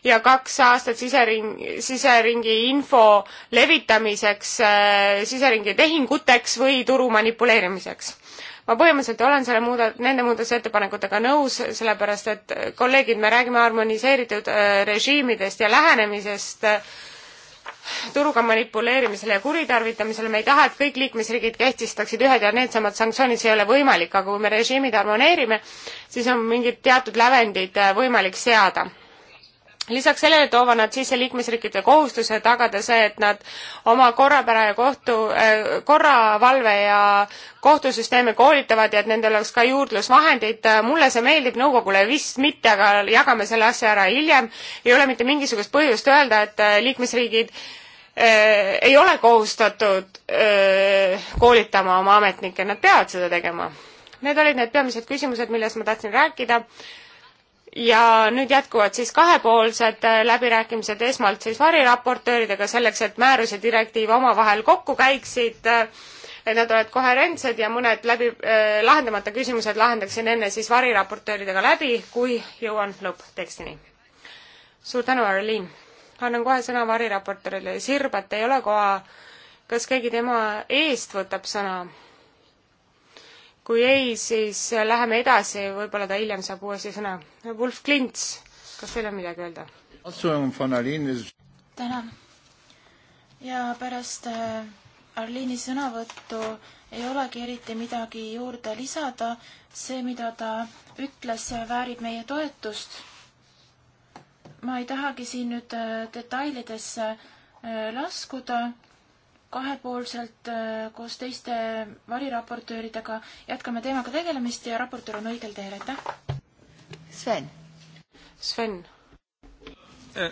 ja kaks aastat sisering, siseringi info levitamiseks, äh, siseringi tehinguteks või turu manipuleerimiseks. ma põhimõtteliselt olen selle muuda-, nende muudatusettepanekutega nõus, sellepärast et kolleegid, me räägime harmoniseeritud äh, režiimidest ja lähenemisest äh, turuga manipuleerimisele ja kuritarvitamisele, me ei taha, et kõik liikmesriigid kehtestaksid ühed ja needsamad sanktsioonid, see ei ole võimalik, aga kui me režiimid harmoneerime, siis on mingid teatud lävendid võimalik seada lisaks sellele toovad nad sisse liikmesriikide kohustuse tagada see, et nad oma korrapära ja kohtu, äh, korravalve ja kohtusüsteeme koolitavad ja et nendel oleks ka juurdlusvahendid. mulle see meeldib, nõukogule vist mitte, aga jagame selle asja ära hiljem. ei ole mitte mingisugust põhjust öelda, et äh, liikmesriigid äh, ei ole kohustatud äh, koolitama oma ametnikke, nad peavad seda tegema. Need olid need peamised küsimused, millest ma tahtsin rääkida äh, ja nüüd jätkuvad siis kahepoolsed äh, läbirääkimised esmalt siis variraportööridega selleks, et määrus ja direktiiv omavahel kokku käiksid, äh, et nad oled koherentsed ja mõned läbi eh,, lahendamata küsimused lahendaksin enne siis variraportööridega läbi, kui jõuan lõpptekstini. suur tänu, Arliin! annan kohe sõna variraportöörile, Sirbat ei ole koha, kas keegi tema eest võtab sõna? kui ei, siis läheme edasi, võib-olla ta hiljem saab uuesti sõna. Wolf Klints, kas teil on midagi öelda? tänan. ja pärast äh, Arliini sõnavõttu ei olegi eriti midagi juurde lisada. see, mida ta ütles, väärib meie toetust. ma ei tahagi siin nüüd äh, detailidesse äh, laskuda kahepoolselt äh, koos teiste variraportööridega jätkame teemaga tegelemist ja raportöör on õigel teel, aitäh! Sven. Sven uh,.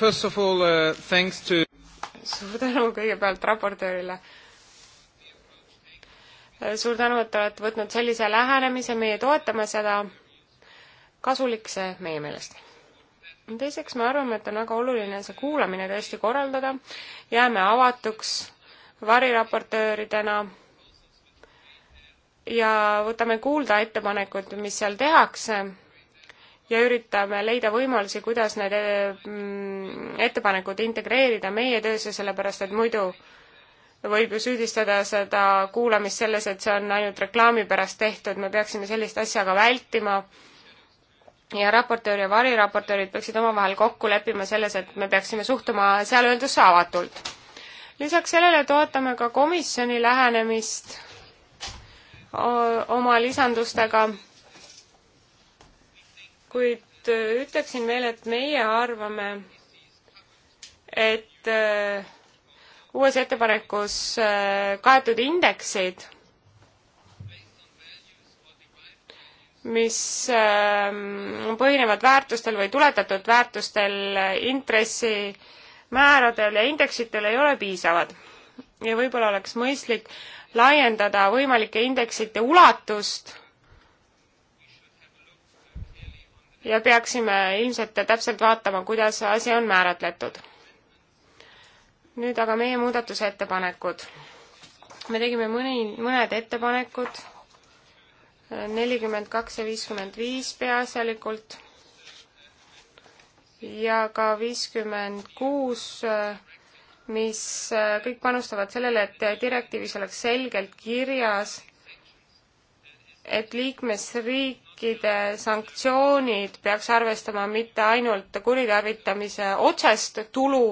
First of all uh, thanks to suur tänu kõigepealt raportöörile uh,. suur tänu, et te olete võtnud sellise lähenemise, meie toetame seda. kasulik see meie meelest teiseks me arvame, et on väga oluline see kuulamine tõesti korraldada, jääme avatuks variraportööridena ja võtame kuulda ettepanekud, mis seal tehakse ja üritame leida võimalusi, kuidas need mm, ettepanekud integreerida meie töösse, sellepärast et muidu võib ju süüdistada seda kuulamist selles, et see on ainult reklaami pärast tehtud, me peaksime sellist asja ka vältima ja raportöör ja variraportöörid peaksid omavahel kokku leppima selles, et me peaksime suhtuma seal öeldusse avatult. lisaks sellele toetame ka komisjoni lähenemist oma lisandustega, kuid äh, ütleksin veel, et meie arvame, et äh, uues ettepanekus äh, kaetud indeksid mis ähm, põhinevad väärtustel või tuletatud väärtustel, intressimääradel ja indeksitel ei ole piisavad. ja võib-olla oleks mõistlik laiendada võimalike indeksite ulatust ja peaksime ilmselt täpselt vaatama, kuidas asi on määratletud. nüüd aga meie muudatusettepanekud. me tegime mõni, mõned ettepanekud nelikümmend kaks ja viiskümmend viis peaasjalikult ja ka viiskümmend kuus, mis äh, kõik panustavad sellele, et direktiivis oleks selgelt kirjas, et liikmesriikide sanktsioonid peaks arvestama mitte ainult kuritarvitamise otsest tulu,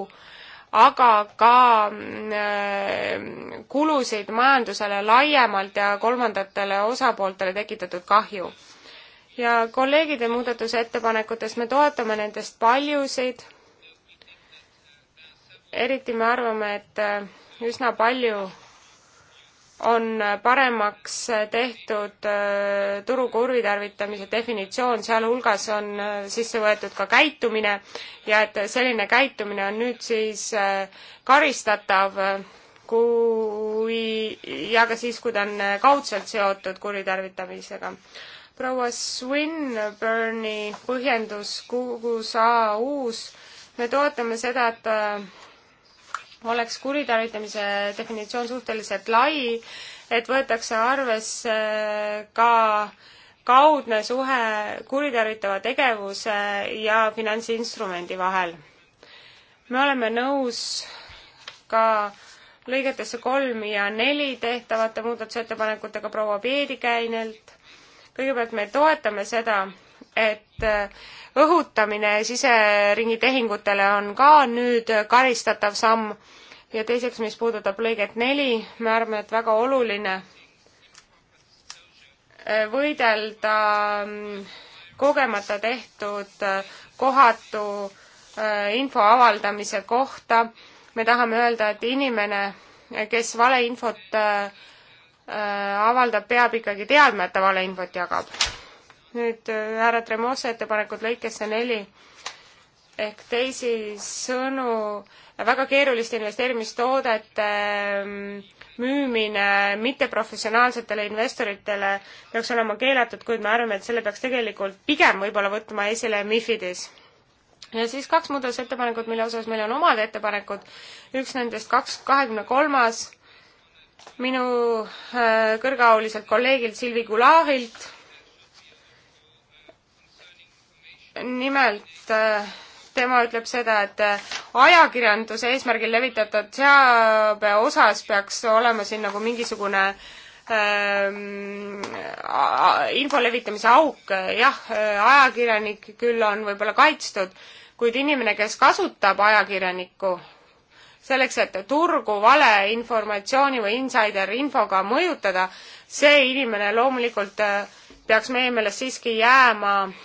aga ka mm, äh, kulusid majandusele laiemalt ja kolmandatele osapooltele tekitatud kahju. ja kolleegide muudatusettepanekutest me toetame nendest paljusid, eriti me arvame, et äh, üsna palju on paremaks tehtud äh, turu kuritarvitamise definitsioon, sealhulgas on äh, sisse võetud ka käitumine ja et selline käitumine on nüüd siis äh, karistatav, kui, ja ka siis, kui ta on kaudselt seotud kuritarvitamisega. proua Swinburne'i põhjendus kuus A uus, me toetame seda, et oleks kuritarvitamise definitsioon suhteliselt lai, et võetakse arvesse ka kaudne suhe kuritarvitava tegevuse ja finantsinstrumendi vahel. me oleme nõus ka lõigetesse kolm ja neli tehtavate muudatusettepanekutega proua Peedikäinelt. kõigepealt me toetame seda, et äh, õhutamine siseringi tehingutele on ka nüüd karistatav samm ja teiseks, mis puudutab lõiget neli, me arvame, et väga oluline äh, võidelda mm, kogemata tehtud äh, kohatu info avaldamise kohta. me tahame öelda, et inimene, kes valeinfot avaldab, peab ikkagi teadma, et ta valeinfot jagab nüüd äh, härra Tremose ettepanekud lõikesse neli ehk teisisõnu väga keeruliste investeerimistoodete ähm, müümine mitteprofessionaalsetele investoritele peaks olema keelatud, kuid me arvame, et selle peaks tegelikult pigem võib-olla võtma esile MIFIDis. ja siis kaks muudatusettepanekut, mille osas meil on omad ettepanekud, üks nendest kaks, kahekümne kolmas, minu äh, kõrgeauliselt kolleegilt Silvi Gulahilt nimelt äh, tema ütleb seda, et äh, ajakirjanduse eesmärgil levitatud teabe osas peaks olema siin nagu mingisugune ähm, info levitamise auk, jah, äh, ajakirjanik küll on võib-olla kaitstud, kuid inimene, kes kasutab ajakirjanikku selleks, et turgu valeinformatsiooni või insider-infoga mõjutada, see inimene loomulikult peaks meie meelest siiski jääma äh,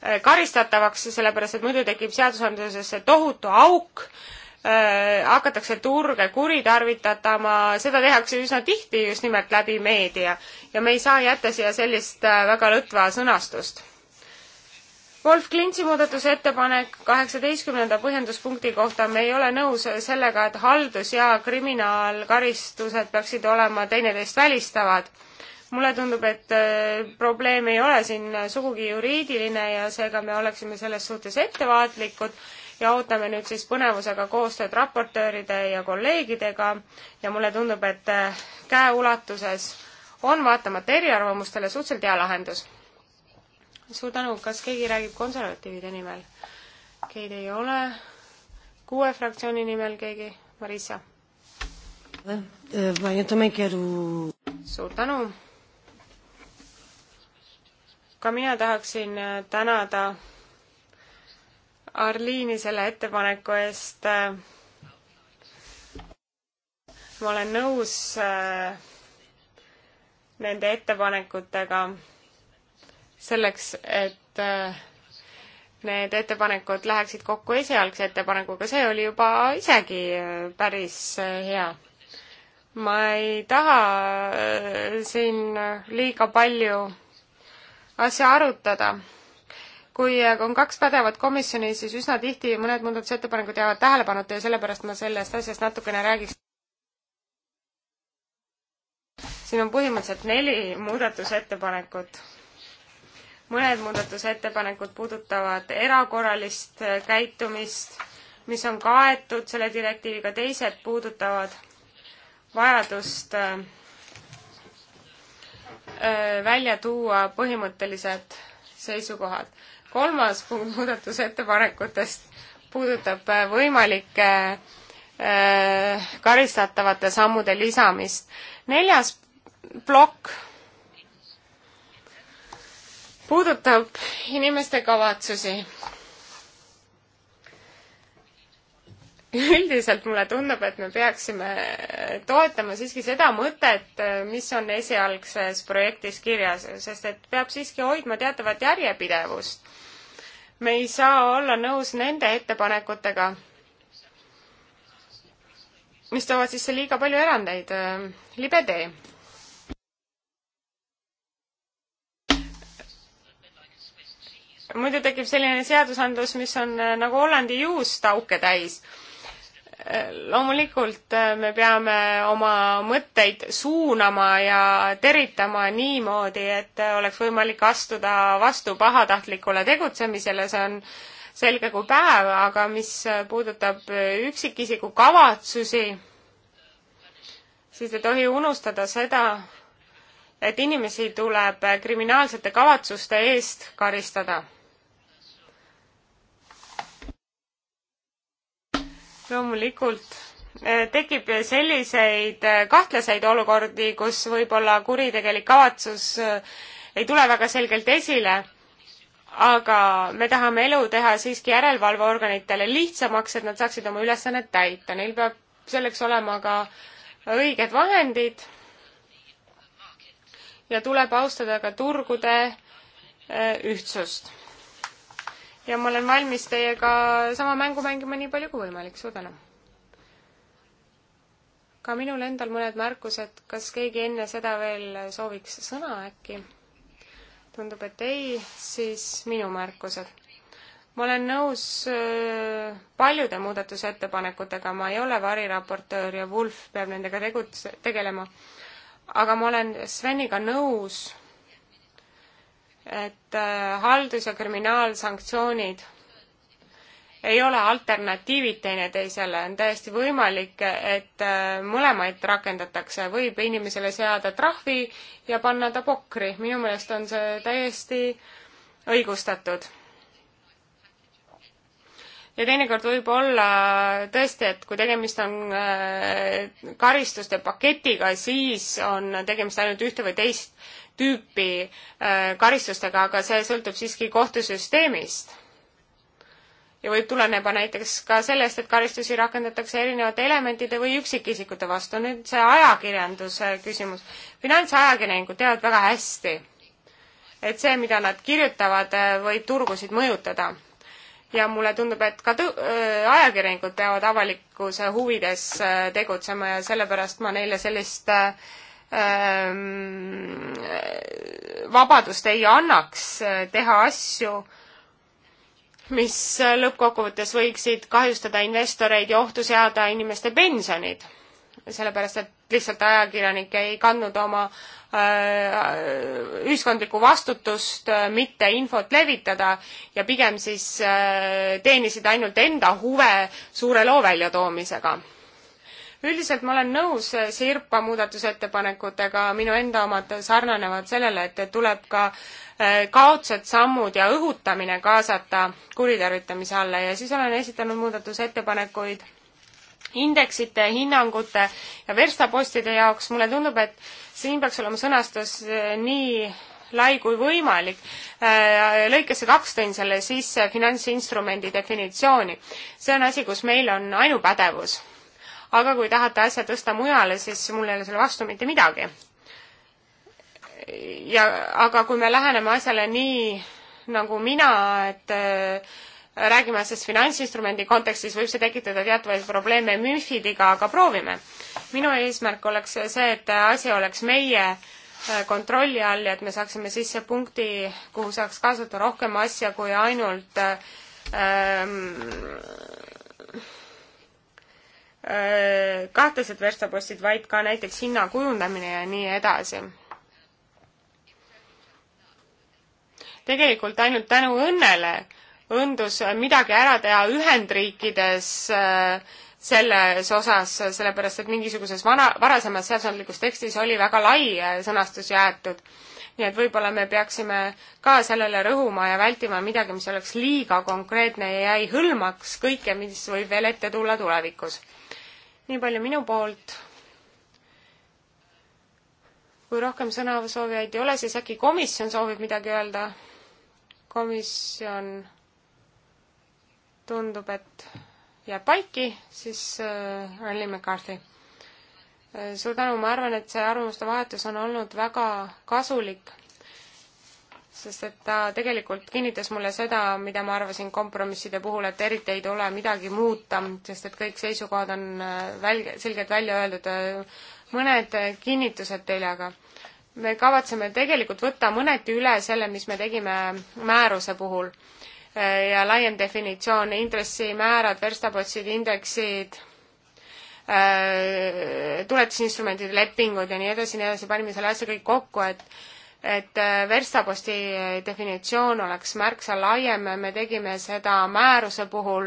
karistatavaks, sellepärast et muidu tekib seadusandlusesse tohutu auk, äh, hakatakse turge kuritarvitatama, seda tehakse üsna tihti just nimelt läbi meedia ja me ei saa jätta siia sellist äh, väga lõtva sõnastust. Wolf Klintsi muudatusettepanek kaheksateistkümnenda põhjenduspunkti kohta, me ei ole nõus sellega, et haldus ja kriminaalkaristused peaksid olema teineteist välistavad mulle tundub, et äh, probleem ei ole siin sugugi juriidiline ja seega me oleksime selles suhtes ettevaatlikud ja ootame nüüd siis põnevusega koostööd raportööride ja kolleegidega ja mulle tundub, et äh, käeulatuses on vaatamata eriarvamustele suhteliselt hea lahendus. suur tänu, kas keegi räägib konservatiivide nimel? Keid ei ole. kuue fraktsiooni nimel keegi? Marissa? suur tänu ka mina tahaksin äh, tänada Arliini selle ettepaneku eest. ma olen nõus äh, nende ettepanekutega selleks, et äh, need ettepanekud läheksid kokku esialgse ettepanekuga, see oli juba isegi päris hea. ma ei taha siin liiga palju asja arutada. kui on kaks pädevat komisjoni, siis üsna tihti mõned muudatusettepanekud jäävad tähelepanuta ja sellepärast ma sellest asjast natukene räägiks. siin on põhimõtteliselt neli muudatusettepanekut mõned muudatusettepanekud puudutavad erakorralist käitumist, mis on kaetud selle direktiiviga, teised puudutavad vajadust äh, Äh, välja tuua põhimõttelised seisukohad. kolmas punkt muudatusettepanekutest puudutab äh, võimalike äh, karistatavate sammude lisamist. neljas plokk puudutab inimeste kavatsusi üldiselt mulle tundub, et me peaksime toetama siiski seda mõtet, mis on esialgses projektis kirjas, sest et peab siiski hoidma teatavat järjepidevust. me ei saa olla nõus nende ettepanekutega, mis toovad sisse liiga palju erandeid. libe tee. muidu tekib selline seadusandlus, mis on nagu Hollandi juust auke täis loomulikult äh, me peame oma mõtteid suunama ja teritama niimoodi, et oleks võimalik astuda vastu pahatahtlikule tegutsemisele, see on selge kui päev, aga mis puudutab üksikisiku kavatsusi, siis ei tohi unustada seda, et inimesi tuleb kriminaalsete kavatsuste eest karistada loomulikult eh, tekib selliseid eh, kahtlaseid olukordi, kus võib-olla kuritegelik kavatsus eh, ei tule väga selgelt esile, aga me tahame elu teha siiski järelevalveorganitele lihtsamaks, et nad saaksid oma ülesannet täita. Neil peab selleks olema ka õiged vahendid ja tuleb austada ka turgude ühtsust ja ma olen valmis teiega sama mängu mängima nii palju kui võimalik, suur tänu! ka minul endal mõned märkused, kas keegi enne seda veel sooviks sõna äkki? tundub, et ei, siis minu märkused. ma olen nõus äh, paljude muudatusettepanekutega, ma ei ole variraportöör ja Wolf peab nendega tegutse-, tegelema, aga ma olen Sveniga nõus et äh, haldus- ja kriminaalsanktsioonid ei ole alternatiivid teineteisele, on täiesti võimalik, et äh, mõlemaid rakendatakse, võib inimesele seada trahvi ja panna ta pokri, minu meelest on see täiesti õigustatud. ja teinekord võib olla tõesti, et kui tegemist on äh, karistuste paketiga, siis on tegemist ainult ühte või teist tüüpi äh, karistustega, aga see sõltub siiski kohtusüsteemist. ja võib tuleneba näiteks ka sellest, et karistusi rakendatakse erinevate elementide või üksikisikute vastu. nüüd see ajakirjanduse küsimus. finantsajakirjanikud teavad väga hästi, et see, mida nad kirjutavad, äh, võib turgusid mõjutada ja mulle tundub, et ka tõ-, äh, ajakirjanikud peavad avalikkuse huvides tegutsema ja sellepärast ma neile sellist Ehm, vabadust ei annaks eh, teha asju, mis lõppkokkuvõttes võiksid kahjustada investoreid ja ohtu seada inimeste pensionid. sellepärast, et lihtsalt ajakirjanik ei kandnud oma eh, ühiskondlikku vastutust eh, mitte infot levitada ja pigem siis teenisid ainult enda huve suure loo väljatoomisega üldiselt ma olen nõus eh, Sirpa muudatusettepanekutega, minu enda omad sarnanevad sellele, et tuleb ka eh, kaotsed sammud ja õhutamine kaasata kuritarvitamise alla ja siis olen esitanud muudatusettepanekuid indeksite, hinnangute ja verstapostide jaoks, mulle tundub, et siin peaks olema sõnastus eh, nii lai kui võimalik. lõikesse kaks tõin selle sisse finantsinstrumendi definitsiooni. see on asi, kus meil on ainupädevus aga kui tahate asja tõsta mujale, siis mul ei ole selle vastu mitte midagi. ja aga kui me läheneme asjale nii, nagu mina, et äh, räägime sellest finantsinstrumendi kontekstis, võib see tekitada teatavaid probleeme MÜFIDiga, aga proovime. minu eesmärk oleks see, et asi oleks meie äh, kontrolli all ja et me saaksime sisse punkti, kuhu saaks kaasata rohkem asja kui ainult äh, ähm, kahtlased verstapostid, vaid ka näiteks hinna kujundamine ja nii edasi. tegelikult ainult tänu õnnele õndus midagi ära teha Ühendriikides äh, selles osas, sellepärast et mingisuguses vana, varasemas seadusandlikus tekstis oli väga lai äh, sõnastus jäetud. nii et võib-olla me peaksime ka sellele rõhuma ja vältima midagi, mis oleks liiga konkreetne ja ei hõlmaks kõike, mis võib veel ette tulla tulevikus nii palju minu poolt. kui rohkem sõnasoovijaid ei ole, siis äkki komisjon soovib midagi öelda? komisjon tundub, et jääb paiki, siis äh, Rally McCarthy äh, suur tänu, ma arvan, et see arvamuste vahetus on olnud väga kasulik sest et ta tegelikult kinnitas mulle seda, mida ma arvasin kompromisside puhul, et eriti ei tule midagi muuta, sest et kõik seisukohad on äh, välge, selgelt välja öeldud. mõned kinnitused teile aga. me kavatseme tegelikult võtta mõneti üle selle, mis me tegime määruse puhul äh, ja laiem definitsioon, intressimäärad, verstapotsid, indeksid, äh, tuletisinstrumentide lepingud ja nii edasi, nii edasi, panime selle asja kõik kokku, et et äh, verstaposti definitsioon oleks märksa laiem, me tegime seda määruse puhul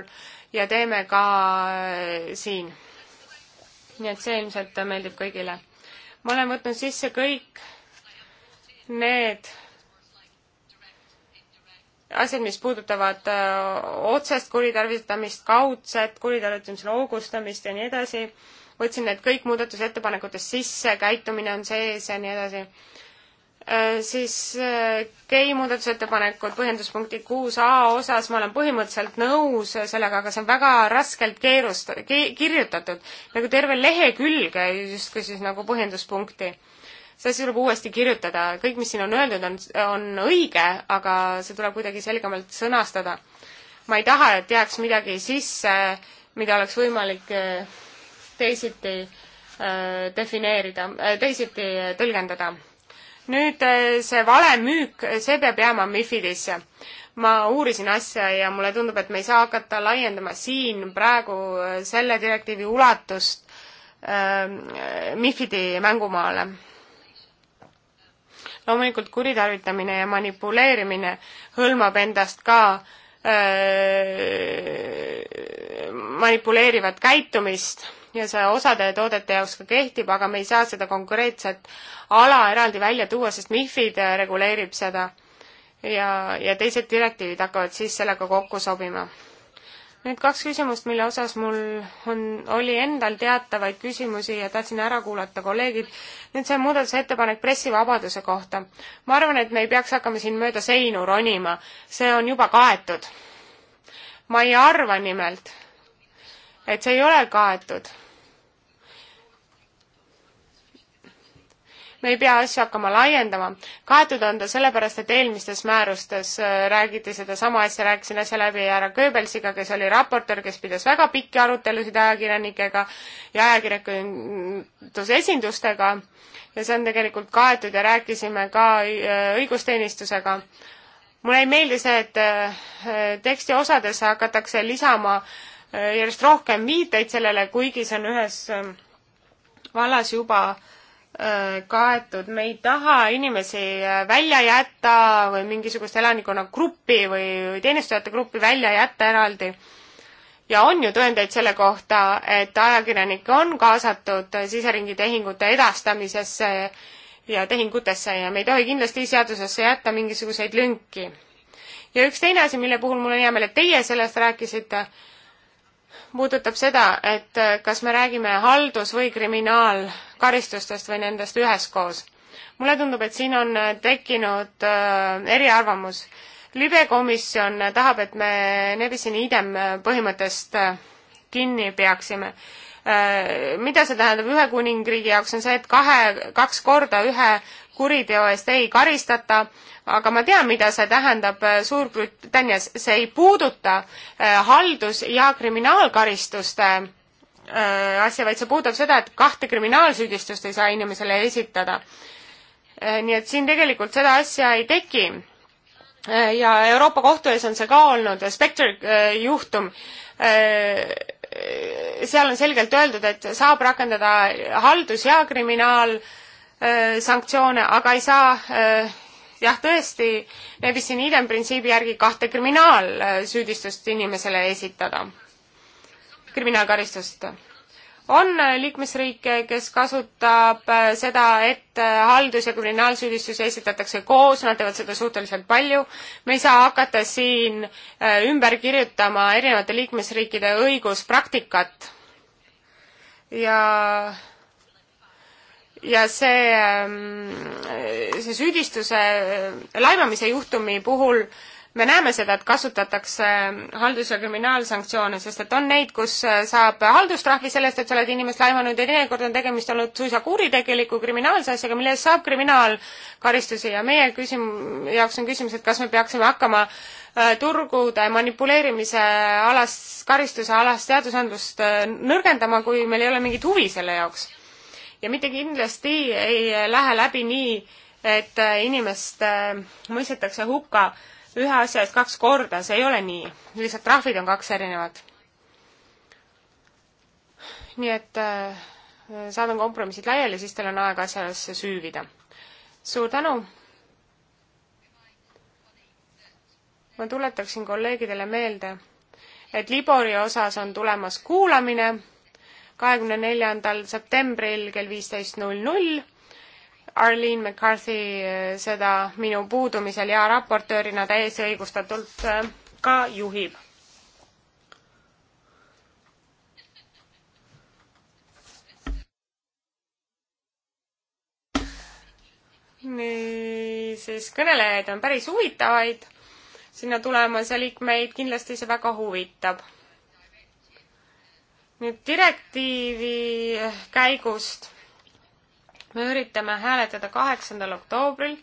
ja teeme ka äh, siin. nii et see ilmselt meeldib kõigile. ma olen võtnud sisse kõik need asjad, mis puudutavad äh, otsest kuritarvitamist, kaudset kuritarvitamisele hoogustamist ja nii edasi. võtsin need kõik muudatusettepanekutest sisse, käitumine on sees ja nii edasi Äh, siis gei äh, muudatusettepanekud põhjenduspunkti kuus A osas, ma olen põhimõtteliselt nõus sellega, aga see on väga raskelt keerust-, kirjutatud, nagu terve lehekülge justkui siis nagu põhjenduspunkti. see asi tuleb uuesti kirjutada, kõik, mis siin on öeldud, on, on õige, aga see tuleb kuidagi selgemalt sõnastada. ma ei taha, et jääks midagi sisse, mida oleks võimalik äh, teisiti defineerida, teisiti tõlgendada nüüd äh, see valemüük, see peab jääma MIFIDisse. ma uurisin asja ja mulle tundub, et me ei saa hakata laiendama siin praegu äh, selle direktiivi ulatust äh, MIFIDi mängumaale. loomulikult kuritarvitamine ja manipuleerimine hõlmab endast ka äh, manipuleerivat käitumist ja see osade toodete jaoks ka kehtib, aga me ei saa seda konkreetset ala eraldi välja tuua, sest MIFID reguleerib seda ja, ja teised direktiivid hakkavad siis sellega kokku sobima. Need kaks küsimust, mille osas mul on, oli endal teatavaid küsimusi ja tahtsin ära kuulata kolleegid. nüüd see muudatusettepanek pressivabaduse kohta. ma arvan, et me ei peaks hakkama siin mööda seinu ronima, see on juba kaetud. ma ei arva nimelt, et see ei ole kaetud me ei pea asju hakkama laiendama. kaetud on ta sellepärast, et eelmistes määrustes äh, räägiti sedasama asja, rääkisin asja läbi härra Goebbelsiga, kes oli raportöör, kes pidas väga pikki arutelusid ajakirjanikega ja ajakirjanduse esindustega ja see on tegelikult kaetud ja rääkisime ka äh, õigusteenistusega mulle ei meeldi see, et äh, teksti osadesse hakatakse lisama järjest rohkem viiteid sellele, kuigi see on ühes vallas juba Äh, kaetud, me ei taha inimesi äh, välja jätta või mingisugust elanikkonnagruppi või teenistujate gruppi välja jätta eraldi. ja on ju tõendeid selle kohta, et ajakirjanikke on kaasatud siseringi tehingute edastamisesse ja tehingutesse ja me ei tohi kindlasti seadusesse jätta mingisuguseid lünki. ja üks teine asi, mille puhul mul on hea meel, et teie sellest rääkisite puudutab seda, et äh, kas me räägime haldus- või kriminaalkaristustest või nendest üheskoos. mulle tundub, et siin on äh, tekkinud äh, eriarvamus. libekomisjon tahab, et me Nebisini idem põhimõttest kinni peaksime mida see tähendab Ühekuningriigi jaoks, on see, et kahe, kaks korda ühe kuriteo eest ei karistata aga ma tean, mida see tähendab äh, Suurbritannias, see ei puuduta äh, haldus- ja kriminaalkaristuste äh, asja, vaid see puudutab seda, et kahte kriminaalsüüdistust ei saa inimesele esitada. nii et siin tegelikult seda asja ei teki. ja Euroopa Kohtu ees on see ka olnud, Spectre juhtum, seal on selgelt öeldud, et saab rakendada haldus- ja kriminaalsanktsioone, aga ei saa jah, tõesti, Nebisinidem printsiibi järgi kahte kriminaalsüüdistust inimesele esitada, kriminaalkaristust. on liikmesriike, kes kasutab äh, seda, et äh, haldus- ja kriminaalsüüdistusi esitatakse koos, nad teevad seda suhteliselt palju, me ei saa hakata siin äh, ümber kirjutama erinevate liikmesriikide õiguspraktikat ja ja see, ähm, see süüdistuse äh, laimamise juhtumi puhul me näeme seda, et kasutatakse ähm, haldus- ja kriminaalsanktsioone, sest et on neid, kus äh, saab haldustrahvi sellest, et sa oled inimest laimanud ja teinekord on tegemist olnud suisa kuritegeliku kriminaalse asjaga, mille eest saab kriminaalkaristusi ja meie küsim-, jaoks on küsimus, et kas me peaksime hakkama äh, turgude manipuleerimise alast, karistuse alast seadusandlust nõrgendama, kui meil ei ole mingit huvi selle jaoks ja mitte kindlasti ei lähe läbi nii, et inimest äh, mõistetakse hukka ühe asja eest kaks korda, see ei ole nii. lihtsalt trahvid on kaks erinevat. nii et äh, saadan kompromissid laiali, siis teil on aega asjasse süüvida. suur tänu! ma tuletaksin kolleegidele meelde, et Libori osas on tulemas kuulamine kahekümne neljandal septembril kell viisteist null null. Arlene McCarthy eh, seda minu puudumisel ja raportöörina täiesti õigustatult eh, ka juhib. niisiis, kõnelejaid on päris huvitavaid sinna tulemas ja liikmeid kindlasti see väga huvitab nüüd direktiivi käigust me üritame hääletada kaheksandal oktoobril,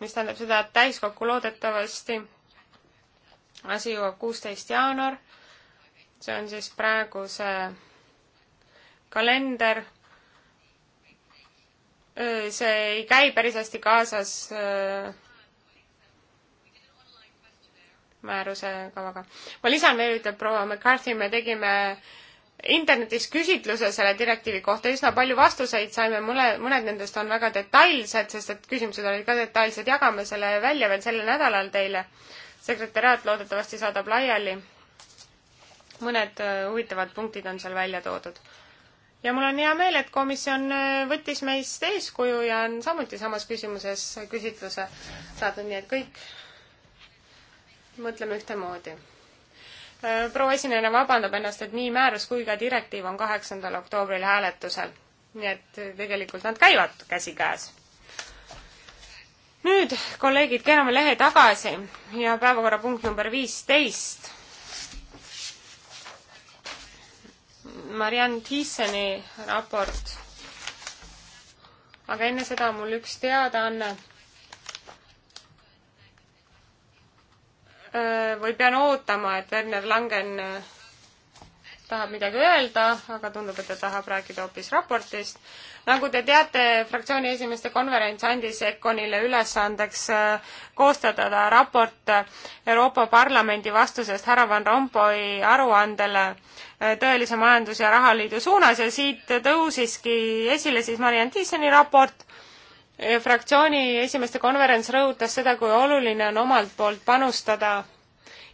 mis tähendab seda, et täiskokku loodetavasti asi jõuab kuusteist jaanuar. see on siis praeguse kalender. see ei käi päris hästi kaasas määruse kavaga. ma lisan veel, ütleb proua McCarthy, me tegime internetis küsitluse selle direktiivi kohta, üsna palju vastuseid saime, mõne, mõned nendest on väga detailsed, sest et küsimused olid ka detailsed, jagame selle välja veel sellel nädalal teile. sekretäriaat loodetavasti saadab laiali. mõned äh, huvitavad punktid on seal välja toodud. ja mul on hea meel, et komisjon äh, võttis meist eeskuju ja on samuti samas küsimuses küsitluse saatnud, nii et kõik mõtleme ühtemoodi. Äh, proua esineja vabandab ennast, et nii määrus kui ka direktiiv on kaheksandal oktoobril hääletusel. nii et tegelikult nad käivad käsikäes. nüüd, kolleegid, keerame lehe tagasi ja päevakorrapunkt number viisteist. Marianne Thiesseni raport. aga enne seda on mul üks teadaanne Äh, või pean ootama, et Werner Langen äh, tahab midagi öelda, aga tundub, et ta tahab rääkida hoopis raportist. nagu te teate, fraktsiooni esimeeste konverents andis EKONile ülesandeks äh, koostada raport Euroopa Parlamendi vastusest härra Van Rompuy aruandele tõelise majandus- ja rahaliidu suunas ja siit tõusiski esile siis Marianne Thyssen'i raport fraktsiooni esimeeste konverents rõhutas seda, kui oluline on omalt poolt panustada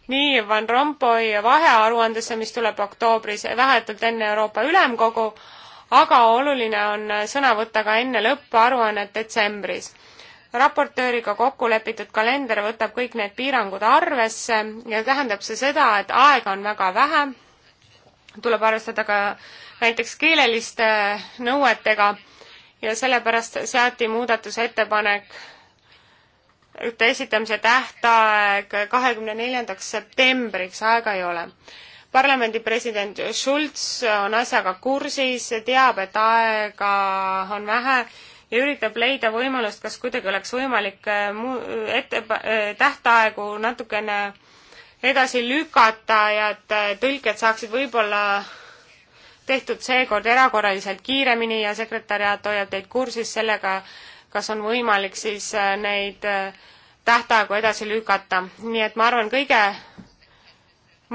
nii Van Rompuy vahearuandesse, mis tuleb oktoobris vähetult enne Euroopa Ülemkogu, aga oluline on sõna võtta ka enne lõpparuannet detsembris. raportööriga kokku lepitud kalender võtab kõik need piirangud arvesse ja tähendab see seda, et aega on väga vähe, tuleb arvestada ka näiteks keeleliste nõuetega ja sellepärast seati muudatusettepanek esitamise tähtaeg kahekümne neljandaks septembriks, aega ei ole. parlamendi president Schulz on asjaga kursis, teab, et aega on vähe ja üritab leida võimalust, kas kuidagi oleks võimalik äh, mu-, ette, äh, tähtaegu natukene edasi lükata ja et äh, tõlked saaksid võib-olla tehtud seekord erakorraliselt kiiremini ja sekretäriaat hoiab teid kursis sellega, kas on võimalik siis äh, neid äh, tähtaegu edasi lükata. nii et ma arvan, kõige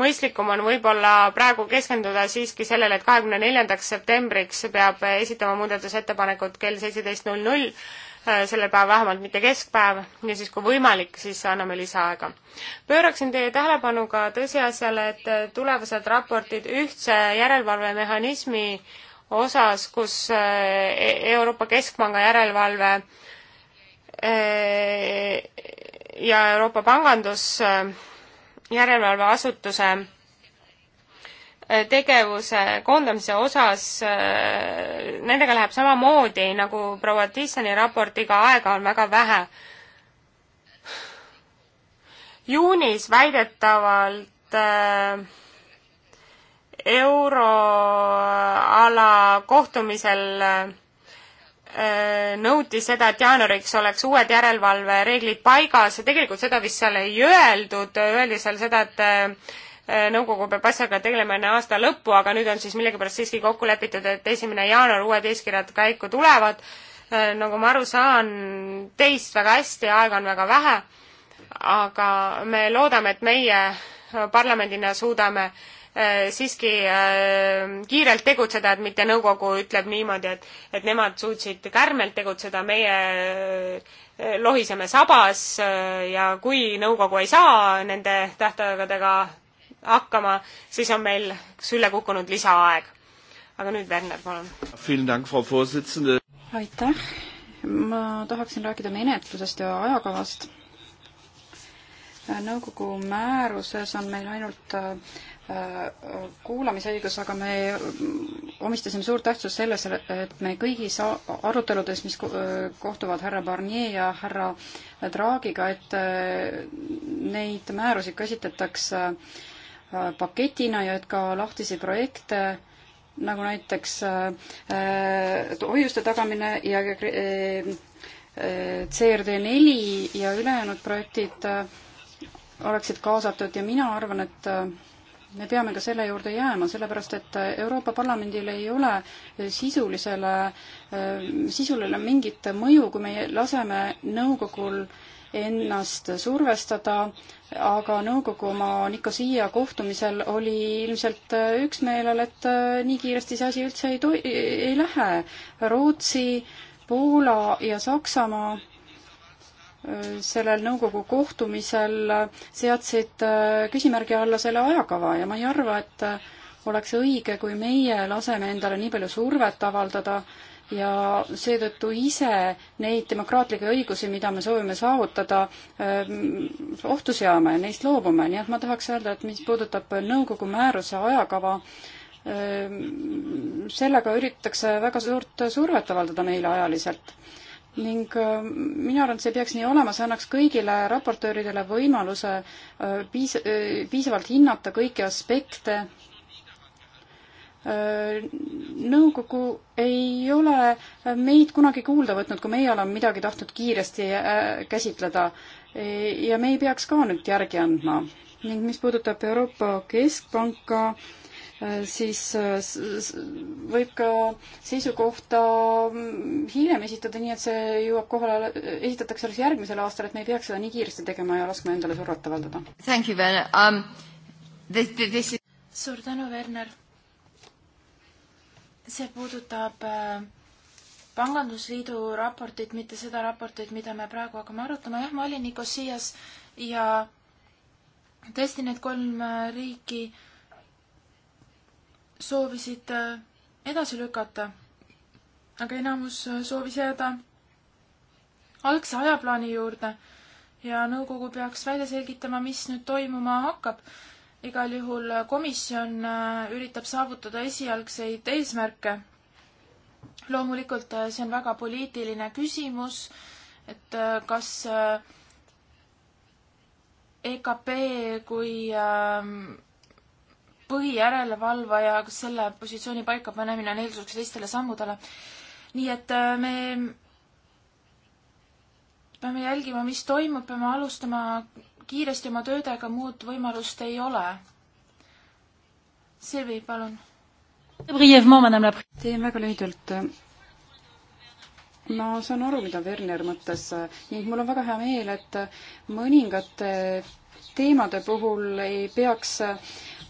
mõistlikum on võib-olla praegu keskenduda siiski sellele, et kahekümne neljandaks septembriks peab esitama muudatusettepanekud kell seitseteist null null Äh, sellel päeval vähemalt mitte keskpäev ja siis, kui võimalik, siis anname lisaaega. pööraksin teie tähelepanu ka tõsiasjale, et äh, tulevased raportid ühtse järelevalvemehhanismi osas, kus äh, e-, Euroopa Keskpanga järelevalve ja Euroopa Pangandus järelevalveasutuse tegevuse koondamise osas, äh, nendega läheb samamoodi, nagu proua Tissoni raportiga, aega on väga vähe. juunis väidetavalt äh, euroala kohtumisel äh, nõuti seda, et jaanuariks oleks uued järelevalvereeglid paigas ja tegelikult seda vist seal ei öeldud, öeldi seal seda, et Äh, nõukogu peab asjaga tegelema enne aasta lõppu, aga nüüd on siis millegipärast siiski kokku lepitud, et esimene jaanuar uued eeskirjad käiku tulevad. Äh, nagu ma aru saan, teist väga hästi, aega on väga vähe, aga me loodame, et meie parlamendina suudame äh, siiski kiirelt tegutseda, et mitte nõukogu ütleb niimoodi, et, et nemad suutsid kärmelt tegutseda, meie lohiseme sabas ja kui nõukogu ei saa nende tähtaegadega hakkama, siis on meil sülle kukkunud lisaaeg. aga nüüd Werner, palun. aitäh, ma tahaksin rääkida menetlusest ja ajakavast. nõukogu määruses on meil ainult äh, kuulamisõigus, aga me omistasime suurt tähtsust selles, et me kõigis aruteludes, mis kohtuvad härra Barnier ja härra Draagiga, et äh, neid määrusi käsitletakse äh, Äh, paketina ja et ka lahtisi projekte, nagu näiteks äh, hoiuste tagamine ja äh, CRD neli ja ülejäänud projektid oleksid kaasatud ja mina arvan, et me peame ka selle juurde jääma, sellepärast et Euroopa Parlamendil ei ole sisulisele, sisulele mingit mõju, kui me laseme nõukogul äh, ennast survestada, aga nõukogu oma Nicosia kohtumisel oli ilmselt üksmeelel, et äh, nii kiiresti see asi üldse ei toi-, ei lähe. Rootsi, Poola ja Saksamaa äh, sellel nõukogu kohtumisel äh, seadsid küsimärgi alla selle ajakava ja ma ei arva, et oleks õige, kui meie laseme endale nii palju survet avaldada, ja seetõttu ise neid demokraatlikke õigusi, mida me soovime saavutada, ähm, ohtu seame, neist loobume, nii et ma tahaks öelda, et mis puudutab nõukogu määruse ajakava, ähm, sellega üritatakse väga suurt survet avaldada meile ajaliselt ning ähm, minu arvates ei peaks nii olema, see annaks kõigile raportööridele võimaluse äh, piis-, äh, piisavalt hinnata kõiki aspekte Äh, nõukogu ei ole meid kunagi kuulda võtnud, kui meie oleme midagi tahtnud kiiresti äh, käsitleda e, ja me ei peaks ka nüüd järgi andma. ning mis puudutab Euroopa Keskpanka, äh, siis võib ka seisukohta mm, hiljem esitada, nii et see jõuab kohale, esitatakse alles järgmisel aastal, et me ei peaks seda nii kiiresti tegema ja laskma endale survet avaldada. Um, this... suur tänu, Werner see puudutab äh, pangandusliidu raportit, mitte seda raportit, mida me praegu hakkame arutama. jah, ma olin Nicosias ja tõesti need kolm äh, riiki soovisid äh, edasi lükata, aga enamus soovis jääda algse ajaplaani juurde ja nõukogu peaks välja selgitama, mis nüüd toimuma hakkab igal juhul komisjon äh, üritab saavutada esialgseid eesmärke. loomulikult äh, see on väga poliitiline küsimus, et äh, kas EKP kui ähm, põhijärelevalvaja, kas selle positsiooni paikapanemine on eelduseks teistele sammudele. nii et me peame jälgima, mis toimub, peame alustama kiiresti oma töödega, muud võimalust ei ole. Silvi, palun. teen väga lühidalt ma saan aru, mida Werner mõtles ning mul on väga hea meel, et mõningate teemade puhul ei peaks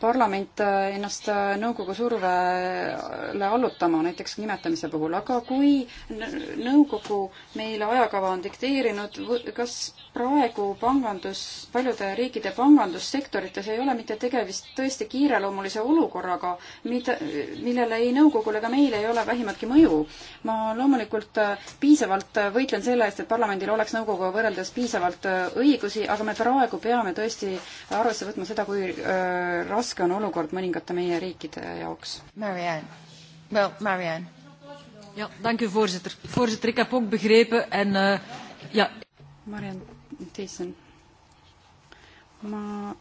parlament ennast nõukogu survele allutama, näiteks nimetamise puhul, aga kui nõukogu meile ajakava on dikteerinud, kas praegu pangandus, paljude riikide pangandussektorites ei ole mitte tegemist tõesti kiireloomulise olukorraga, mida, millele ei nõukogul ega meil ei ole vähimatki mõju. ma loomulikult äh, piisavalt äh, võitlen selle eest, et parlamendil oleks nõukoguga võrreldes piisavalt äh, õigusi, aga me praegu peame tõesti arvesse võtma seda, kui raske on olukord mõningate meie riikide jaoks. Marianne, well, Marianne. jah, tänan, voorzitter. voorzitter, ik heb ook begrepen en uh, ja. Marianne Teisen. ma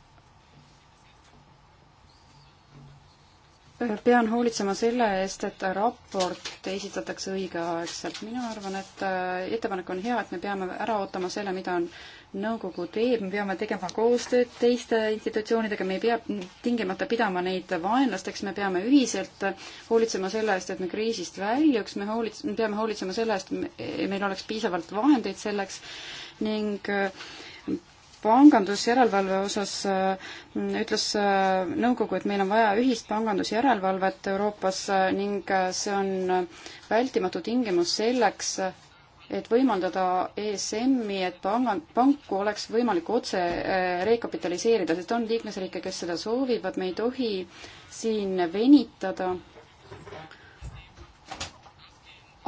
pean hoolitsema selle eest, et raport esitatakse õigeaegselt. mina arvan, et äh, ettepanek on hea, et me peame ära ootama selle, mida on nõukogu teeb, me peame tegema koostööd teiste institutsioonidega, me ei pea tingimata pidama neid vaenlasteks, me peame ühiselt hoolitsema selle eest, et me kriisist väljuks, me hoolits-, me peame hoolitsema selle eest, meil oleks piisavalt vahendeid selleks ning äh, pangandusjärelevalve osas äh, ütles äh, nõukogu, et meil on vaja ühist pangandusjärelevalvet Euroopas ning see on vältimatu tingimus selleks, et võimaldada ESM-i, et panga, panku oleks võimalik otse rekapitaliseerida, sest on liikmesriike, kes seda soovivad, me ei tohi siin venitada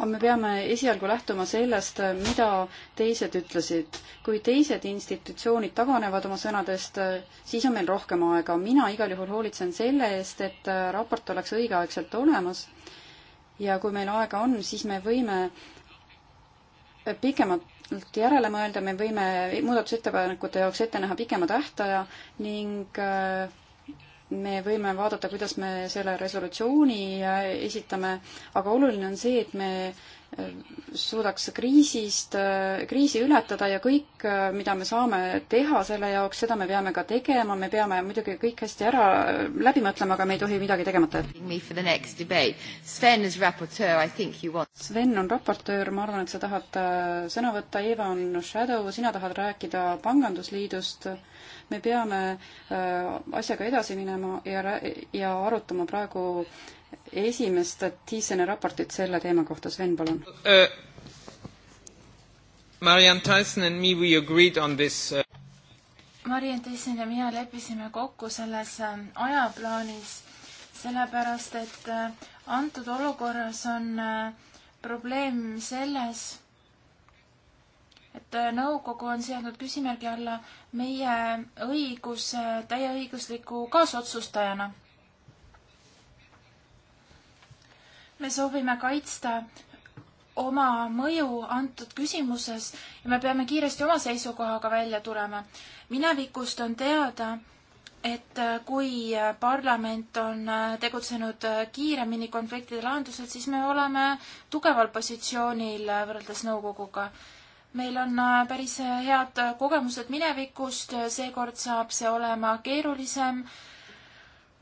aga me peame esialgu lähtuma sellest, mida teised ütlesid. kui teised institutsioonid taganevad oma sõnadest, siis on meil rohkem aega. mina igal juhul hoolitsen selle eest, et raport oleks õigeaegselt olemas ja kui meil aega on, siis me võime pikemalt järele mõelda, me võime muudatusettepanekute jaoks ette näha pikema tähtaja ning äh, me võime vaadata, kuidas me selle resolutsiooni äh, esitame, aga oluline on see, et me äh, suudaks kriisist, äh, kriisi ületada ja kõik, mida me saame teha selle jaoks, seda me peame ka tegema, me peame muidugi kõik hästi ära läbi mõtlema, aga me ei tohi midagi tegemata jätta. Sven on raportöör, ma arvan, et sa tahad sõna võtta, Eva on shadow, sina tahad rääkida pangandusliidust me peame äh, asjaga edasi minema ja, ja arutama praegu esimest Thyssen'i raportit selle teema kohta. Sven, palun uh,. Marianne Tyson and me, we agreed on this uh.... Marianne Tyson ja mina leppisime kokku selles ajaplaanis, sellepärast et antud olukorras on probleem selles, et äh, nõukogu on seadnud küsimärgi alla meie õigus äh, täieõigusliku kaasotsustajana. me soovime kaitsta oma mõju antud küsimuses ja me peame kiiresti oma seisukohaga välja tulema. minevikust on teada, et äh, kui parlament on tegutsenud kiiremini konfliktide lahendusel, siis me oleme tugeval positsioonil võrreldes nõukoguga meil on äh, päris äh, head äh, kogemused minevikust, seekord saab see olema keerulisem.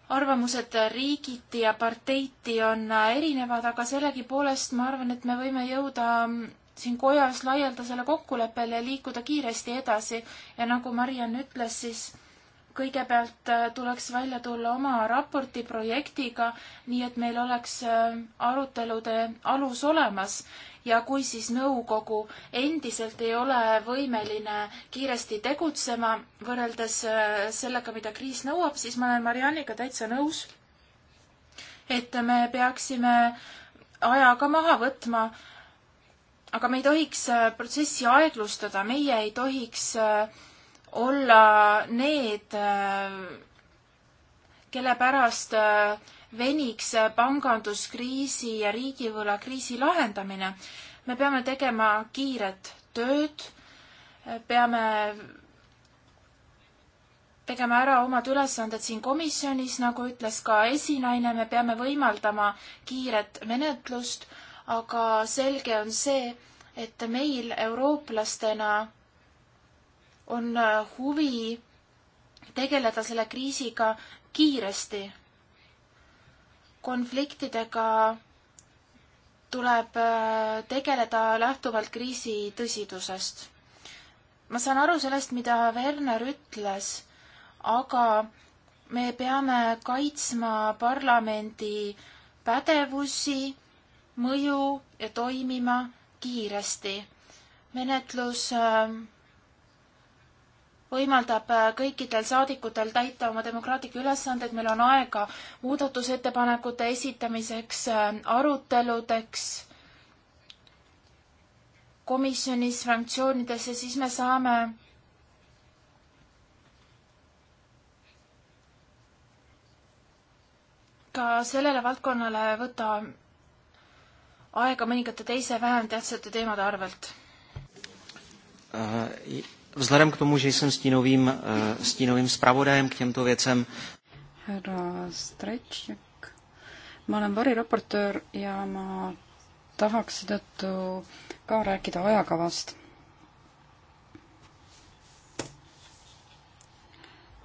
arvamused riigiti ja parteiti on erinevad, aga sellegipoolest ma arvan, et me võime jõuda mm, siin kojas laialdasele kokkuleppele ja liikuda kiiresti edasi. ja nagu Mariann ütles, siis kõigepealt tuleks välja tulla oma raporti projektiga, nii et meil oleks arutelude alus olemas ja kui siis nõukogu endiselt ei ole võimeline kiiresti tegutsema võrreldes äh, sellega, mida kriis nõuab, siis ma olen Marianniga täitsa nõus, et me peaksime ajaga maha võtma. aga me ei tohiks äh, protsessi aeglustada, meie ei tohiks äh, olla need, kelle pärast äh, veniks panganduskriisi ja riigivõlakriisi lahendamine. me peame tegema kiiret tööd, peame tegema ära omad ülesanded siin komisjonis, nagu ütles ka esinaine, me peame võimaldama kiiret menetlust, aga selge on see, et meil eurooplastena on huvi tegeleda selle kriisiga kiiresti konfliktidega tuleb äh, tegeleda lähtuvalt kriisi tõsidusest. ma saan aru sellest, mida Werner ütles, aga me peame kaitsma parlamendi pädevusi, mõju ja toimima kiiresti. menetlus äh, võimaldab äh, kõikidel saadikutel täita oma demokraatlikke ülesandeid, meil on aega muudatusettepanekute esitamiseks, äh, aruteludeks komisjonis, fraktsioonides ja siis me saame ka sellele valdkonnale võtta aega mõningate teise vähem tähtsate teemade arvelt uh,? Vzhledem k tomu, že jsem stínovým, eh, stínovým zpravodajem k těmto věcem. härra Stretšek, ma olen variraportöör ja ma tahaks seetõttu ka rääkida ajakavast.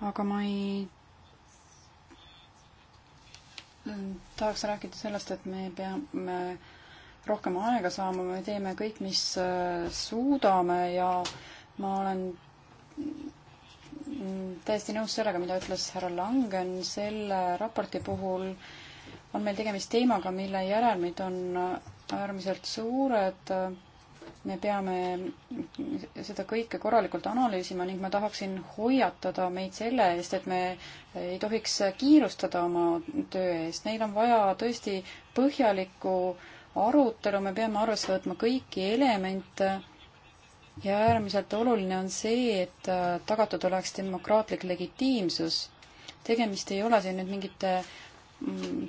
aga ma ei hm, tahaks rääkida sellest, et me peame rohkem aega saama, me teeme kõik, mis eh, suudame ja äh, ma olen täiesti nõus sellega, mida ütles härra Langen, selle raporti puhul on meil tegemist teemaga, mille järelmid on äärmiselt suured. me peame seda kõike korralikult analüüsima ning ma tahaksin hoiatada meid selle eest, et me ei tohiks kiirustada oma töö eest. Neil on vaja tõesti põhjalikku arutelu, me peame arvesse võtma kõiki elemente ja äärmiselt oluline on see, et äh, tagatud oleks demokraatlik legitiimsus. tegemist ei ole siin nüüd mingite mm,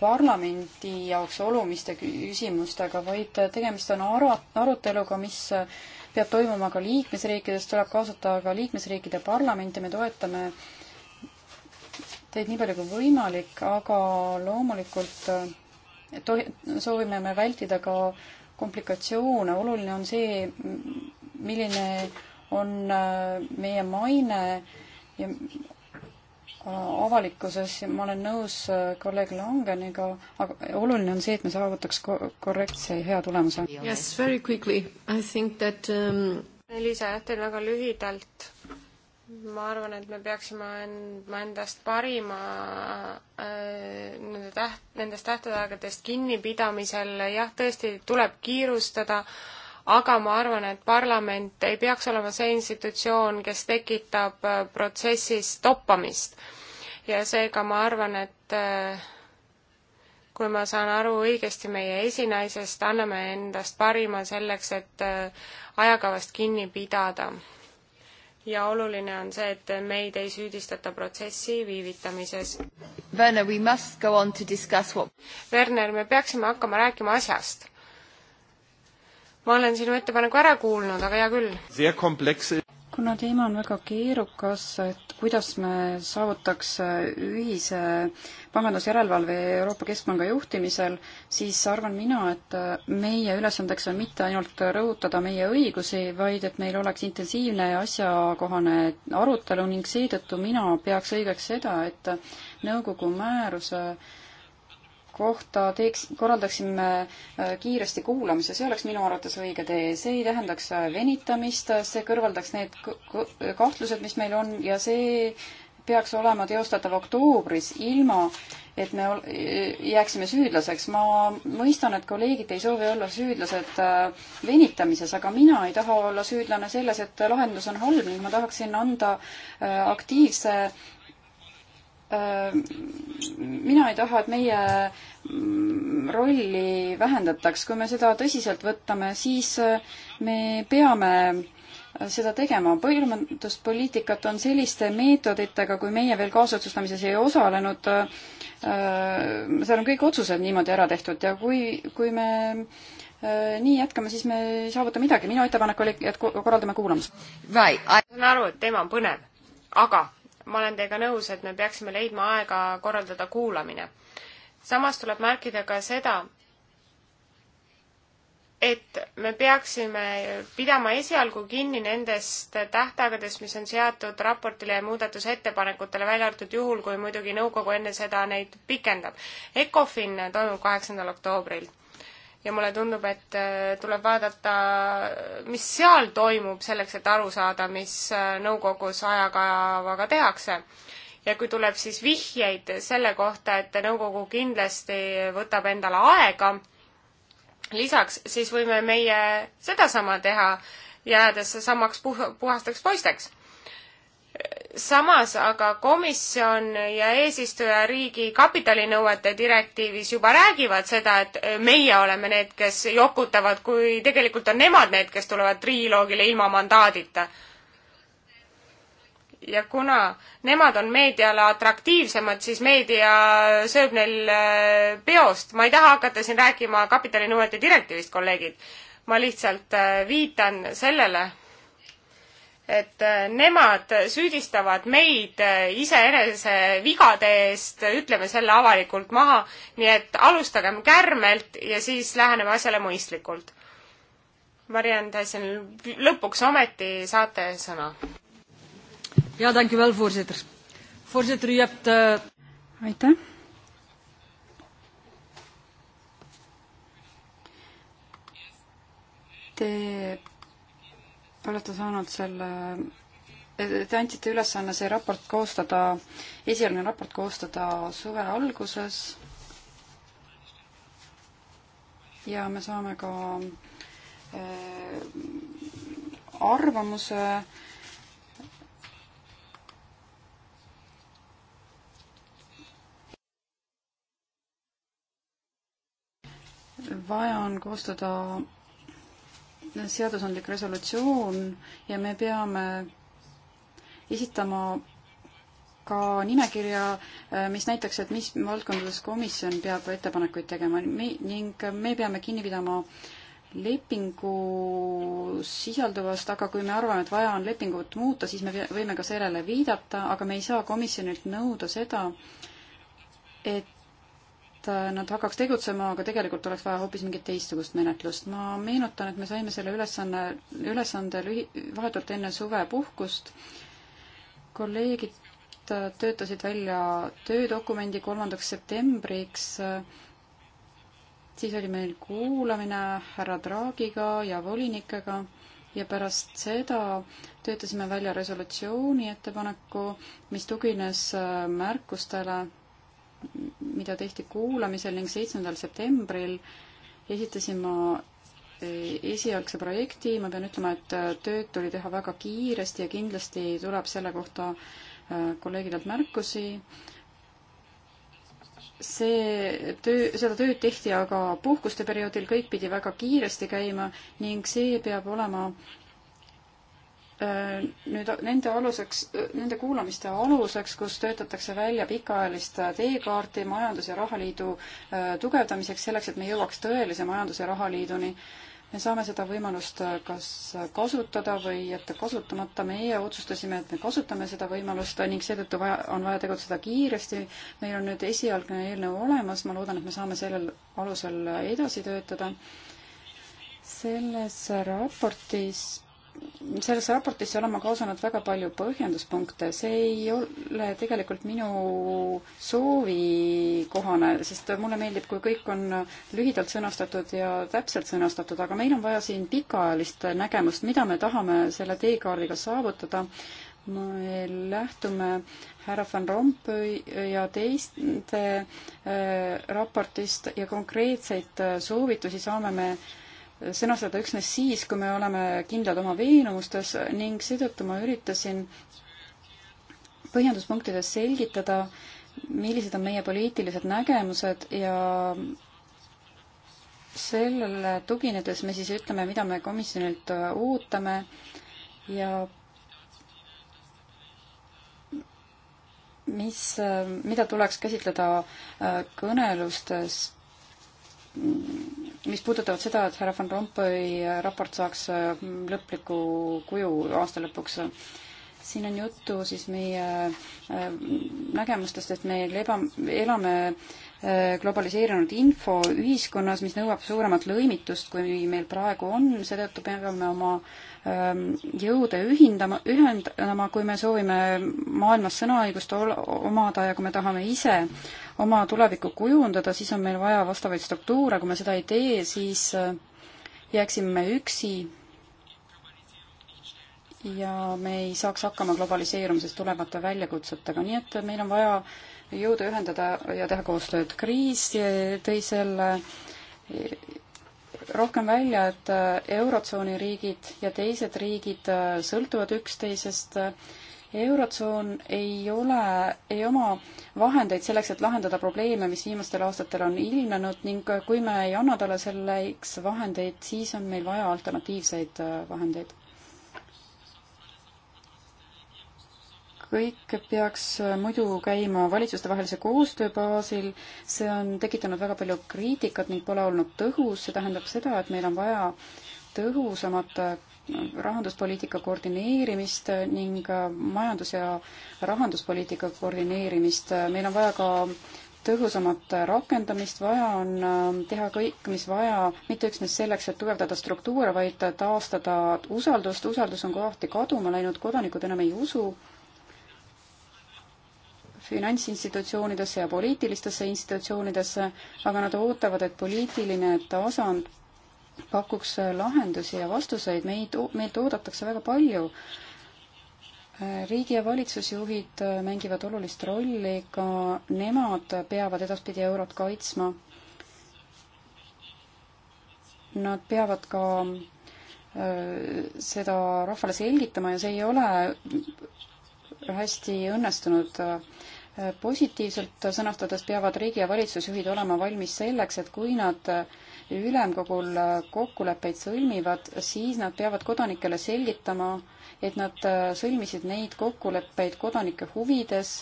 parlamendi jaoks olumiste küsimustega, vaid äh, tegemist on arva-, aruteluga, mis äh, peab toimuma ka liikmesriikides, tuleb kaasata ka liikmesriikide parlamente, me toetame teid nii palju kui võimalik, aga loomulikult to-, soovime me vältida ka äh, komplikatsioone, oluline on see, milline on äh, meie maine ja äh, avalikkuses ja ma olen nõus äh, kolleeg Langeniga, aga oluline on see, et me saavutaks korrektse ja hea tulemuse. Yes, very quickly, I think that um.... Liisa, jah, teen väga lühidalt ma arvan, et me peaksime andma endast parima äh, nende täht-, nendest tähtedaegadest kinnipidamisel, jah, tõesti tuleb kiirustada, aga ma arvan, et parlament ei peaks olema see institutsioon, kes tekitab äh, protsessis toppamist. ja seega ma arvan, et äh, kui ma saan aru õigesti meie esinaisest, anname endast parima selleks, et ajakavast kinni pidada ja oluline on see, et meid ei süüdistata protsessi viivitamises. Werner, we must go on to discuss what Werner, me peaksime hakkama rääkima asjast. ma olen sinu ettepaneku ära kuulnud, aga hea küll kuna teema on väga keerukas, et kuidas me saavutaks ühise pangandusjärelevalve Euroopa Keskpanga juhtimisel, siis arvan mina, et meie ülesandeks on mitte ainult rõhutada meie õigusi, vaid et meil oleks intensiivne ja asjakohane arutelu ning seetõttu mina peaks õigeks seda, et nõukogu määruse äh, kohta teeks, korraldaksime äh, kiiresti kuulamise, see oleks minu arvates õige tee. see ei tähendaks äh, venitamist, see kõrvaldaks need kahtlused, mis meil on ja see peaks olema teostatav oktoobris, ilma et me äh, jääksime süüdlaseks. ma mõistan, et kolleegid ei soovi olla süüdlased venitamises, aga mina ei taha olla süüdlane selles, et lahendus on halb ning ma tahaksin anda aktiivse Äh, mina ei taha, et meie mm, rolli vähendataks, kui me seda tõsiselt võtame, siis äh, me peame äh, seda tegema. põllumajanduspoliitikat on selliste meetoditega, kui meie veel kaasotsustamises ei osalenud, seal on kõik otsused niimoodi ära tehtud ja kui, kui me nii jätkame, siis me ei saavuta midagi. minu ettepanek oli, et korraldame kuulamist. ma saan aru, et teema on põnev, aga ma olen teiega nõus, et me peaksime leidma aega korraldada kuulamine. samas tuleb märkida ka seda, et me peaksime pidama esialgu kinni nendest tähtaegadest, mis on seatud raportile ja muudatusettepanekutele, välja arvatud juhul, kui muidugi nõukogu enne seda neid pikendab. ECOFIN toimub kaheksandal oktoobril ja mulle tundub, et äh, tuleb vaadata, mis seal toimub, selleks et aru saada, mis äh, nõukogus ajakavaga tehakse. ja kui tuleb siis vihjeid selle kohta, et nõukogu kindlasti võtab endale aega, lisaks siis võime meie sedasama teha, jäädes samaks puh-, puhasteks poisteks samas aga komisjon ja eesistujariigi kapitalinõuete direktiivis juba räägivad seda, et meie oleme need, kes jokutavad, kui tegelikult on nemad need, kes tulevad triloogile ilma mandaadita. ja kuna nemad on meediale atraktiivsemad, siis meedia sööb neil äh, peost. ma ei taha hakata siin rääkima kapitalinõuete direktiivist, kolleegid. ma lihtsalt äh, viitan sellele et äh, nemad süüdistavad meid äh, iseenese vigade eest, ütleme selle avalikult maha, nii et alustagem kärmelt ja siis läheneme asjale mõistlikult. Mariann Tassin, lõpuks ometi saate sõna. ja tänku veel, voorzitter. voorzitter, u hebt uh.... aitäh. Te olete saanud selle, te andsite ülesanne see raport koostada, esialgne raport koostada suve alguses. ja me saame ka äh, arvamuse vaja on koostada seadusandlik resolutsioon ja me peame esitama ka nimekirja, äh, mis näitaks, et mis valdkondades komisjon peab ettepanekuid tegema me, ning me peame kinni pidama lepingu sisalduvast, aga kui me arvame, et vaja on lepingut muuta, siis me võime ka sellele viidata, aga me ei saa komisjonilt nõuda seda, et et äh, nad hakkaks tegutsema, aga tegelikult oleks vaja hoopis mingit teistsugust menetlust. ma meenutan, et me saime selle ülesanne, ülesande lühi-, vahetult enne suvepuhkust. kolleegid äh, töötasid välja töödokumendi kolmandaks septembriks. siis oli meil kuulamine härra Draagiga ja volinikega ja pärast seda töötasime välja resolutsiooni ettepaneku, mis tugines äh, märkustele mida tehti kuulamisel ning seitsmendal septembril esitasin ma e, esialgse projekti, ma pean ütlema, et e, tööd tuli teha väga kiiresti ja kindlasti tuleb selle kohta e, kolleegidelt märkusi see töö, seda tööd tehti aga puhkuste perioodil, kõik pidi väga kiiresti käima ning see peab olema Äh, nüüd nende aluseks, äh, nende kuulamiste aluseks, kus töötatakse välja pikaajalist äh, teekaarti Majandus- ja Rahaliidu tugevdamiseks, selleks et me jõuaks tõelise Majandus- ja Rahaliiduni. me saame seda võimalust kas kasutada või jätta kasutamata, meie otsustasime, et me kasutame seda võimalust ning seetõttu vaja, on vaja tegutseda kiiresti. meil on nüüd esialgne eelnõu olemas, ma loodan, et me saame sellel alusel edasi töötada. selles raportis sellesse raportisse olema kaasanud väga palju põhjenduspunkte, see ei ole tegelikult minu soovi kohane, sest mulle meeldib, kui kõik on lühidalt sõnastatud ja täpselt sõnastatud, aga meil on vaja siin pikaajalist nägemust, mida me tahame selle teekaardiga saavutada. me lähtume härra Van Rompuy ja teiste äh, raportist ja konkreetseid äh, soovitusi saame me äh, sõnastada üksnes siis, kui me oleme kindlad oma veenumustes ning seetõttu ma üritasin põhjenduspunktides selgitada, millised on meie poliitilised nägemused ja sellele tuginedes me siis ütleme, mida me komisjonilt ootame ja mis, mida tuleks käsitleda kõnelustes mis puudutavad seda, et härra Van Rompuy raport saaks äh, lõpliku kuju aasta lõpuks, siin on juttu siis meie äh, nägemustest, et me leba, elame äh, Äh, globaliseerunud infoühiskonnas, mis nõuab suuremat lõimitust, kui meil praegu on, seetõttu peame oma ähm, jõude ühindama, ühendama, kui me soovime maailmas sõnaõigust omada ja kui me tahame ise oma tulevikku kujundada, siis on meil vaja vastavaid struktuure, kui me seda ei tee, siis äh, jääksime üksi ja me ei saaks hakkama globaliseerumisest tulevate väljakutsetega, nii et meil on vaja äh, jõude ühendada ja teha koostööd. kriis tõi selle rohkem välja, et Eurotsooni riigid ja teised riigid sõltuvad üksteisest. Eurotsoon ei ole, ei oma vahendeid selleks, et lahendada probleeme, mis viimastel aastatel on ilmnenud ning kui me ei anna talle selleks vahendeid, siis on meil vaja alternatiivseid vahendeid kõik peaks muidu käima valitsustevahelise koostöö baasil, see on tekitanud väga palju kriitikat ning pole olnud tõhus, see tähendab seda, et meil on vaja tõhusamat rahanduspoliitika koordineerimist ning majandus- ja rahanduspoliitika koordineerimist, meil on vaja ka tõhusamat rakendamist, vaja on ähm, teha kõik, mis vaja, mitte üksnes selleks, et tugevdada struktuure, vaid taastada usaldust, usaldus on kohati kaduma läinud, kodanikud enam ei usu finantsinstitutsioonidesse ja poliitilistesse institutsioonidesse, aga nad ootavad, et poliitiline tasand pakuks lahendusi ja vastuseid, meid, meilt oodatakse väga palju. riigi- ja valitsusjuhid mängivad olulist rolli, ka nemad peavad edaspidi eurot kaitsma. Nad peavad ka äh, seda rahvale selgitama ja see ei ole hästi õnnestunud äh, positiivselt sõnastades peavad riigi- ja valitsusjuhid olema valmis selleks, et kui nad ülemkogul kokkuleppeid sõlmivad, siis nad peavad kodanikele selgitama, et nad sõlmisid neid kokkuleppeid kodanike huvides,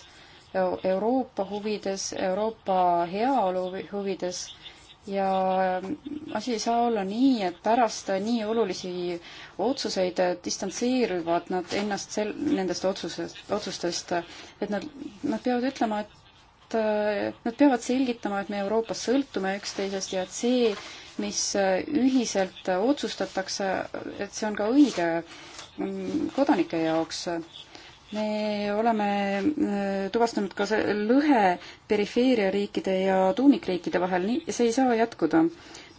Euroopa huvides, Euroopa heaolu huvides ja ähm, asi ei saa olla nii, et pärast äh, nii olulisi otsuseid äh, distantseeruvad nad ennast sel-, nendest otsusest, otsustest, äh, et nad, nad peavad ütlema, et nad peavad selgitama, et me Euroopas sõltume üksteisest ja et see, mis ühiselt otsustatakse, et see on ka õige mm, kodanike jaoks me oleme äh, tuvastanud ka see lõhe perifeeriariikide ja tuumikriikide vahel, nii see ei saa jätkuda.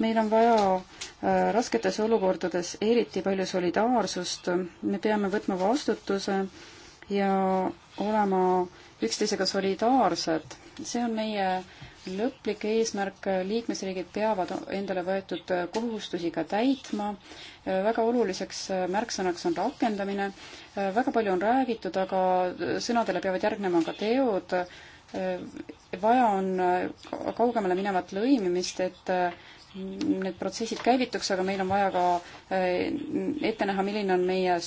meil on vaja äh, rasketes olukordades eriti palju solidaarsust, me peame võtma vastutuse ja olema üksteisega solidaarsed, see on meie äh, lõplik eesmärk, liikmesriigid peavad endale võetud kohustusi ka täitma. väga oluliseks märksõnaks on rakendamine. väga palju on räägitud, aga sõnadele peavad järgnema ka teod. vaja on kaugemale minevat lõimimist, et need protsessid käivituks, aga meil on vaja ka ette näha, milline on meie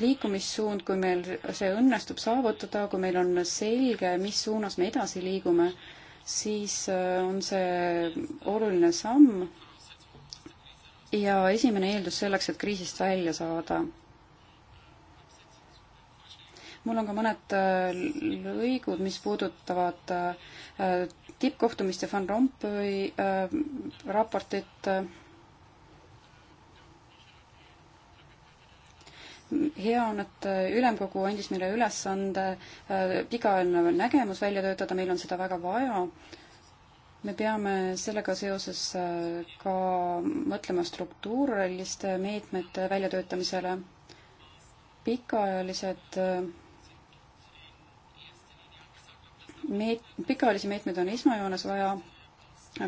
liikumissuund, kui meil see õnnestub saavutada, kui meil on selge, mis suunas me edasi liigume siis äh, on see oluline samm ja esimene eeldus selleks, et kriisist välja saada. mul on ka mõned äh, lõigud, mis puudutavad äh, tippkohtumist ja Van Rompuy raportit hea on, et äh, Ülemkogu andis meile ülesande äh, pikaajaline nägemus välja töötada, meil on seda väga vaja. me peame sellega seoses äh, ka mõtlema struktuuriliste meetmete väljatöötamisele. pikaajalised meet-, pikaajalisi meetmeid on esmajoones vaja,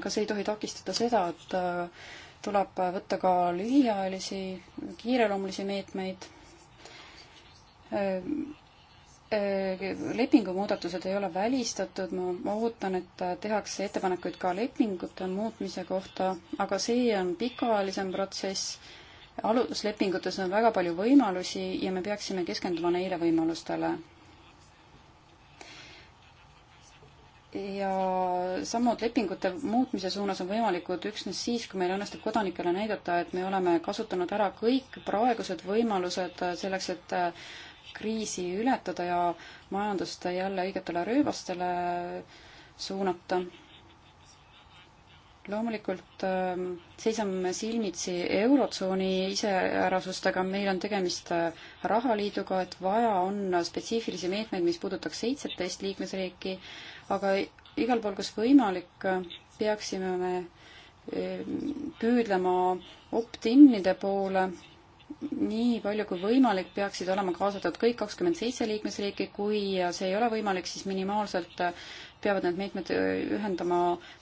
aga see ei tohi takistada seda, et tuleb võtta ka lühiajalisi kiireloomulisi meetmeid Äh, äh, lepingumuudatused ei ole välistatud, ma ootan, et tehakse ettepanekuid ka lepingute muutmise kohta, aga see on pikaajalisem protsess, aluslepingutes on väga palju võimalusi ja me peaksime keskenduma neile võimalustele. ja sammud lepingute muutmise suunas on võimalikud üksnes siis, kui meil õnnestub kodanikele näidata, et me oleme kasutanud ära kõik praegused võimalused selleks, et kriisi ületada ja majandust jälle õigetele rööbastele suunata. loomulikult ähm, seisame silmitsi Eurotsooni iseärasustega, meil on tegemist äh, rahaliiduga, et vaja on spetsiifilisi meetmeid, mis puudutaks seitseteist liikmesriiki, aga igal pool, kus võimalik, peaksime me ähm, püüdlema opt-in'ide poole nii palju kui võimalik peaksid olema kaasatud kõik kakskümmend seitse liikmesriiki, kui see ei ole võimalik, siis minimaalselt peavad need meetmed ühendama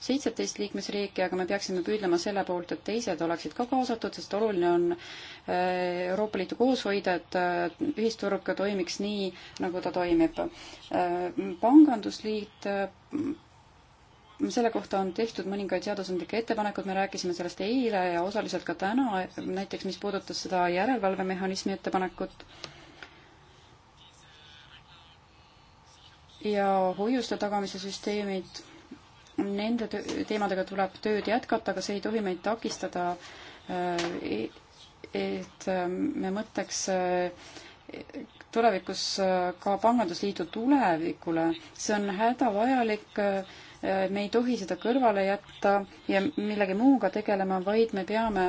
seitseteist liikmesriiki, aga me peaksime püüdlema selle poolt, et teised oleksid ka kaasatud, sest oluline on äh, Euroopa Liitu koos hoida, et äh, ühisturg toimiks nii, nagu ta toimib. Äh, pangandusliit selle kohta on tehtud mõningaid seadusandlikke ettepanekuid, me rääkisime sellest eile ja osaliselt ka täna, näiteks mis puudutas seda järelevalvemehhanismi ettepanekut. ja hoiuste tagamise süsteemid, nende teemadega tuleb tööd jätkata, aga see ei tohi meid takistada, äh, e-, et äh, me mõtleks äh, tulevikus ka pangandusliidu tulevikule, see on hädavajalik Äh, me ei tohi seda kõrvale jätta ja millegi muuga tegelema, vaid me peame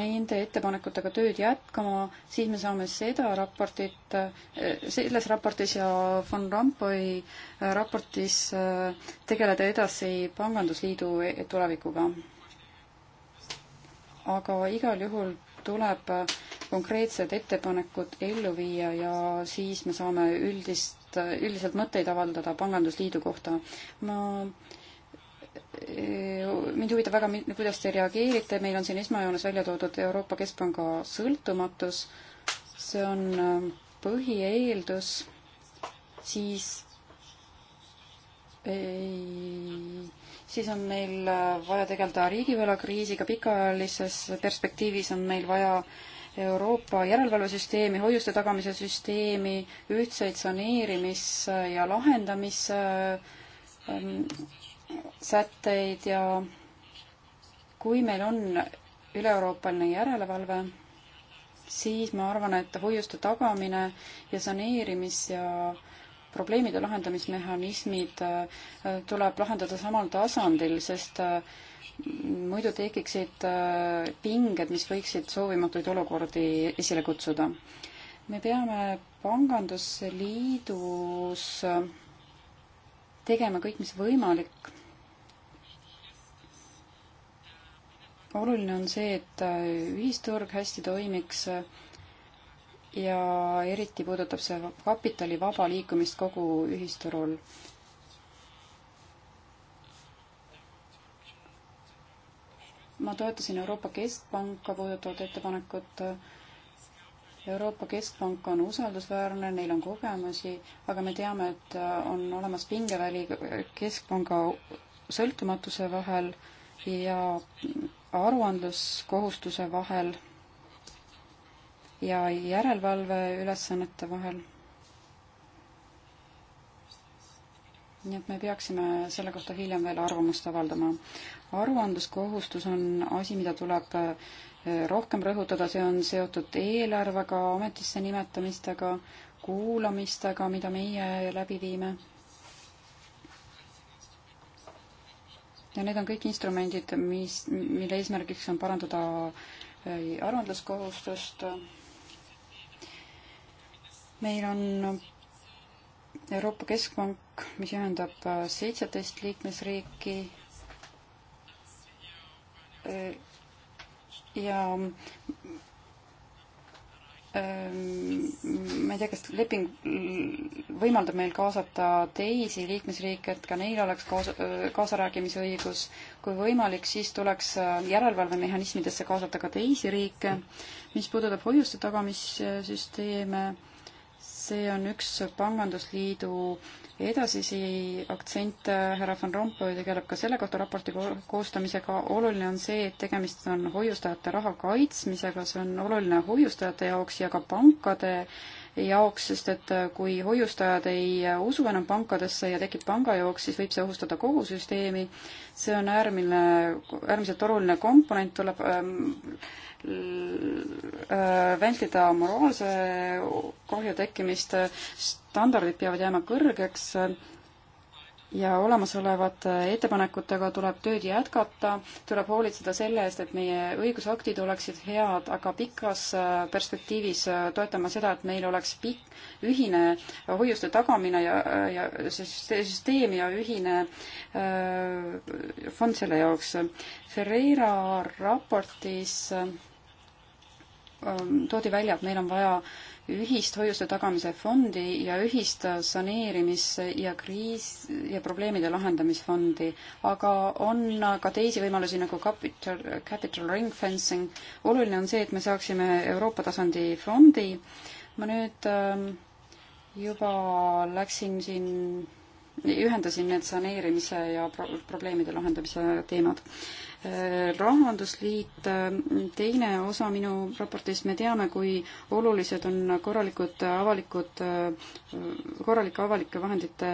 nende ettepanekutega tööd jätkama, siis me saame seda raportit, äh, selles raportis ja Van Rompuy äh, raportis tegeleda edasi Pangandusliidu e-, e-, tulevikuga. aga igal juhul tuleb konkreetsed ettepanekud ellu viia ja siis me saame üldist et üldiselt mõtteid avaldada pangandusliidu kohta. ma, eh, mind huvitab väga, kuidas te reageerite, meil on siin esmajoones välja toodud Euroopa Keskpanga sõltumatus, see on eh, põhieeldus, siis ei siis on meil eh, vaja tegeleda riigivõlakriisiga, pikaajalises perspektiivis on meil vaja äh, Euroopa järelevalvesüsteemi, hoiuste tagamise süsteemi, ühtseid saneerimis- ja lahendamissätteid ja kui meil on üle-euroopaline järelevalve, siis ma arvan, et hoiuste tagamine ja saneerimis- ja probleemide lahendamismehhanismid äh, tuleb lahendada samal tasandil, sest äh, muidu tekiksid äh, pinged, mis võiksid soovimatuid olukordi esile kutsuda. me peame pangandusliidus äh, tegema kõik, mis võimalik. oluline on see, et äh, ühisturg hästi toimiks ja eriti puudutab see kapitali vaba liikumist kogu ühisturul ma toetasin Euroopa Keskpanka puudutavat ettepanekut. Euroopa Keskpank on usaldusväärne, neil on kogemusi, aga me teame, et on olemas pingeväli keskpanga sõltumatuse vahel ja aruandluskohustuse vahel ja järelevalve ülesannete vahel nii et me peaksime selle kohta hiljem veel arvamust avaldama. aruandluskohustus on asi, mida tuleb eh, rohkem rõhutada, see on seotud eelarvega, ametisse nimetamistega, kuulamistega, mida meie läbi viime. ja need on kõik instrumendid, mis, mille eesmärgiks on parandada eh, aruandluskohustust. meil on Euroopa Keskpank võrk, mis ühendab äh, seitseteist liikmesriiki äh, ja ähm, ma ei tea, kas leping võimaldab meil kaasata teisi liikmesriike, et ka neil oleks kaasa, äh, kaasarääkimisõigus. kui võimalik, siis tuleks järelevalvemehhanismidesse kaasata ka teisi riike. mis puudutab hoiuste tagamissüsteeme, see on üks pangandusliidu edasisi aktsente härra Van Rompuy tegeleb ka selle kohta raporti koostamisega. oluline on see, et tegemist on hoiustajate raha kaitsmisega, see on oluline hoiustajate jaoks ja ka pankade jaoks, sest et kui hoiustajad ei usu enam pankadesse ja tekib pangajooks, siis võib see ohustada kogu süsteemi. see on äärmine, äärmiselt oluline komponent, tuleb ähm, Äh, vältida moraalse kahju tekkimist, standardid peavad jääma kõrgeks ja olemasolevate ettepanekutega tuleb tööd jätkata, tuleb hoolitseda selle eest, et meie õigusaktid oleksid head, aga pikas äh, perspektiivis äh, toetama seda, et meil oleks pikk, ühine hoiuste tagamine ja, ja süsteem ja ühine öö, fond selle jaoks. Ferreira raportis öö, Ähm, toodi välja, et meil on vaja ühist hoiuste tagamise fondi ja ühist saneerimis- ja kriis- ja probleemide lahendamisfondi, aga on ka teisi võimalusi nagu capital, capital ring fencing. oluline on see, et me saaksime Euroopa tasandi fondi. ma nüüd ähm, juba läksin siin ühendasin need saneerimise ja pro probleemide lahendamise teemad. Rahandusliit, teine osa minu raportist, me teame, kui olulised on korralikud avalikud, korralike avalike vahendite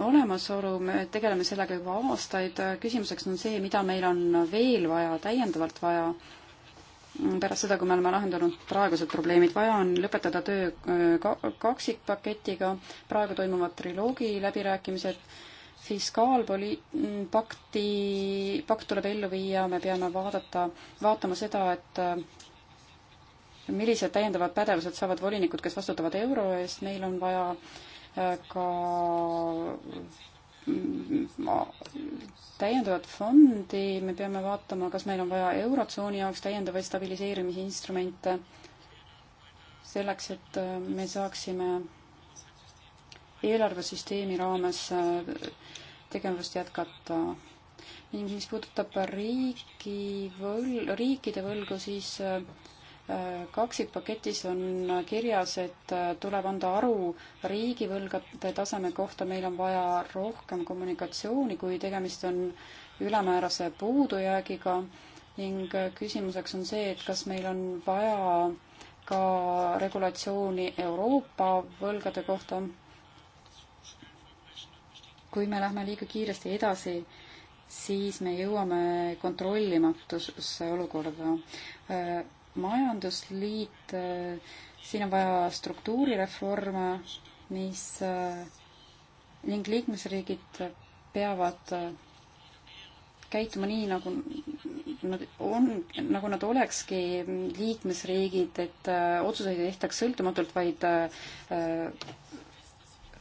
olemasolu, me tegeleme sellega juba aastaid, küsimuseks on see, mida meil on veel vaja, täiendavalt vaja pärast seda, kui me oleme lahendanud praegused probleemid, vaja on lõpetada töö äh, ka kaksikpaketiga, praegu toimuvad triloogi läbirääkimised, fiskaalpoli-, pakti, pakt tuleb ellu viia, me peame vaadata, vaatama seda, et äh, millised täiendavad pädevused saavad volinikud, kes vastutavad euro eest, meil on vaja äh, ka Mm, täiendavat fondi, me peame vaatama, kas meil on vaja Eurotsooni jaoks täiendavaid stabiliseerimisinstrumente selleks, et äh, me saaksime eelarvesüsteemi raames äh, tegevust jätkata. ning mis puudutab riigi võl-, riikide võlgu, siis äh, kaksikpaketis on kirjas, et äh, tuleb anda aru riigivõlgade taseme kohta, meil on vaja rohkem kommunikatsiooni, kui tegemist on ülemäärase puudujäägiga ning äh, küsimuseks on see, et kas meil on vaja ka regulatsiooni Euroopa võlgade kohta. kui me lähme liiga kiiresti edasi, siis me jõuame kontrollimatusse olukorda äh, majandusliit, äh, siin on vaja struktuurireforme, mis äh, ning liikmesriigid peavad äh, käituma nii, nagu nad on, nagu nad olekski liikmesriigid, et otsuseid ei tehtaks sõltumatult, vaid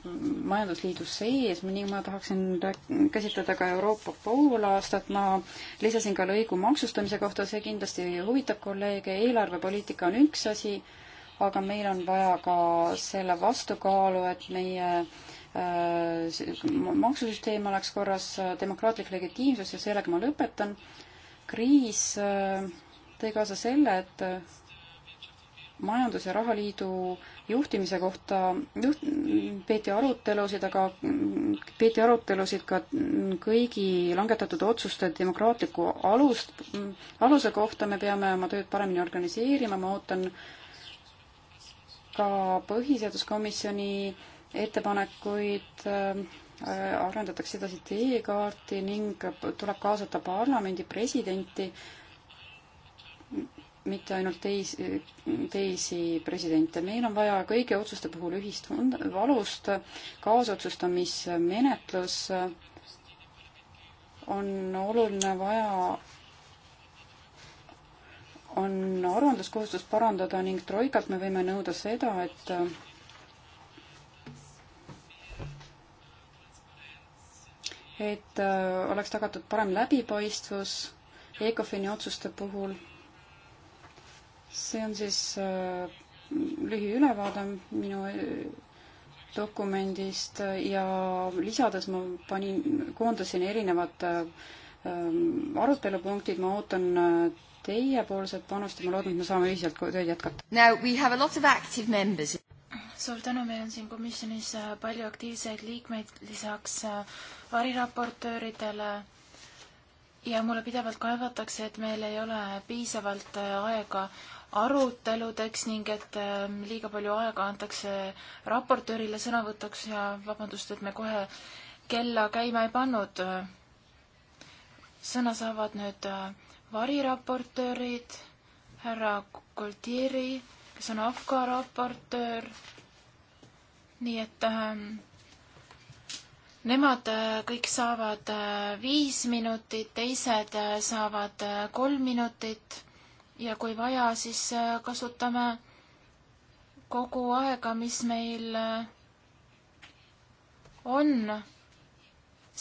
majandusliidu sees ning ma tahaksin käsitleda ka Euroopa poolaastat. ma lisasin ka lõigu maksustamise kohta, see kindlasti huvitab kolleege. eelarvepoliitika on üks asi, aga meil on vaja ka selle vastukaalu, et meie äh, maksusüsteem oleks korras, demokraatlik legitiimsus ja sellega ma lõpetan. kriis äh, tõi kaasa selle, et majandus- ja rahaliidu juhtimise kohta juht, peeti arutelusid, aga peeti arutelusid ka kõigi langetatud otsuste demokraatliku alust, aluse kohta, me peame oma tööd paremini organiseerima, ma ootan ka põhiseaduskomisjoni ettepanekuid äh, arendatakse edasi teekaarti ning tuleb kaasata parlamendi presidenti mitte ainult teisi, teisi presidente, meil on vaja kõigi otsuste puhul ühist valust, kaasotsustamismenetlus on oluline vaja, on aruandluskohustust parandada ning Troikalt me võime nõuda seda, et et äh, oleks tagatud parem läbipaistvus ECOFIN-i otsuste puhul see on siis äh, lühiülevaade minu äh, dokumendist ja lisades ma panin, koondasin erinevad äh, ähm, arutelupunktid, ma ootan teiepoolset panust ja ma loodan, et me saame ühiselt tööd jätkata. suur tänu, meil on siin komisjonis palju aktiivseid liikmeid, lisaks variraportööridele ja mulle pidevalt kaevatakse, et meil ei ole piisavalt aega aruteludeks ning et ähm, liiga palju aega antakse raportöörile sõnavõtuks ja vabandust, et me kohe kella käima ei pannud. sõna saavad nüüd äh, variraportöörid, härra Koltieri, kes on AFCA raportöör, nii et ähm, Nemad äh, kõik saavad äh, viis minutit, teised saavad kolm minutit ja kui vaja, siis äh, kasutame kogu aega, mis meil äh, on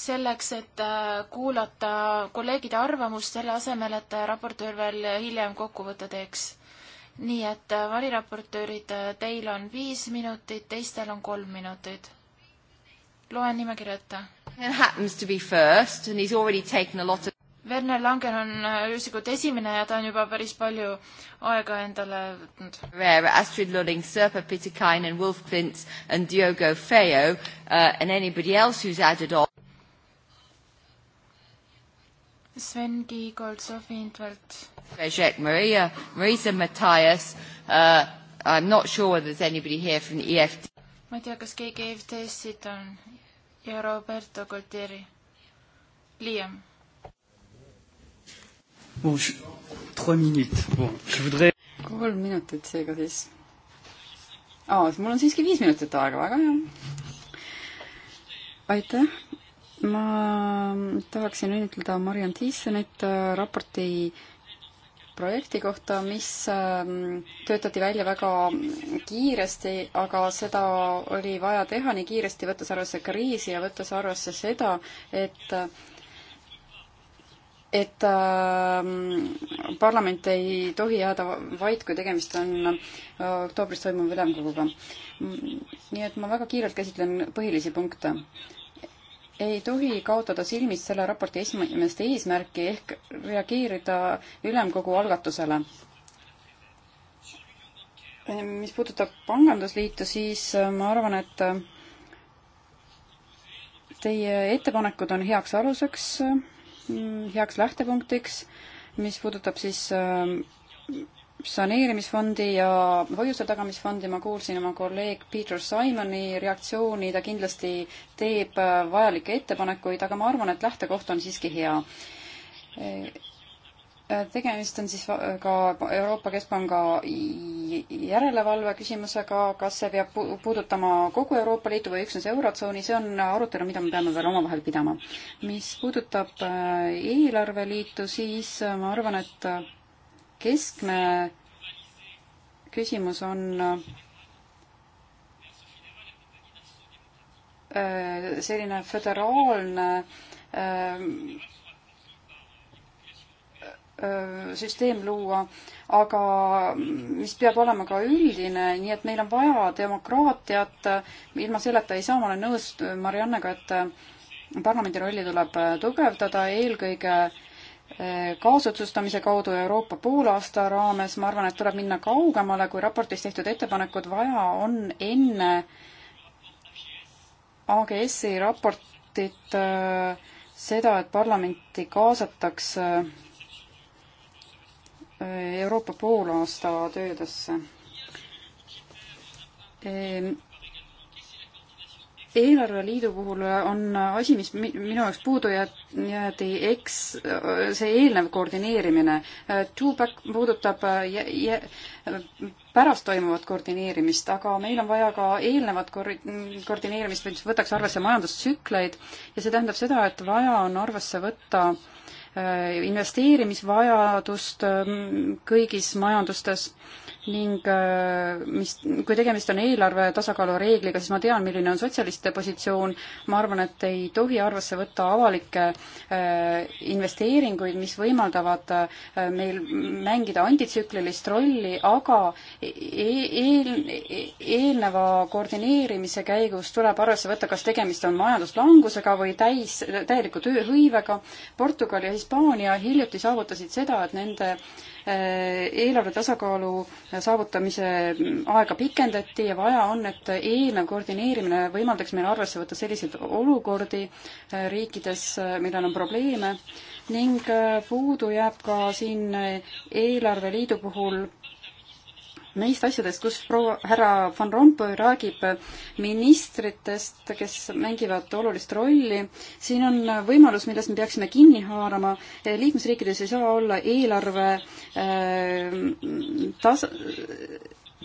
selleks, et äh, kuulata kolleegide arvamust, selle asemel, et raportöör veel hiljem kokkuvõtte teeks. nii et variraportöörid, teil on viis minutit, teistel on kolm minutit. loen nimekirja ette. It happens to be first and he is already taken a lot of Werner Langer on äh, üksikult esimene ja ta on juba päris palju aega endale võtnud. Astrid Lulling, Serpa Pitikainen, Wolf Klintz and Diogo Feo uh, and anybody else who's added on. Sven Kiigold, Sofi Intvelt. Rejek Maria, Marisa Matthias uh,. I am not sure whether there is anybody here from the EFT. ma ei tea, kas keegi EFT-st on ja Roberto Coltieri. Liam Bon, je... Trois minutes. Bon, je voudrais... kolm minutit seega siis. aa, mul on siiski viis minutit aega, väga hea. aitäh. ma tahaksin õnnitleda Mariann Thiessenit äh, raporti projekti kohta, mis ähm, töötati välja väga kiiresti, aga seda oli vaja teha nii kiiresti, võttes arvesse kriisi ja võttes arvesse seda, et äh, et äh, parlament ei tohi jääda vait, kui tegemist on äh, oktoobris toimuva ülemkoguga. Mm, nii et ma väga kiirelt käsitlen põhilisi punkte. ei tohi kaotada silmist selle raporti esimest eesmärki ehk reageerida ülemkogu algatusele. mis puudutab pangandusliitu, siis äh, ma arvan, et äh, teie ettepanekud on heaks aluseks äh, Mm, heaks lähtepunktiks, mis puudutab siis ähm, saneerimisfondi ja hoiuste tagamisfondi ma kuulsin oma kolleeg Peter Simoni reaktsiooni, ta kindlasti teeb äh, vajalikke ettepanekuid, aga ma arvan, et lähtekoht on siiski hea tegemist on siis ka Euroopa Keskpanga järelevalve küsimusega, kas see peab puudutama kogu Euroopa Liitu või üksnes Eurotsooni, see on arutelu, mida me peame veel omavahel pidama. mis puudutab äh, eelarveliitu, siis äh, ma arvan, et äh, keskne küsimus on selline föderaalne Äh, süsteem luua, aga mis peab olema ka üldine, nii et meil on vaja demokraatiat, ilma selleta ei saa, ma olen nõus Mariannega, et parlamendi rolli tuleb tugevdada eelkõige äh, kaasotsustamise kaudu Euroopa poolaasta raames, ma arvan, et tuleb minna kaugemale, kui raportis tehtud ettepanekud vaja on enne AGS-i raportit äh, seda, et parlamenti kaasataks äh, Euroopa poolaasta töödesse. Ehm, eelarveliidu puhul on asi, mis minu jaoks puudu jäeti, eks see eelnev koordineerimine. Two-pack puudutab pärast toimuvat koordineerimist, aga meil on vaja ka eelnevat koordineerimist, mis võtaks arvesse majandustsükleid ja see tähendab seda, et vaja on arvesse võtta äh, Äh, investeerimisvajadust ähm, kõigis majandustes ning äh, mis, kui tegemist on eelarve tasakaalu reegliga, siis ma tean, milline on sotsialistide positsioon, ma arvan, et ei tohi arvesse võtta avalikke äh, investeeringuid, mis võimaldavad äh, meil mängida antitsüklilist rolli, aga e, e, eel, e, eelneva koordineerimise käigus tuleb arvesse võtta, kas tegemist on majanduslangusega või täis, täieliku tööhõivega. Portugal ja Hispaania hiljuti saavutasid seda, et nende äh, Äh, eelarve tasakaalu saavutamise aega pikendati ja vaja on, et eelnev koordineerimine võimaldaks meil arvesse võtta selliseid olukordi äh, riikides, äh, millel on probleeme ning puudu jääb ka siin eelarveliidu puhul neist asjadest, kus proua, härra Van Rompuy räägib ministritest, kes mängivad olulist rolli. siin on võimalus, millest me peaksime kinni haarama. Eh, liikmesriikides ei saa olla eelarve äh, tas-,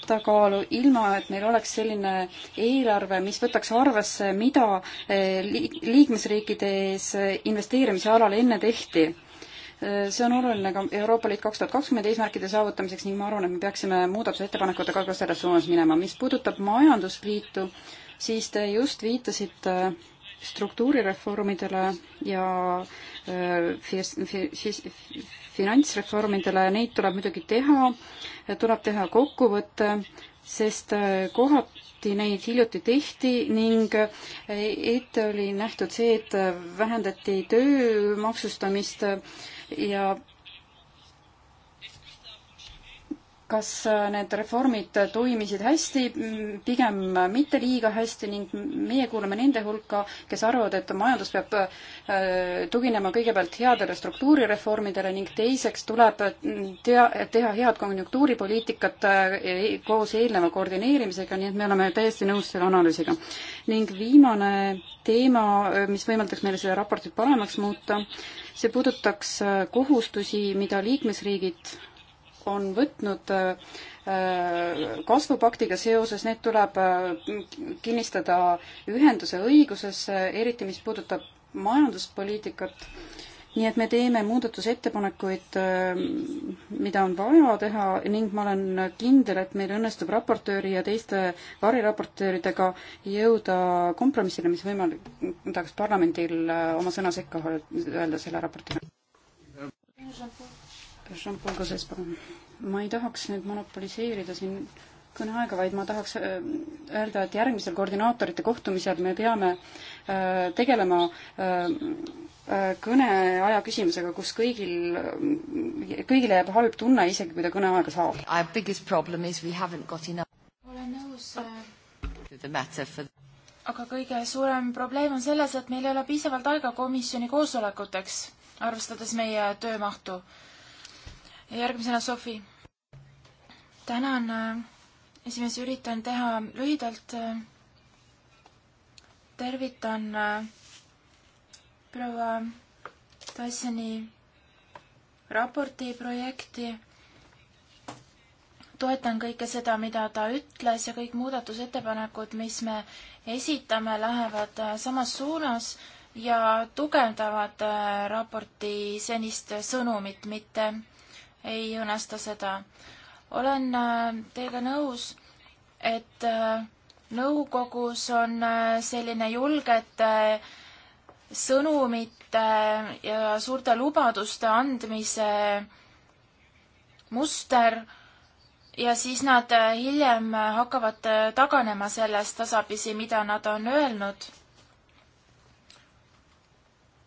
tasakaalu, ilma et meil oleks selline eelarve, mis võtaks arvesse, mida eh, liikmesriikides investeerimise alal enne tehti see on oluline ka Euroopa Liit kaks tuhat kakskümmend eesmärkide saavutamiseks ning ma arvan, et me peaksime muudatusettepanekutega ka selles suunas minema. mis puudutab majandusliitu, siis te just viitasite struktuurireformidele ja äh, finantsreformidele ja neid tuleb muidugi teha, tuleb teha kokkuvõte, sest äh, kohati neid hiljuti tehti ning äh, ette oli nähtud see, et vähendati töö maksustamist ja kas äh, need reformid toimisid hästi, mm, pigem mitte liiga hästi ning meie kuulume nende hulka, kes arvavad, et majandus peab äh, tuginema kõigepealt headele struktuurireformidele ning teiseks tuleb mm, tea, teha head konjunktuuripoliitikat äh, e-, koos eelneva koordineerimisega, nii et me oleme täiesti nõus selle analüüsiga. ning viimane teema, mis võimaldaks meile seda raportit paremaks muuta, see puudutaks kohustusi, mida liikmesriigid on võtnud äh, kasvupaktiga seoses, need tuleb äh, kinnistada ühenduse õigusesse, eriti mis puudutab majanduspoliitikat. nii et me teeme muudatusettepanekuid, äh, mida on vaja teha ning ma olen kindel, et meil õnnestub raportööri ja teiste variraportööridega jõuda kompromissile, mis võimaldaks parlamendil oma sõna sekka öelda selle raportiga. Jean-Paul Gosses, palun. ma ei tahaks nüüd monopoliseerida siin kõneaega, vaid ma tahaks äh, öelda, et järgmisel koordinaatorite kohtumisel me peame äh, tegelema äh, kõneaja küsimusega, kus kõigil, kõigile jääb halb tunne, isegi kui ta kõneaega saab. olen nõus. aga kõige suurem probleem on selles, et meil ei ole piisavalt aega komisjoni koosolekuteks, arvestades meie töömahtu järgmisena Sofi. tänan, äh, esimees, üritan teha lühidalt. Äh, tervitan äh, proua Tassini raporti projekti. toetan kõike seda, mida ta ütles ja kõik muudatusettepanekud, mis me esitame, lähevad samas suunas ja tugevdavad raporti senist sõnumit, mitte ei õõnesta seda. olen äh, teiega nõus, et äh, nõukogus on äh, selline julgete sõnumite ja suurte lubaduste andmise muster ja siis nad hiljem hakkavad taganema sellest tasapisi, mida nad on öelnud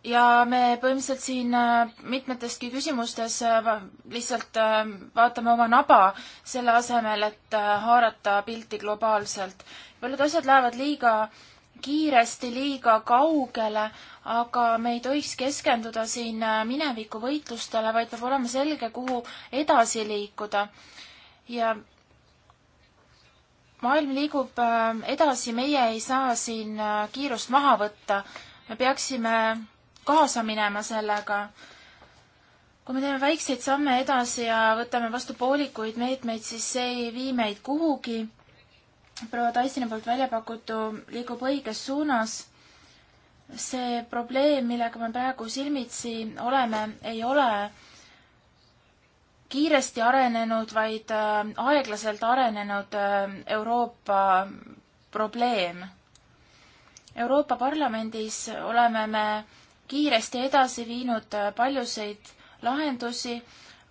ja me põhimõtteliselt siin äh, mitmetestki küsimustes äh, lihtsalt äh, vaatame oma naba selle asemel, et haarata pilti globaalselt. paljud asjad lähevad liiga kiiresti, liiga kaugele, aga me ei tohiks keskenduda siin mineviku võitlustele, vaid peab olema selge, kuhu edasi liikuda. ja maailm liigub edasi, meie ei saa siin kiirust maha võtta. me peaksime kaasa minema sellega. kui me teeme väikseid samme edasi ja võtame vastu poolikuid meetmeid, siis see ei vii meid kuhugi. proua Tassini poolt välja pakutu liigub õiges suunas. see probleem, millega me praegu silmitsi oleme, ei ole kiiresti arenenud, vaid äh, aeglaselt arenenud äh, Euroopa probleem. Euroopa Parlamendis oleme me kiiresti edasi viinud äh, paljusid lahendusi,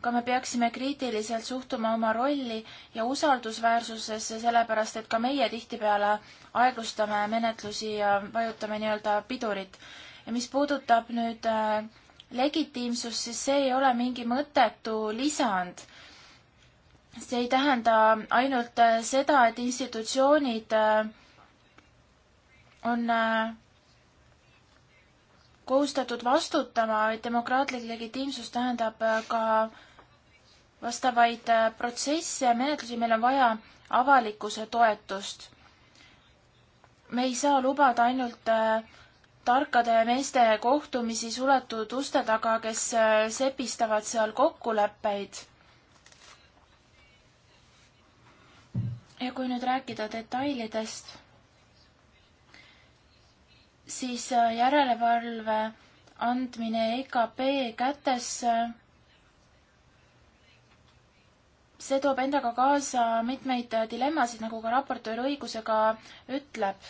aga me peaksime kriitiliselt suhtuma oma rolli ja usaldusväärsusesse, sellepärast et ka meie tihtipeale aeglustame menetlusi ja vajutame nii-öelda pidurit. ja mis puudutab nüüd äh, legitiimsust, siis see ei ole mingi mõttetu lisand see ei tähenda ainult äh, seda, et institutsioonid on kohustatud vastutama, vaid demokraatlik legitiimsus tähendab äh, ka vastavaid äh, protsesse ja menetlusi, meil on vaja avalikkuse toetust. me ei saa lubada ainult äh, tarkade meeste kohtumisi suletud uste taga, kes sepistavad seal kokkuleppeid. ja kui nüüd rääkida detailidest siis äh, järelevalve andmine EKP kätesse, see toob endaga kaasa mitmeid äh, dilemmasid, nagu ka raportöör õigusega ütleb.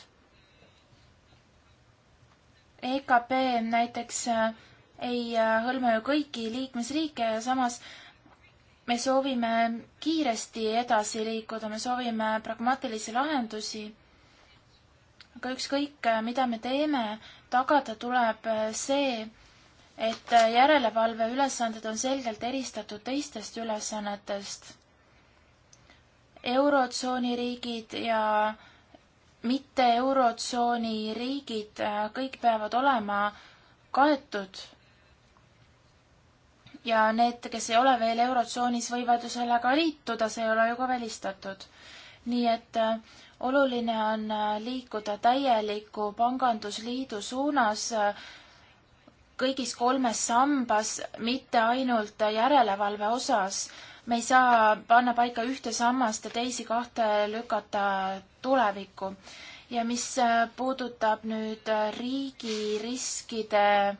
EKP näiteks äh, ei hõlma ju kõiki liikmesriike ja samas me soovime kiiresti edasi liikuda, me soovime pragmaatilisi lahendusi aga ükskõik, äh, mida me teeme, tagada tuleb äh, see, et äh, järelevalve ülesanded on selgelt eristatud teistest ülesannetest. eurotsooni riigid ja mitte eurotsooni riigid, kõik peavad olema kaetud. ja need, kes ei ole veel eurotsoonis, võivad ju sellega liituda, see ei ole ju ka välistatud. nii et oluline on äh, liikuda täieliku pangandusliidu suunas äh, kõigis kolmes sambas, mitte ainult äh, järelevalve osas. me ei saa panna paika ühte sammast ja teisi kahte lükata tulevikku. ja mis puudutab nüüd riigi riskide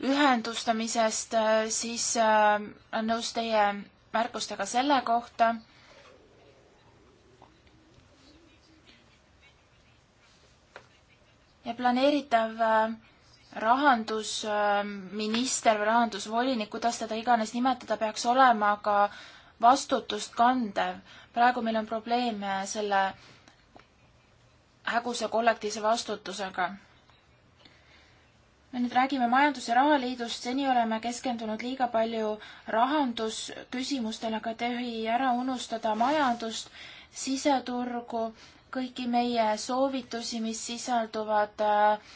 ühendustamisest, siis olen nõus teie märkustega selle kohta ja planeeritav äh, rahandusminister äh, või rahandusvolinik, kuidas teda iganes nimetada, peaks olema ka vastutust kandev. praegu meil on probleeme äh, selle häguse kollektiivse vastutusega. me nüüd räägime Majandus- ja Rahaliidust, seni oleme keskendunud liiga palju rahandusküsimustele, aga ei tohi ära unustada majandust, siseturgu kõiki meie soovitusi, mis sisalduvad äh,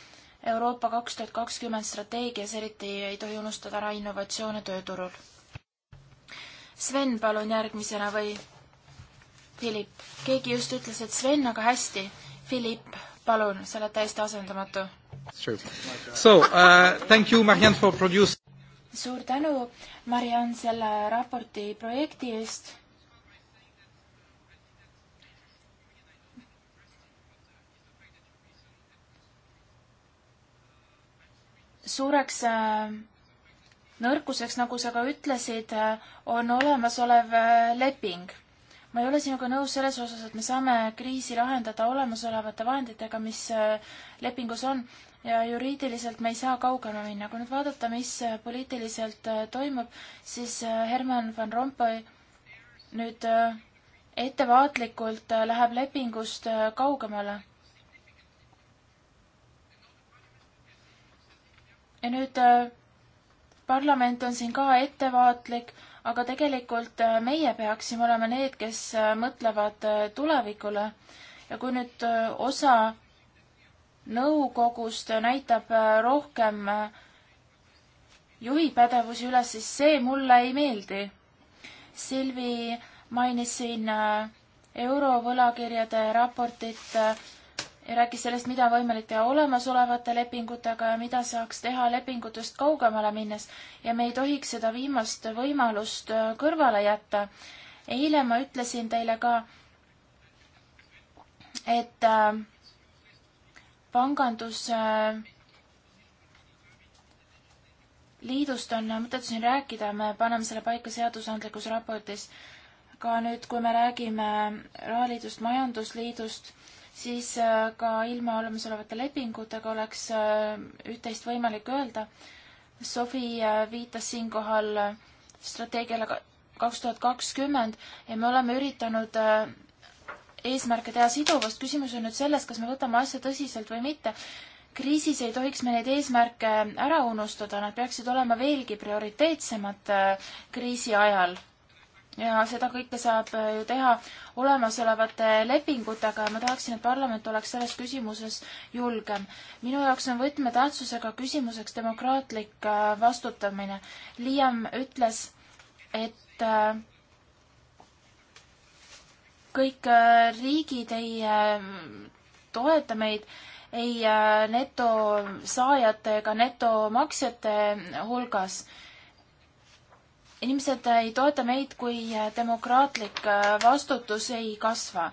Euroopa kaks tuhat kakskümmend strateegias, eriti ei tohi unustada ära innovatsioone tööturul. Sven, palun järgmisena või Philipp. keegi just ütles, et Sven, aga hästi. Philipp, palun, sa oled täiesti asendamatu. So uh, thank you, Mariann, for producing. suur tänu, Mariann, selle raporti projekti eest suureks äh, nõrkuseks, nagu sa ka ütlesid, äh, on olemasolev äh, leping. ma ei ole sinuga nõus selles osas, et me saame kriisi lahendada olemasolevate vahenditega, mis lepingus on ja juriidiliselt me ei saa kaugemale minna. kui nüüd vaadata, mis poliitiliselt toimub, siis Herman Van Rompuy nüüd ettevaatlikult läheb lepingust kaugemale ja nüüd äh, parlament on siin ka ettevaatlik, aga tegelikult äh, meie peaksime olema need, kes äh, mõtlevad tulevikule. ja kui nüüd osa nõukogust näitab rohkem juhipädevusi üles, siis see mulle ei meeldi. Silvi mainis siin eurovõlakirjade raportit ja rääkis sellest, mida on võimalik teha olemasolevate lepingutega ja mida saaks teha lepingutest kaugemale minnes ja me ei tohiks seda viimast võimalust äh, kõrvale jätta. eile ma ütlesin teile ka, et äh, pangandusliidust äh, on mõtet siin rääkida, me paneme selle paika seadusandlikus raportis. ka nüüd, kui me räägime rahaliidust, majandusliidust siis äh, ka ilma olemasolevate lepingutega oleks äh, üht-teist võimalik öelda. Sofi äh, viitas siinkohal strateegiale kaks tuhat kakskümmend ja me oleme üritanud eesmärke teha siduvast. küsimus on nüüd selles, kas me võtame asja tõsiselt või mitte. kriisis ei tohiks me neid eesmärke ära unustada, nad peaksid olema veelgi prioriteetsemad kriisi ajal ja seda kõike saab äh, ju teha olemasolevate lepingutega ja ma tahaksin, et parlament oleks selles küsimuses julgem. minu jaoks on võtmetähtsusega küsimuseks demokraatlik äh, vastutamine. Liam ütles, et äh, kõik riigid ei toeta meid ei netosaajate ega netomaksjate hulgas inimesed ei toeta meid, kui demokraatlik äh, vastutus ei kasva.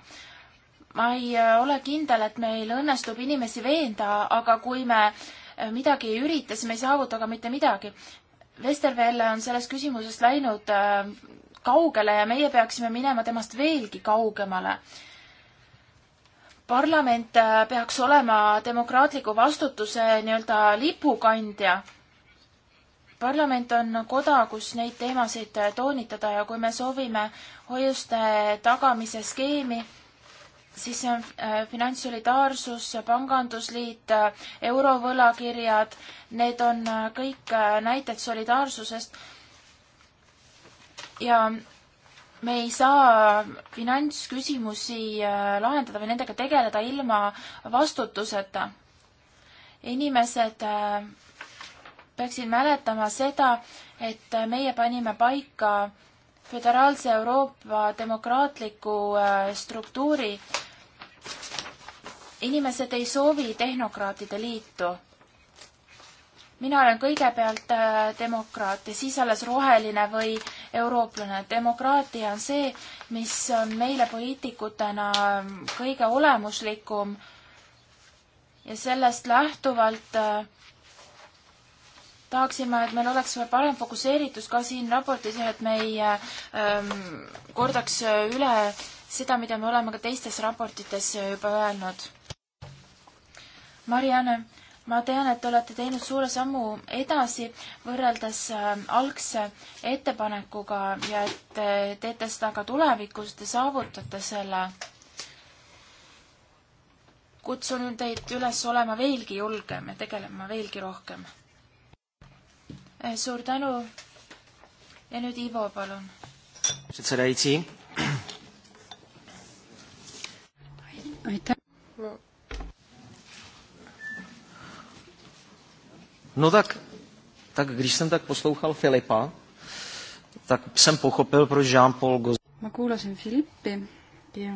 ma ei äh, ole kindel, et meil õnnestub inimesi veenda, aga kui me äh, midagi ei ürita, siis me ei saavuta ka mitte midagi. Vestervelle on sellest küsimusest läinud kaugele ja meie peaksime minema temast veelgi kaugemale parlament peaks olema demokraatliku vastutuse nii-öelda lipukandja parlament on koda, kus neid teemasid toonitada ja kui me soovime hoiuste tagamise skeemi, siis see on äh, finantssolidaarsus, pangandusliit, eurovõlakirjad, need on äh, kõik äh, näited solidaarsusest. ja me ei saa finantsküsimusi lahendada või nendega tegeleda ilma vastutuseta. inimesed peaksin mäletama seda, et meie panime paika föderaalse Euroopa demokraatliku äh, struktuuri. inimesed ei soovi tehnokraatide liitu. mina olen kõigepealt äh, demokraat ja siis alles roheline või eurooplane. demokraatia on see, mis on meile poliitikutena äh, kõige olemuslikum ja sellest lähtuvalt tahaksime, et meil oleks parem fokusseeritus ka siin raportis ja et me ei ähm, kordaks üle seda, mida me oleme ka teistes raportites juba öelnud. Marianne, ma tean, et te olete teinud suure sammu edasi võrreldes ähm, algse ettepanekuga ja et teete seda ka tulevikus, te saavutate selle. kutsun teid üles olema veelgi julgem ja tegelema veelgi rohkem Eh, suur tänu. ja nüüd Ivo, palun. aitäh. No tak, tak když jsem tak poslouchal Filipa, tak jsem pochopil, proč Jean-Paul Gozes. Ma kuulasin Filippi ja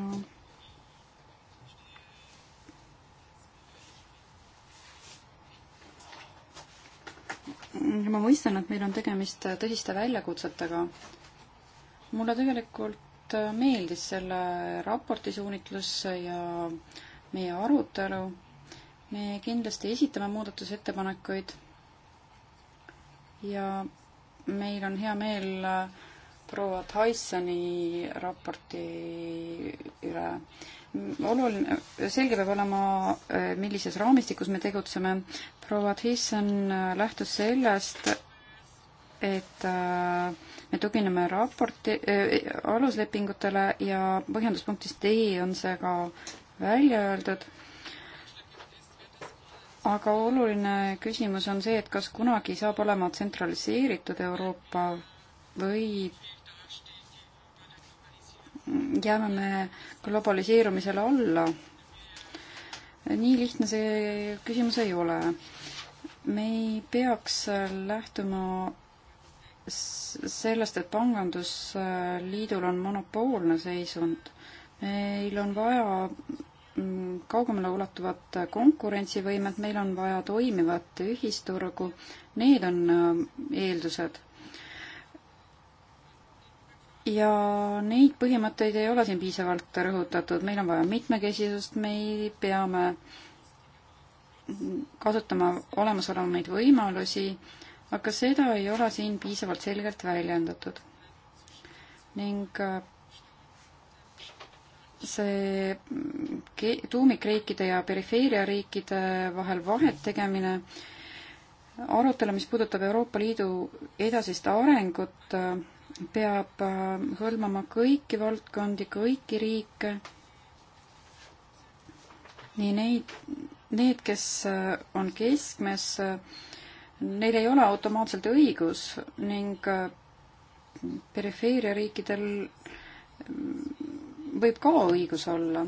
ma mõistan, et meil on tegemist tõsiste väljakutsetega. mulle tegelikult meeldis selle raporti suunitlus ja meie arutelu. me kindlasti esitame muudatusettepanekuid ja meil on hea meel äh, proua Tysoni raporti üle. oluline, selge peab olema, äh, millises raamistikus me tegutseme. proua Tyson äh, lähtus sellest, et äh, me tugineme raporti äh,, aluslepingutele ja põhjenduspunktis D on see ka välja öeldud. aga oluline küsimus on see, et kas kunagi saab olema tsentraliseeritud Euroopa või jääme me globaliseerumisele alla? nii lihtne see küsimus ei ole. me ei peaks lähtuma sellest, et pangandusliidul on monopoolne seisund. meil on vaja mm, kaugemale ulatuvat konkurentsivõimet, meil on vaja toimivat ühisturgu, need on äh, eeldused ja neid põhimõtteid ei ole siin piisavalt rõhutatud, meil on vaja mitmekesisust, me peame kasutama olemasolevaid võimalusi, aga seda ei ole siin piisavalt selgelt väljendatud. ning äh, see tuumikriikide ja perifeeriariikide vahel vahet tegemine, arutelu, mis puudutab Euroopa Liidu edasist arengut, äh, peab äh, hõlmama kõiki valdkondi, kõiki riike, nii neid, need, kes äh, on keskmes, äh, neil ei ole automaatselt õigus ning perifeeria riikidel mm, võib ka õigus olla.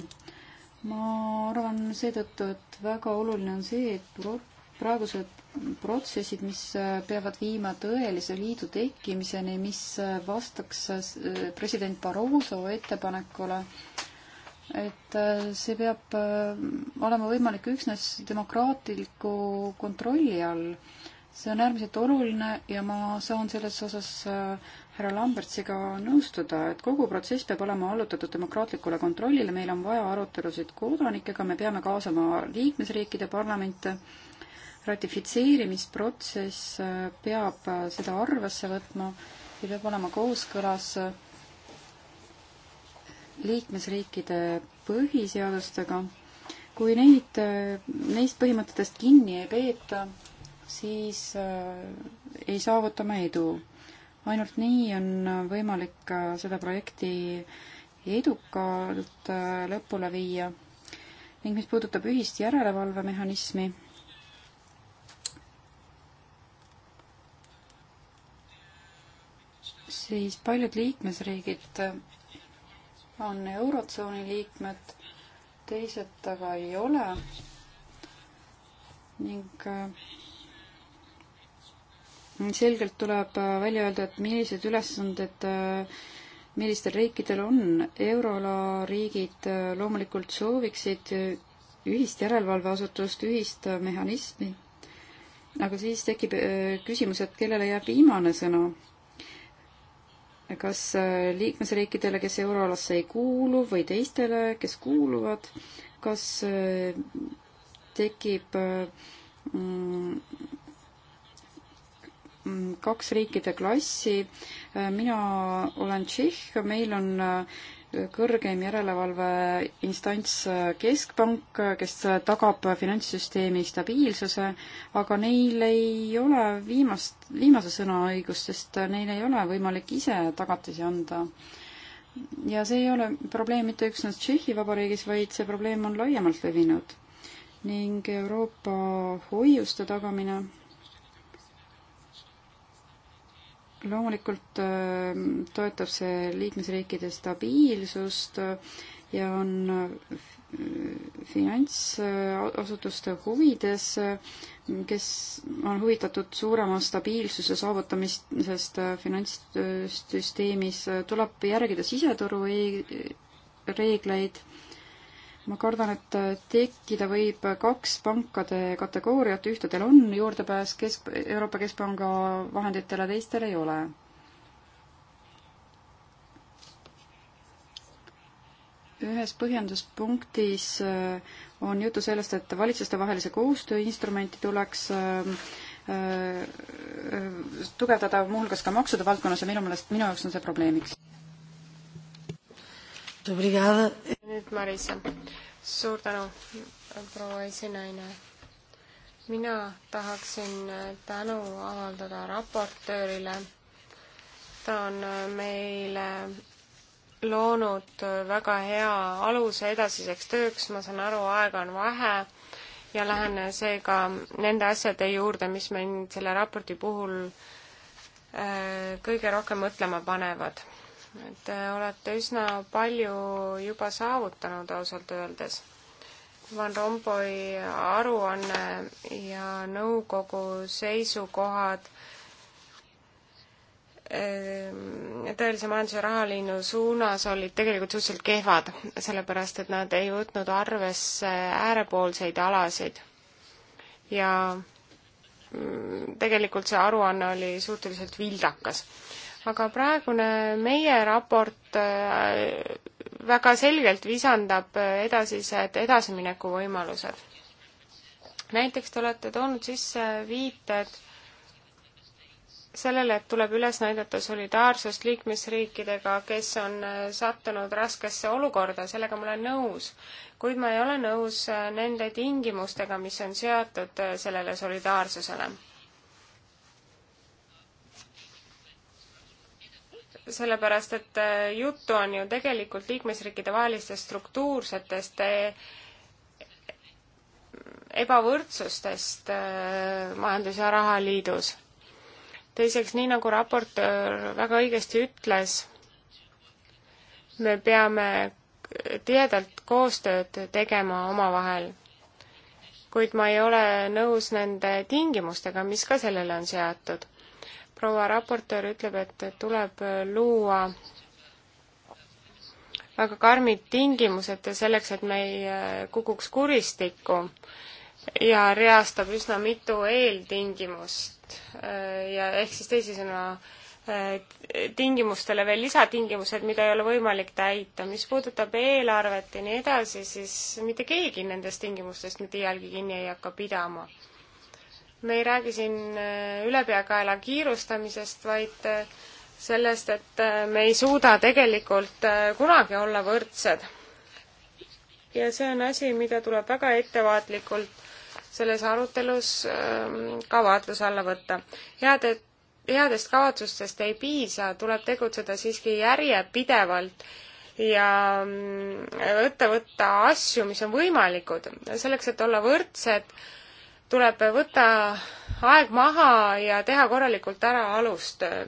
ma arvan seetõttu, et väga oluline on see, et praegused protsessid, mis äh, peavad viima tõelise liidu tekkimiseni, mis äh, vastaks äh, president Barroso ettepanekule, et see peab olema võimalik üksnes demokraatliku kontrolli all. see on äärmiselt oluline ja ma saan selles osas härra Lambertsiga nõustuda, et kogu protsess peab olema allutatud demokraatlikule kontrollile, meil on vaja arutelusid kodanikega, me peame kaasama liikmesriikide parlamente ratifitseerimisprotsess äh, peab äh, seda arvesse võtma ja peab olema kooskõlas äh, liikmesriikide põhiseadustega. kui neid, neist põhimõtetest kinni ei peeta, siis ei saavuta me edu. ainult nii on võimalik seda projekti edukalt lõpule viia. ning mis puudutab ühist järelevalvemehhanismi, siis paljud liikmesriigid on Eurotsooni liikmed, teised aga ei ole ning äh, selgelt tuleb äh, välja öelda, et millised ülesanded äh, millistel riikidel on. euroala riigid loomulikult sooviksid ühist järelevalveasutust, ühist mehhanismi. aga siis tekib küsimus, et kellele jääb viimane sõna kas äh, liikmesriikidele, kes euroalasse ei kuulu või teistele, kes kuuluvad, kas äh, tekib äh, mm, mm, kaks riikide klassi. mina olen Tšehh, meil on äh, kõrgeim järelevalveinstants Keskpank, kes tagab finantssüsteemi stabiilsuse, aga neil ei ole viimast, viimase sõna õigust, sest neil ei ole võimalik ise tagatisi anda. ja see ei ole probleem mitte üksnes Tšehhi Vabariigis, vaid see probleem on laiemalt levinud. ning Euroopa hoiuste tagamine loomulikult äh, toetab see liikmesriikide stabiilsust ja on äh, finantsasutuste huvides, kes on huvitatud suurema stabiilsuse saavutamisest äh, finantssüsteemis, tuleb järgida siseturu reegleid ma kardan, et äh, tekkida võib kaks pankade kategooriat, ühtedel on juurdepääs kesk, Euroopa Keskpanga vahenditele, teistel ei ole. ühes põhjenduspunktis äh, on juttu sellest, et valitsustevahelise koostöö instrumenti tuleks ähm, äh, tugevdada muuhulgas ka maksude valdkonnas ja minu meelest, minu jaoks on see probleemiks nüüd Maris, suur tänu, proua esinaine. mina tahaksin tänu avaldada raportöörile. ta on meile loonud väga hea aluse edasiseks tööks, ma saan aru, aega on vähe ja lähen seega nende asjade juurde, mis mind selle raporti puhul äh, kõige rohkem mõtlema panevad Te olete üsna palju juba saavutanud ausalt öeldes. Van Rompuy aruanne ja nõukogu seisukohad ehm, tõelise majanduse rahaliinu suunas olid tegelikult suhteliselt kehvad, sellepärast et nad ei võtnud arvesse äärepoolseid alasid. ja mm, tegelikult see aruanne oli suhteliselt vildakas aga praegune meie raport äh, väga selgelt visandab äh, edasised edasimineku võimalused. näiteks te olete toonud sisse viited sellele, et tuleb üles näidata solidaarsust liikmesriikidega, kes on äh, sattunud raskesse olukorda, sellega ma olen nõus. kuid ma ei ole nõus nende tingimustega, mis on seatud sellele solidaarsusele sellepärast et äh, juttu on ju tegelikult liikmesriikide vahelistest struktuursetest äh, ebavõrdsustest äh, Majandus- ja Rahaliidus. teiseks, nii nagu raportöör väga õigesti ütles, me peame tihedalt koostööd tegema omavahel. kuid ma ei ole nõus nende tingimustega, mis ka sellele on seatud proua raportöör ütleb, et tuleb luua väga karmid tingimused selleks, et me ei äh, kukuks kuristikku ja reastab üsna mitu eeltingimust äh, ja ehk siis teisisõna äh, tingimustele veel lisatingimused, mida ei ole võimalik täita. mis puudutab eelarvet ja nii edasi, siis mitte keegi nendest tingimustest mitte iialgi kinni ei hakka pidama me ei räägi siin äh, ülepeakaela kiirustamisest, vaid äh, sellest, et äh, me ei suuda tegelikult kunagi olla võrdsed. ja see on asi, mida tuleb väga ettevaatlikult selles arutelus ähm, ka vaatluse alla võtta. head, et headest kavatsustest ei piisa, tuleb tegutseda siiski järjepidevalt ja ette mm, võtta asju, mis on võimalikud, selleks, et olla võrdsed tuleb võtta aeg maha ja teha korralikult ära alustöö.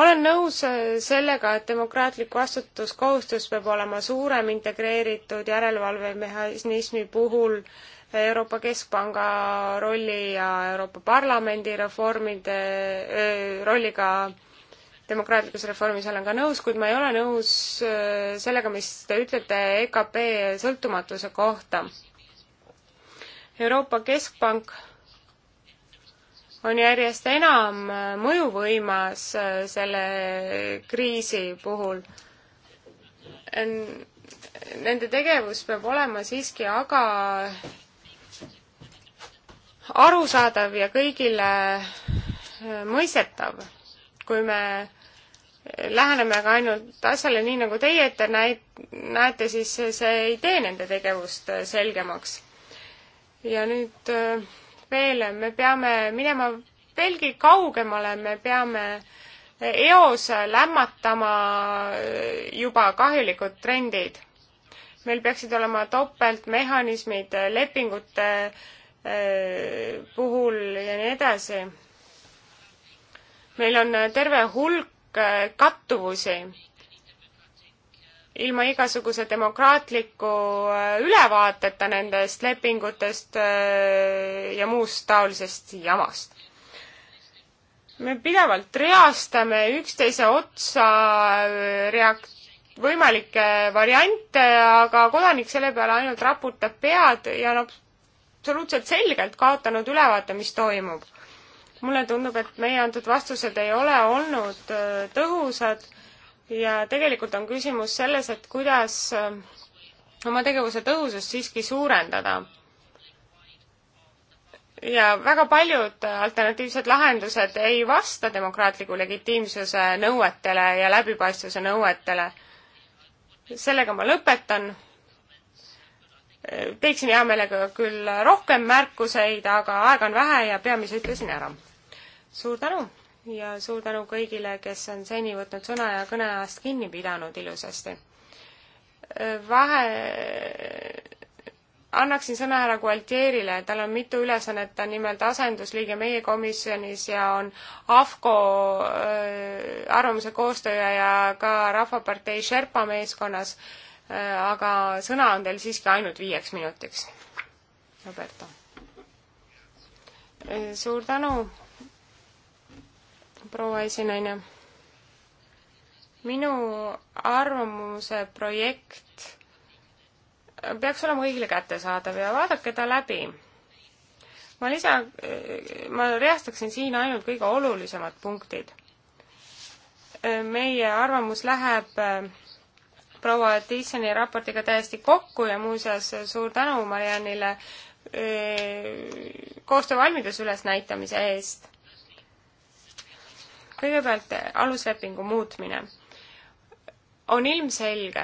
olen nõus sellega, et demokraatlik vastutuskohustus peab olema suurem integreeritud järelevalvemehhanismi puhul Euroopa Keskpanga rolli ja Euroopa Parlamendi reformide öö, rolliga demokraatlikus reformis olen ka nõus, kuid ma ei ole nõus sellega, mis te ütlete EKP sõltumatuse kohta Euroopa Keskpank on järjest enam mõjuvõimas äh, selle kriisi puhul. Nende tegevus peab olema siiski aga arusaadav ja kõigile äh, mõistetav. kui me läheneme aga ainult asjale nii, nagu teie ette näite, näete, siis see ei tee nende tegevust äh, selgemaks ja nüüd äh, veel, me peame minema veelgi kaugemale, me peame äh, eos lämmatama äh, juba kahjulikud trendid. meil peaksid olema topeltmehhanismid lepingute puhul ja nii edasi. meil on terve hulk kattuvusi ilma igasuguse demokraatliku äh, ülevaateta nendest lepingutest äh, ja muust taolisest jamast. me pidevalt reastame üksteise otsa äh, reak-, võimalikke variante, aga kodanik selle peale ainult raputab pead ja on absoluutselt selgelt kaotanud ülevaate, mis toimub. mulle tundub, et meie antud vastused ei ole olnud tõhusad ja tegelikult on küsimus selles, et kuidas äh, oma tegevuse tõhusust siiski suurendada. ja väga paljud alternatiivsed lahendused ei vasta demokraatliku legitiimsuse nõuetele ja läbipaistvuse nõuetele. sellega ma lõpetan teeksin hea meelega küll rohkem märkuseid, aga aega on vähe ja peamise ütlesin ära. suur tänu! ja suur tänu kõigile, kes on seni võtnud sõna ja kõneajast kinni pidanud ilusasti. vahe, annaksin sõna härra Gualtierile, tal on mitu ülesannet, ta on nimelt asendusliige meie komisjonis ja on AFCO äh, arvamuse koostaja ja ka Rahvapartei Sherpa meeskonnas. Äh, aga sõna on teil siiski ainult viieks minutiks. Roberto. Äh, suur tänu proua esinaine. minu arvamuse projekt peaks olema kõigile kättesaadav ja vaadake ta läbi. ma lisa, ma reastaksin siin ainult kõige olulisemad punktid. meie arvamus läheb äh, proua Thyssen'i raportiga täiesti kokku ja muuseas äh, suur tänu Mariannile äh, koostöövalmiduse ülesnäitamise eest kõigepealt eh, aluslepingu muutmine. on ilmselge,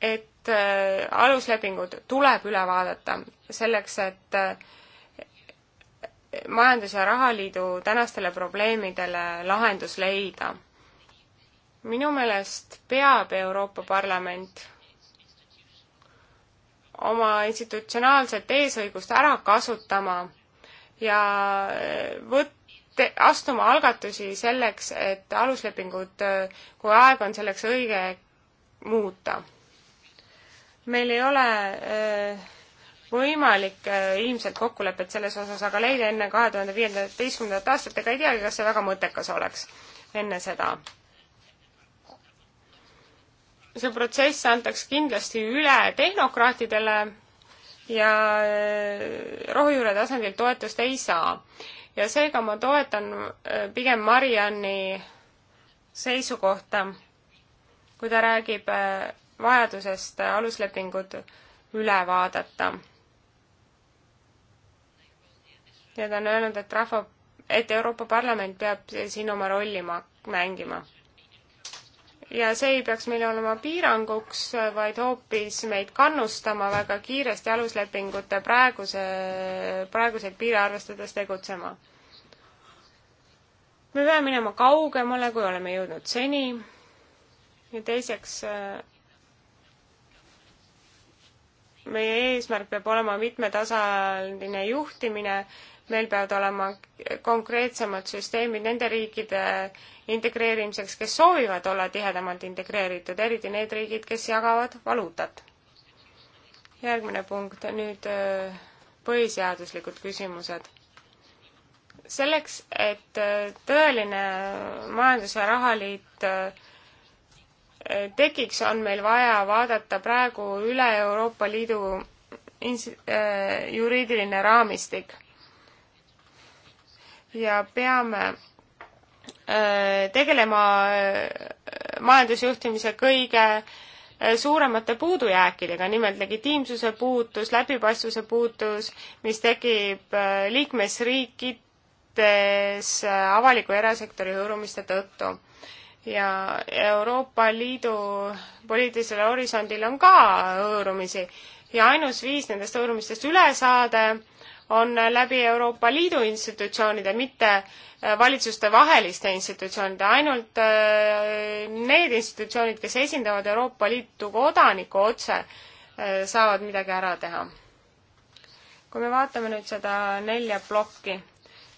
et eh, aluslepingud tuleb üle vaadata selleks, et eh, majandus- ja rahaliidu tänastele probleemidele lahendus leida. minu meelest peab Euroopa Parlament oma institutsionaalset eesõigust ära kasutama ja võt-, te-, astuma algatusi selleks, et aluslepingut, kui aeg on selleks õige, muuta. meil ei ole äh, võimalik äh, ilmselt kokkulepet selles osas aga leida enne kahe tuhande viieteistkümnendat aastat, ega ei teagi, kas see väga mõttekas oleks enne seda. see protsess antaks kindlasti üle tehnokraatidele ja äh, rohujuure tasandilt toetust ei saa ja seega ma toetan äh, pigem Marianni seisukohta, kui ta räägib äh, vajadusest äh, aluslepingud üle vaadata. ja ta on öelnud, et rahva, et Euroopa Parlament peab siin oma rolli ma-, mängima ja see ei peaks meil olema piiranguks, vaid hoopis meid kannustama väga kiiresti aluslepingute praeguse, praeguseid piire arvestades tegutsema. me peame minema kaugemale, kui oleme jõudnud seni ja teiseks, meie eesmärk peab olema mitmetasandiline juhtimine meil peavad olema konkreetsemad süsteemid nende riikide integreerimiseks, kes soovivad olla tihedamalt integreeritud, eriti need riigid, kes jagavad valuutat. järgmine punkt, nüüd äh, põhiseaduslikud küsimused. selleks, et äh, tõeline majandus- ja rahaliit äh, tekiks, on meil vaja vaadata praegu üle Euroopa Liidu ins-, juriidiline raamistik ja peame äh, tegelema äh, majandusjuhtimise kõige äh, suuremate puudujääkidega, nimelt legitiimsuse puutus, läbipaistvuse puutus, mis tekib liikmesriikides avaliku erasektori hõõrumiste tõttu. ja Euroopa Liidu poliitilisel horisondil on ka hõõrumisi ja ainus viis nendest hõõrumistest üle saada on läbi Euroopa Liidu institutsioonide, mitte äh, valitsuste vaheliste institutsioonide, ainult äh, need institutsioonid, kes esindavad Euroopa Liitu kodaniku otse, äh, saavad midagi ära teha. kui me vaatame nüüd seda nelja plokki,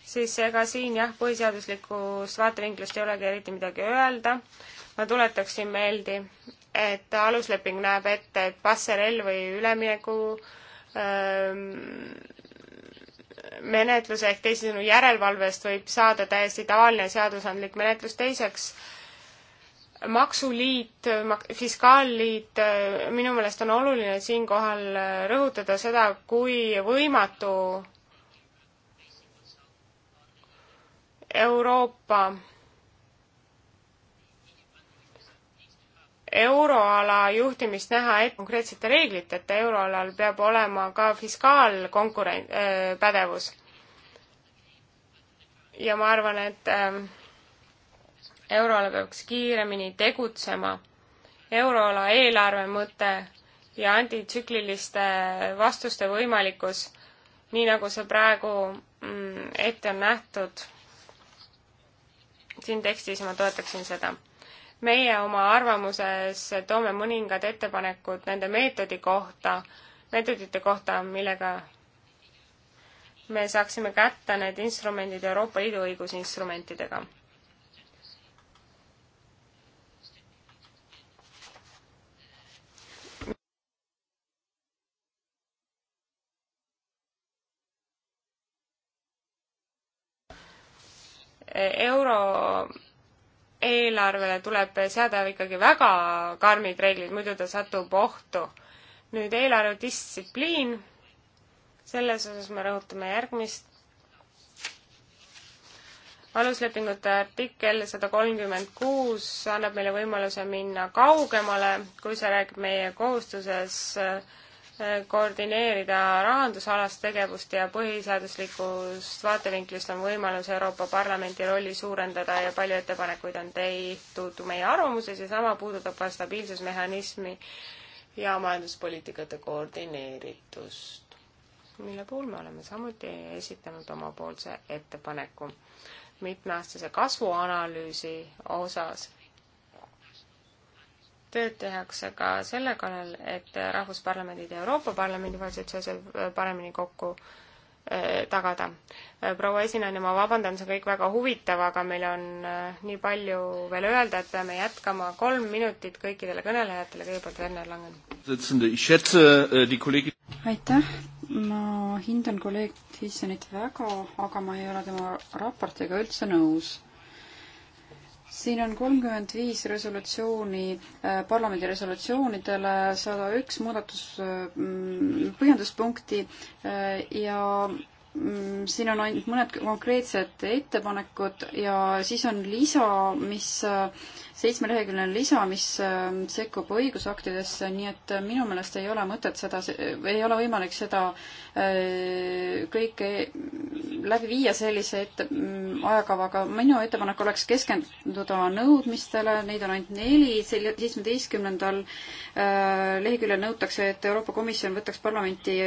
siis ega siin jah, põhiseaduslikust vaatevinklist ei olegi eriti midagi öelda. ma tuletaksin meeldi, et alusleping näeb ette, et passerell või ülemineku öö, ähm, menetluse ehk teisisõnu järelevalvest võib saada täiesti tavaline seadusandlik menetlus, teiseks maksuliit, fiskaalliit, minu meelest on oluline siinkohal rõhutada seda, kui võimatu Euroopa euroala juhtimist näha ette konkreetsete reegliteta, euroalal peab olema ka fiskaalkonkurent, äh, pädevus. ja ma arvan, et ähm, euroala peaks kiiremini tegutsema. euroala eelarve mõte ja antitsükliliste vastuste võimalikkus, nii nagu see praegu mm, ette on nähtud siin tekstis ja ma toetaksin seda meie oma arvamuses toome mõningad ettepanekud nende meetodi kohta, meetodite kohta, millega me saaksime kätte need instrumendid Euroopa Liidu õigusinstrumentidega. euro eelarvele tuleb seada ikkagi väga karmid reeglid, muidu ta satub ohtu. nüüd eelarvedistsipliin, selles osas me rõhutame järgmist. aluslepingute artikkel sada kolmkümmend kuus annab meile võimaluse minna kaugemale, kui see räägib meie kohustuses äh, Äh, koordineerida rahandusalast tegevust ja põhiseaduslikust vaatevinklist on võimalus Euroopa Parlamendi rolli suurendada ja palju ettepanekuid on tehtud meie arvamuses ja sama puudutab ka stabiilsusmehhanismi ja majanduspoliitikate koordineeritust, mille puhul me oleme samuti esitanud omapoolse ettepaneku mitmeaastase kasvuanalüüsi osas tööd tehakse ka selle kallal, et Rahvusparlamendid ja Euroopa Parlamendi vahelised seosed paremini kokku äh, tagada. Eh, proua esinaine, ma vabandan, see on kõik väga huvitav, aga meil on äh, nii palju veel öelda, et peame jätkama kolm minutit kõikidele kõnelejatele, kõigepealt Werner Langen. Äh, aitäh, ma hindan kolleeg Thyssenit väga, aga ma ei ole tema raportiga üldse nõus siin on kolmkümmend viis resolutsiooni äh, parlamendi resolutsioonidele, sada üks muudatus, äh, mm, põhjenduspunkti äh, ja mm, siin on ainult mõned konkreetsed ettepanekud ja siis on lisa, mis äh, seitsmeleheküljeline lisa, mis ähm, sekkub õigusaktidesse, nii et äh, minu meelest ei ole mõtet seda, ei ole võimalik seda äh, kõike läbi viia sellise ette, mm, ajakavaga. minu ettepanek oleks keskenduda nõudmistele, neid on ainult neli, seitsmeteistkümnendal äh, leheküljel nõutakse, et Euroopa Komisjon võtaks parlamenti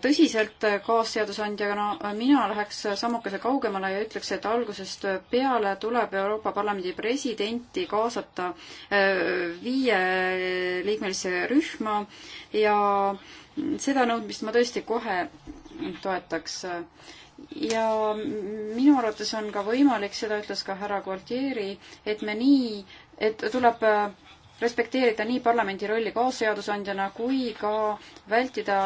tõsiselt kaasseadusandjana, mina läheks sammukese kaugemale ja ütleks, et algusest peale tuleb Euroopa Parlamendi president taheti kaasata äh, viieliikmelisse rühma ja seda nõudmist ma tõesti kohe toetaks. ja minu arvates on ka võimalik, seda ütles ka härra Gualtieri, et me nii, et tuleb äh, respekteerida nii parlamendi rolli kaasseadusandjana kui ka vältida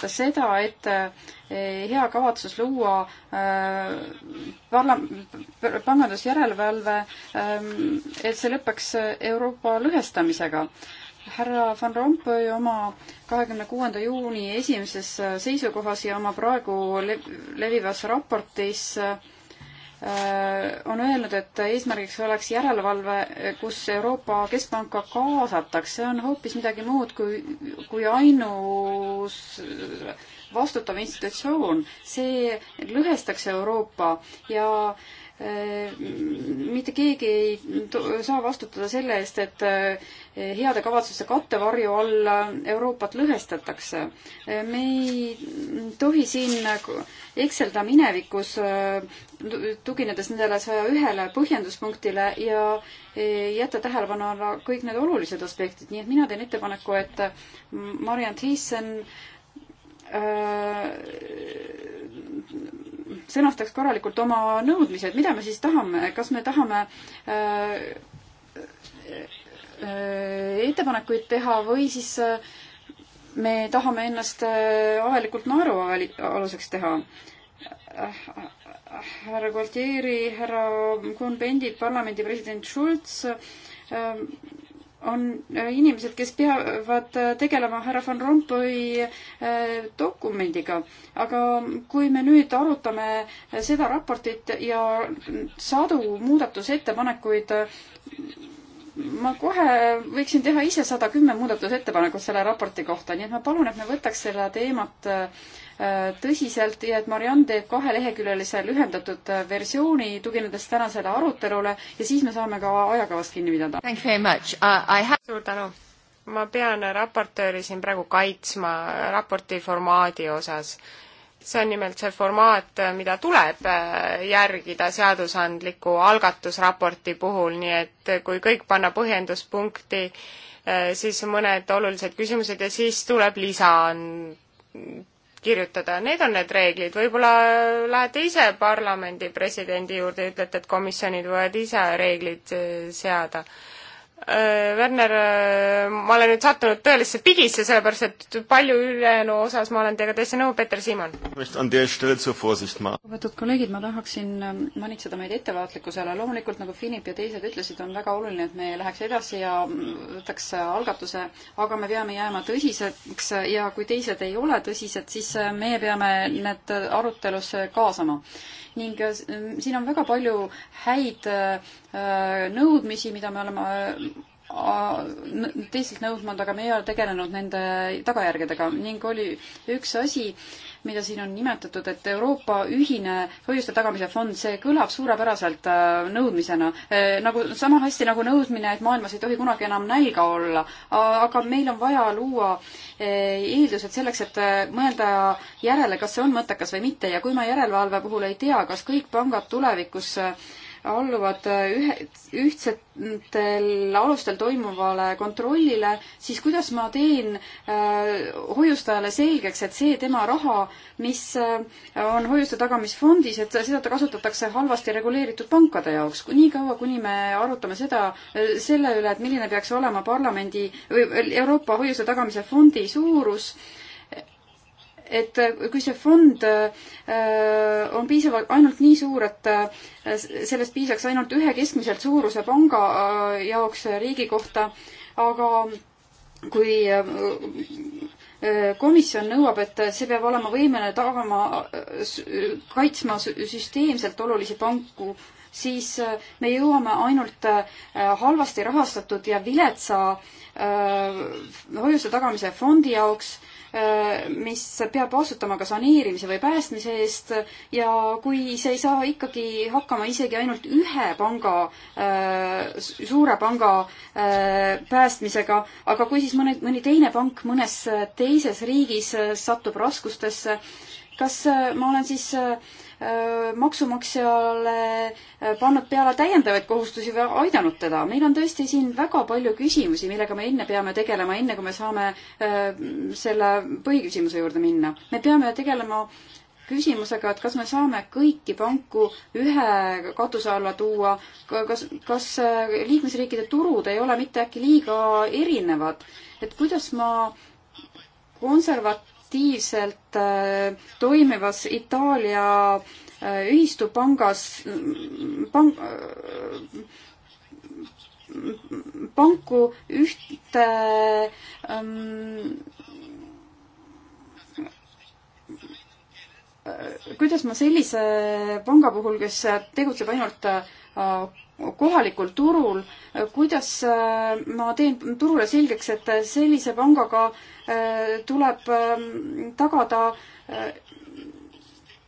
ka seda, et eh, hea kavatsus luua parla-, eh, pangandusjärelevalve, eh, et see lõpeks Euroopa lõhestamisega. härra Van Rompuy oma kahekümne kuuenda juuni esimeses seisukohas ja oma praegu levivas raportis äh, Äh, on öelnud, et eesmärgiks oleks järelevalve, kus Euroopa Keskpanka kaasataks, see on hoopis midagi muud kui, kui ainus vastutav institutsioon. see lõhestaks Euroopa ja äh, Äh, mitte keegi ei saa vastutada selle eest, et äh, heade kavatsuste kattevarju all Euroopat lõhestatakse. Äh, me ei tohi siin ekselda minevikus, tuginedes nendele saja ühele põhjenduspunktile ja jätta tähelepanu alla kõik need olulised aspektid, nii et mina teen ettepaneku, et Mariann Thiessen öö, sõnastaks korralikult oma nõudmised, mida me siis tahame, kas me tahame äh, äh, ettepanekuid teha või siis äh, me tahame ennast avalikult naerualuseks teha. härra Gualtieri, härra Kuhn-Bendit, parlamendi president Schulz on äh, inimesed, kes peavad äh, tegelema härra Van Rompuy äh, dokumendiga. aga kui me nüüd arutame seda raportit ja sadu muudatusettepanekuid, ma kohe võiksin teha ise sada kümme muudatusettepanekut selle raporti kohta, nii et ma palun, et me võtaks seda teemat äh, Äh, tõsiselt ja et Marianne teeb kaheleheküljelise lühendatud äh, versiooni, tuginedes tänasele arutelule ja siis me saame ka ajakavast kinni pidada. Uh, have... suur tänu! ma pean raportööri siin praegu kaitsma raporti formaadi osas. see on nimelt see formaat, mida tuleb äh, järgida seadusandliku algatusraporti puhul, nii et kui kõik panna põhjenduspunkti, siis mõned olulised küsimused ja siis tuleb lisa kirjutada, need on need reeglid, võib-olla lähete ise parlamendi presidendi juurde ja ütlete, et komisjonid võivad ise reeglid eh, seada Äh, Werner, äh, ma olen nüüd sattunud tõelisse pigisse, sellepärast et palju ülejäänu osas ma olen teiega täitsa nõu, Peeter Siimann. lugupeetud kolleegid, ma tahaksin ähm, manitseda meid ettevaatlikkusele. loomulikult, nagu Philip ja teised ütlesid, on väga oluline, et me läheks edasi ja mm, võtaks äh, algatuse, aga me peame jääma tõsiseks ja kui teised ei ole tõsised, siis meie peame need arutelusse kaasama ning äh, siin on väga palju häid äh, nõudmisi, mida me oleme äh, teistelt nõudnud, aga me ei ole tegelenud nende tagajärgedega ning oli üks asi, mida siin on nimetatud, et Euroopa ühine hoiuste tagamise fond, see kõlab suurepäraselt äh, nõudmisena. Äh, nagu sama hästi nagu nõudmine, et maailmas ei tohi kunagi enam nälga olla. aga meil on vaja luua äh, eeldused selleks, et mõelda järele, kas see on mõttekas või mitte ja kui ma järelevalve puhul ei tea, kas kõik pangad tulevikus äh, alluvad äh, ühe, ühtsetel alustel toimuvale kontrollile, siis kuidas ma teen äh, hoiustajale selgeks, et see tema raha, mis äh, on hoiuste tagamisfondis, et seda kasutatakse halvasti reguleeritud pankade jaoks. niikaua, kuni me arutame seda, äh, selle üle, et milline peaks olema parlamendi või Euroopa hoiuste tagamise fondi suurus äh,, et kui see fond äh, on piisav, ainult nii suur, et äh, sellest piisaks ainult ühe keskmiselt suuruse panga äh, jaoks riigi kohta, aga kui komisjon nõuab, et see peab olema võimeline tagama, kaitsma süsteemselt olulisi panku, siis me jõuame ainult halvasti rahastatud ja viletsa hoiuste tagamise fondi jaoks Äh, mis peab vastutama ka saneerimise või päästmise eest ja kui see ei saa ikkagi hakkama isegi ainult ühe panga, äh, suure panga äh, päästmisega, aga kui siis mõni, mõni teine pank mõnes teises riigis satub raskustesse, kas ma olen siis äh, maksumaksjale pannud peale täiendavaid kohustusi või aidanud teda. meil on tõesti siin väga palju küsimusi, millega me enne peame tegelema, enne kui me saame selle põhiküsimuse juurde minna. me peame tegelema küsimusega, et kas me saame kõiki panku ühe katuse alla tuua, kas, kas liikmesriikide turud ei ole mitte äkki liiga erinevad, et kuidas ma konservat-, aktiivselt äh, toimivas Itaalia äh, ühistupangas mm, pank, äh, panku ühte ähm, kuidas ma sellise panga puhul, kes tegutseb ainult äh, kohalikul turul, kuidas äh, ma teen turule selgeks, et äh, sellise pangaga äh, tuleb ähm, tagada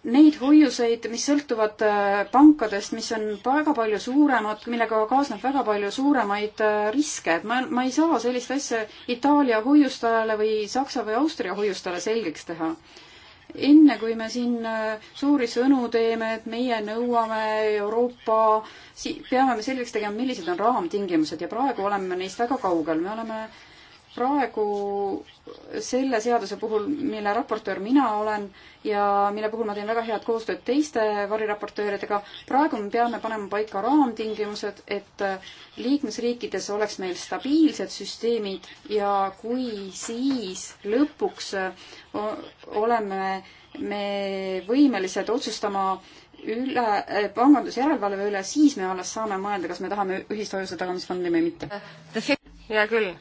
neid hoiuseid, mis sõltuvad pankadest, mis on väga palju suuremad, millega kaasneb väga palju suuremaid riske, et ma, ma ei saa sellist asja Itaalia hoiustajale või Saksa või Austria hoiustajale selgeks teha enne kui me siin äh, suuri sõnu teeme, et meie nõuame Euroopa, peame me selgeks tegema, millised on raamtingimused ja praegu oleme neist väga kaugel, me oleme äh, praegu selle seaduse puhul, mille raportöör mina olen ja mille puhul ma teen väga head koostööd teiste variraportööridega, praegu me peame panema paika raamtingimused, et liikmesriikides oleks meil stabiilsed süsteemid ja kui siis lõpuks oleme me võimelised otsustama üle eh,, pangandusjärelevalve üle, siis me alles saame mõelda, kas me tahame ühist hoiuse tagamisfondi või mitte. hea küll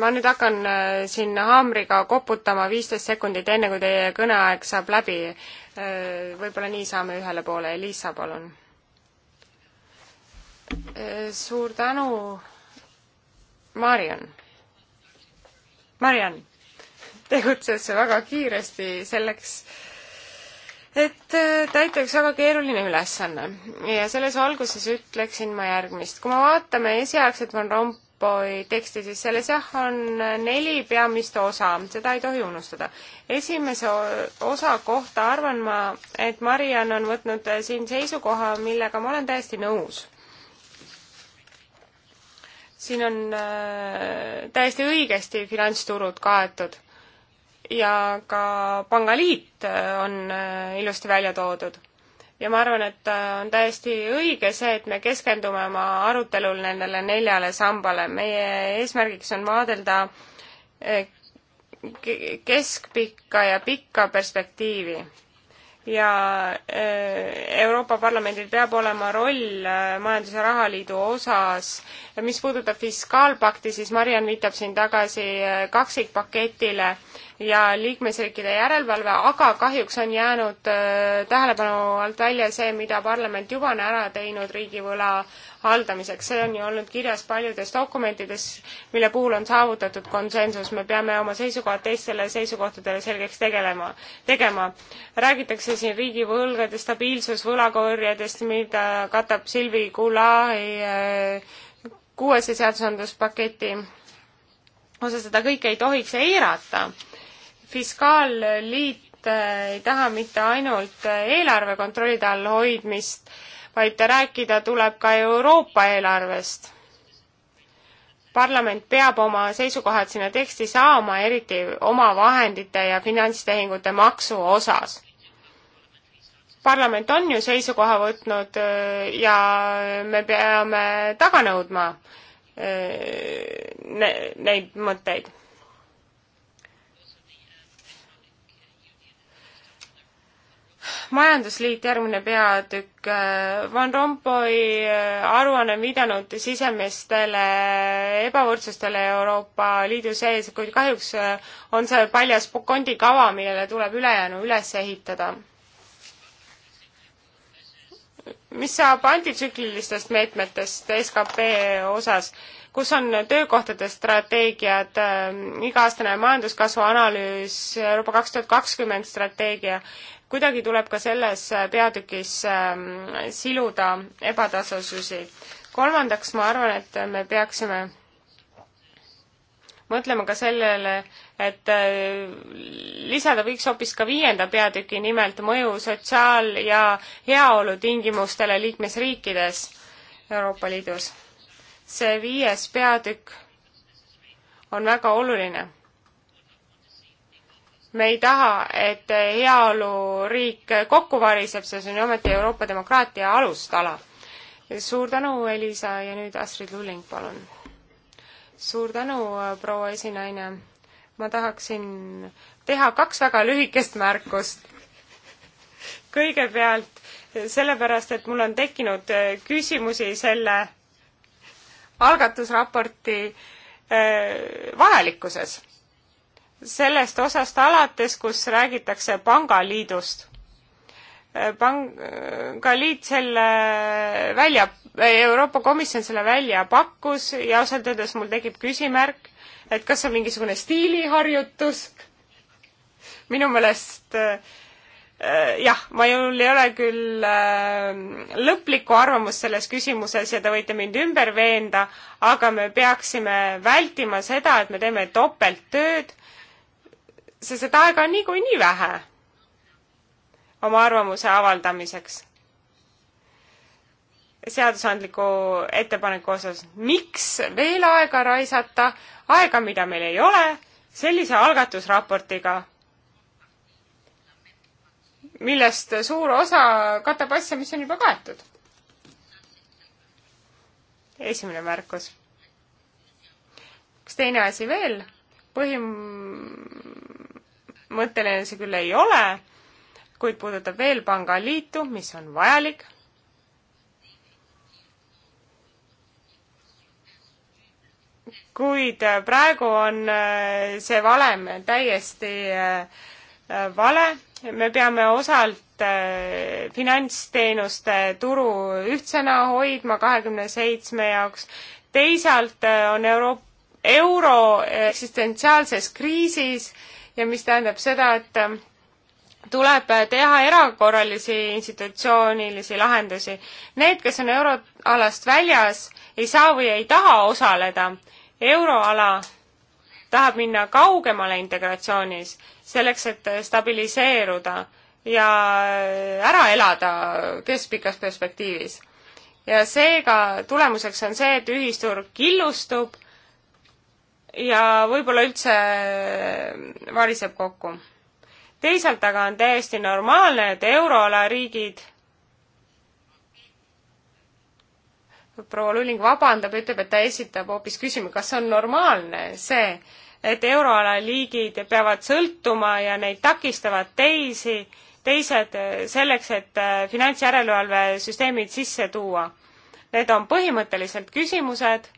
ma nüüd hakkan äh, siin haamriga koputama viisteist sekundit, enne kui teie kõneaeg saab läbi. Äh, võib-olla nii saame ühele poole. Liisa, palun. Äh, suur tänu. Marion. Mariann tegutses väga kiiresti selleks, et täita üks väga keeruline ülesanne ja selles valguses ütleksin ma järgmist. kui me vaatame esialgset Van Romp-, Rampoi teksti, siis selles jah, on neli peamist osa, seda ei tohi unustada. esimese osa kohta arvan ma, et Mariann on võtnud äh, siin seisukoha, millega ma olen täiesti nõus. siin on äh, täiesti õigesti finantsturud kaetud ja ka Pangaliit äh, on ilusti välja toodud ja ma arvan, et äh, on täiesti õige see, et me keskendume oma arutelul nendele neljale sambale. meie eesmärgiks on vaadelda äh, keskpikka ja pikka perspektiivi ja äh, Euroopa Parlamendil peab olema roll äh, Majandus- ja Rahaliidu osas. mis puudutab fiskaalpakti, siis Mariann viitab siin tagasi äh, kaksikpaketile ja liikmesriikide järelevalve, aga kahjuks on jäänud tähelepanu alt välja see, mida parlament juba on ära teinud riigivõla haldamiseks, see on ju olnud kirjas paljudes dokumentides, mille puhul on saavutatud konsensus, me peame oma seisukohad teistele seisukohtadele selgeks tegelema, tegema. räägitakse siin riigivõlgade stabiilsusvõlakorjedest, mida katab Silvi Kulai eh, kuuese seadusandluspaketi osas, seda kõike ei tohiks eirata. fiskaalliit eh, ei taha mitte ainult eh, eelarve kontrolli all hoidmist, vaid rääkida tuleb ka Euroopa eelarvest. parlament peab oma seisukohad sinna teksti saama, eriti omavahendite ja finantstehingute maksu osas parlament on ju seisukoha võtnud äh, ja me peame taga nõudma äh, neid mõtteid majandusliit, järgmine peatükk. Äh, Van Rompuy äh, aruanne on viidanud sisemistele ebavõrdsustele Euroopa Liidu sees, kuid kahjuks äh, on see paljas Bokondi kava, millele tuleb ülejäänu üles ehitada. mis saab antitsüklilistest meetmetest skp osas? kus on töökohtade strateegiad äh,, iga-aastane majanduskasvu analüüs, Euroopa kaks tuhat kakskümmend strateegia kuidagi tuleb ka selles äh, peatükis ähm, siluda ebatasasusi. kolmandaks, ma arvan, et me peaksime mõtlema ka sellele, et äh, lisada võiks hoopis ka viienda peatüki nimelt mõju sotsiaal- ja heaolutingimustele liikmesriikides Euroopa Liidus. see viies peatükk on väga oluline me ei taha, et heaoluriik kokku variseb, sest see on ju ometi Euroopa demokraatia alustala. suur tänu, Elisa, ja nüüd Astrid Lulling, palun. suur tänu, proua esinaine. ma tahaksin teha kaks väga lühikest märkust. kõigepealt sellepärast, et mul on tekkinud küsimusi selle algatusraporti äh, vajalikkuses sellest osast alates, kus räägitakse pangaliidust. pangaliit selle välja, Euroopa Komisjon selle välja pakkus ja ausalt öeldes mul tekib küsimärk, et kas see on mingisugune stiiliharjutus. minu meelest äh, jah, ma jõul ei ole küll äh, lõplikku arvamust selles küsimuses ja te võite mind ümber veenda, aga me peaksime vältima seda, et me teeme topelttööd sest et aega on niikuinii vähe oma arvamuse avaldamiseks seadusandliku ettepaneku osas. miks veel aega raisata, aega, mida meil ei ole, sellise algatusraportiga, millest suur osa katab asja, mis on juba kaetud? esimene märkus. üks teine asi veel, põhim-, mõtteline see küll ei ole, kuid puudutab veel pangaliitu, mis on vajalik. kuid äh, praegu on äh, see valem täiesti äh, vale, me peame osalt finantsteenuste turu ühtsena hoidma kahekümne seitsme jaoks, teisalt on Euroopa euro eksistentsiaalses kriisis ja mis tähendab seda, et tuleb teha erakorralisi institutsioonilisi lahendusi. Need, kes on euroalast väljas, ei saa või ei taha osaleda. euroala tahab minna kaugemale integratsioonis, selleks et stabiliseeruda ja ära elada keskpikas perspektiivis. ja seega tulemuseks on see, et ühisturg killustub ja võib-olla üldse variseb kokku. teisalt aga on täiesti normaalne, et euroala riigid proua Luling vabandab, ütleb, et ta esitab hoopis küsimuse, kas on normaalne see, et euroala liigid peavad sõltuma ja neid takistavad teisi, teised selleks, et äh, finantsjärelevalvesüsteemid sisse tuua. Need on põhimõtteliselt küsimused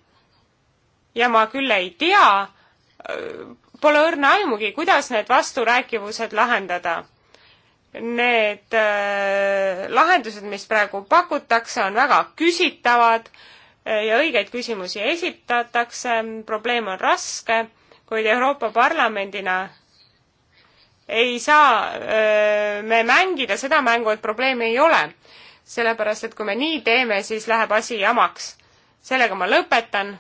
ja ma küll ei tea, äh, pole õrna aimugi, kuidas need vasturääkivused lahendada. Need äh, lahendused, mis praegu pakutakse, on väga küsitavad äh, ja õigeid küsimusi esitatakse, probleem on raske, kuid Euroopa Parlamendina ei saa öö, äh, me mängida seda mängu, et probleemi ei ole. sellepärast, et kui me nii teeme, siis läheb asi jamaks. sellega ma lõpetan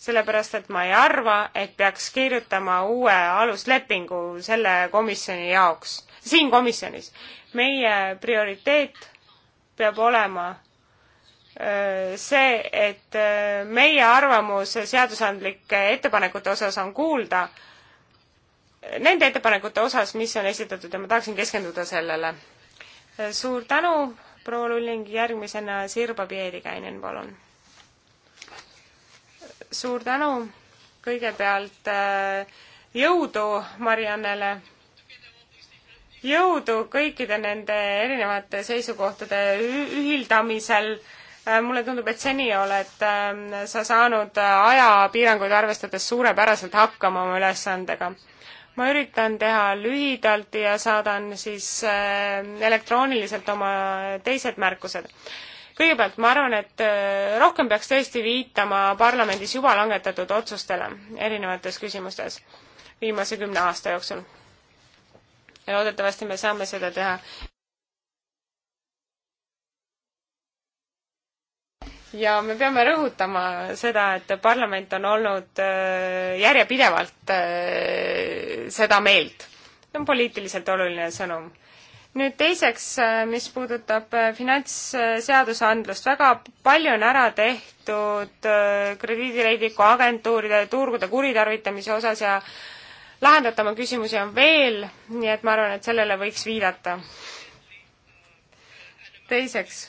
sellepärast et ma ei arva, et peaks kirjutama uue aluslepingu selle komisjoni jaoks, siin komisjonis. meie prioriteet peab olema see, et meie arvamus seadusandlike ettepanekute osas on kuulda, nende ettepanekute osas, mis on esitatud ja ma tahaksin keskenduda sellele. suur tänu, proua Lulling, järgmisena Sirba Piedikäinen, palun suur tänu kõigepealt äh, jõudu Mariannele jõudu kõikide nende erinevate seisukohtade ühildamisel. Äh, mulle tundub, et seni oled äh, sa saanud ajapiiranguid arvestades suurepäraselt hakkama oma ülesandega. ma üritan teha lühidalt ja saadan siis elektrooniliselt oma teised märkused kõigepealt ma arvan, et äh, rohkem peaks tõesti viitama parlamendis juba langetatud otsustele erinevates küsimustes viimase kümne aasta jooksul. ja loodetavasti me saame seda teha. ja me peame rõhutama seda, et parlament on olnud äh, järjepidevalt äh, seda meelt. see on poliitiliselt oluline sõnum nüüd teiseks, äh, mis puudutab äh, finantsseadusandlust, väga palju on ära tehtud äh, krediidireidiku agentuuride turgude kuritarvitamise osas ja lahendatama küsimusi on veel, nii et ma arvan, et sellele võiks viidata. teiseks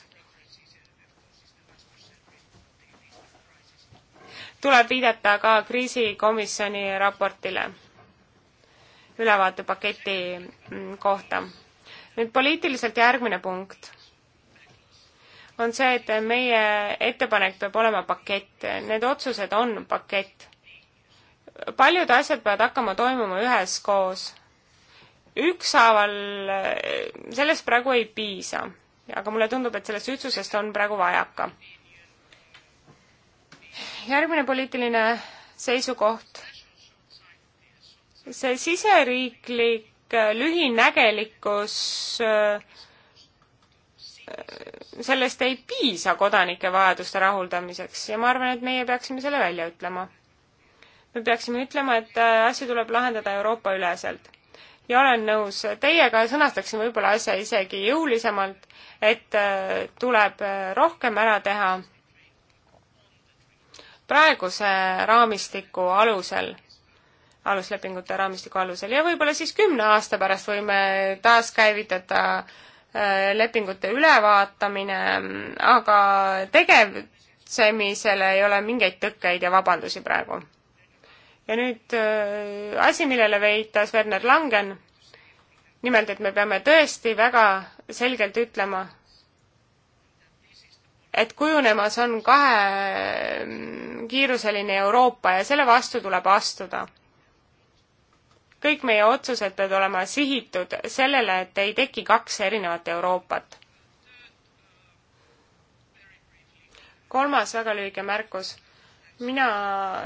tuleb viidata ka kriisikomisjoni raportile ülevaatepaketi mm, kohta nüüd poliitiliselt järgmine punkt on see, et meie ettepanek peab olema pakett, need otsused on pakett. paljud asjad peavad hakkama toimuma üheskoos. ükshaaval eh, sellest praegu ei piisa, aga mulle tundub, et sellest ühtsusest on praegu vajaka. järgmine poliitiline seisukoht. see siseriiklik Äh, lühinägelikkus, äh, sellest ei piisa kodanike vajaduste rahuldamiseks ja ma arvan, et meie peaksime selle välja ütlema. me peaksime ütlema, et äh, asju tuleb lahendada Euroopa üleselt. ja olen nõus teiega ja sõnastaksin võib-olla asja isegi jõulisemalt, et tuleb rohkem ära teha praeguse raamistiku alusel aluslepingute raamistiku alusel ja võib-olla siis kümne aasta pärast võime taaskäivitada äh, lepingute ülevaatamine, aga tegevsemisele ei ole mingeid tõkkeid ja vabandusi praegu. ja nüüd äh, asi, millele viitas Werner Langen, nimelt, et me peame tõesti väga selgelt ütlema, et kujunemas on kahekiiruseline mm, Euroopa ja selle vastu tuleb astuda kõik meie otsused peavad olema sihitud sellele, et ei teki kaks erinevat Euroopat. kolmas väga lühike märkus. mina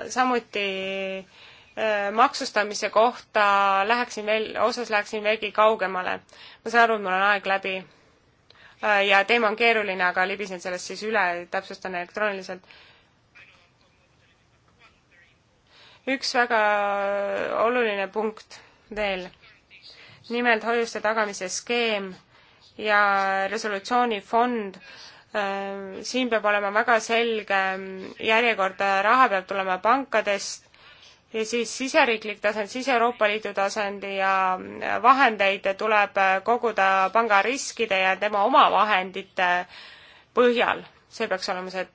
samuti äh, maksustamise kohta läheksin veel, osas läheksin veelgi kaugemale. ma saan aru, et mul on aeg läbi äh, ja teema on keeruline, aga libisen sellest siis üle, täpsustan elektrooniliselt üks väga oluline punkt veel, nimelt hoiuste tagamise skeem ja resolutsioonifond. Äh, siin peab olema väga selge ähm, järjekord, äh, raha peab tulema pankadest ja siis siseriiklik tasand, siis Euroopa Liidu tasandi ja äh, vahendeid tuleb koguda panga riskide ja tema oma vahendite põhjal. see peaks olema see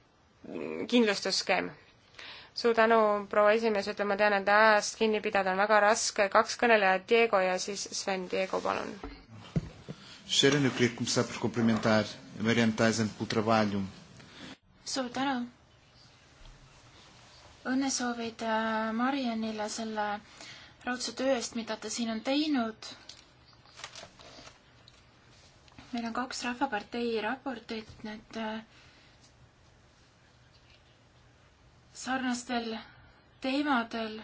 kindlustusskeem suur tänu, proua esimees, ütlen, ma tean, et ajast kinni pidada on väga raske, kaks kõnelejat, Diego ja siis Sven, Diego, palun. Sharon, eu queria começar por cumprimentar a Marianne Tyson pelo trabalho. Suur tänu. õnnesoovid äh, Marianile selle raudse töö eest, mida ta siin on teinud. meil on kaks Rahvapartei raportit, need äh, sarnastel teemadel.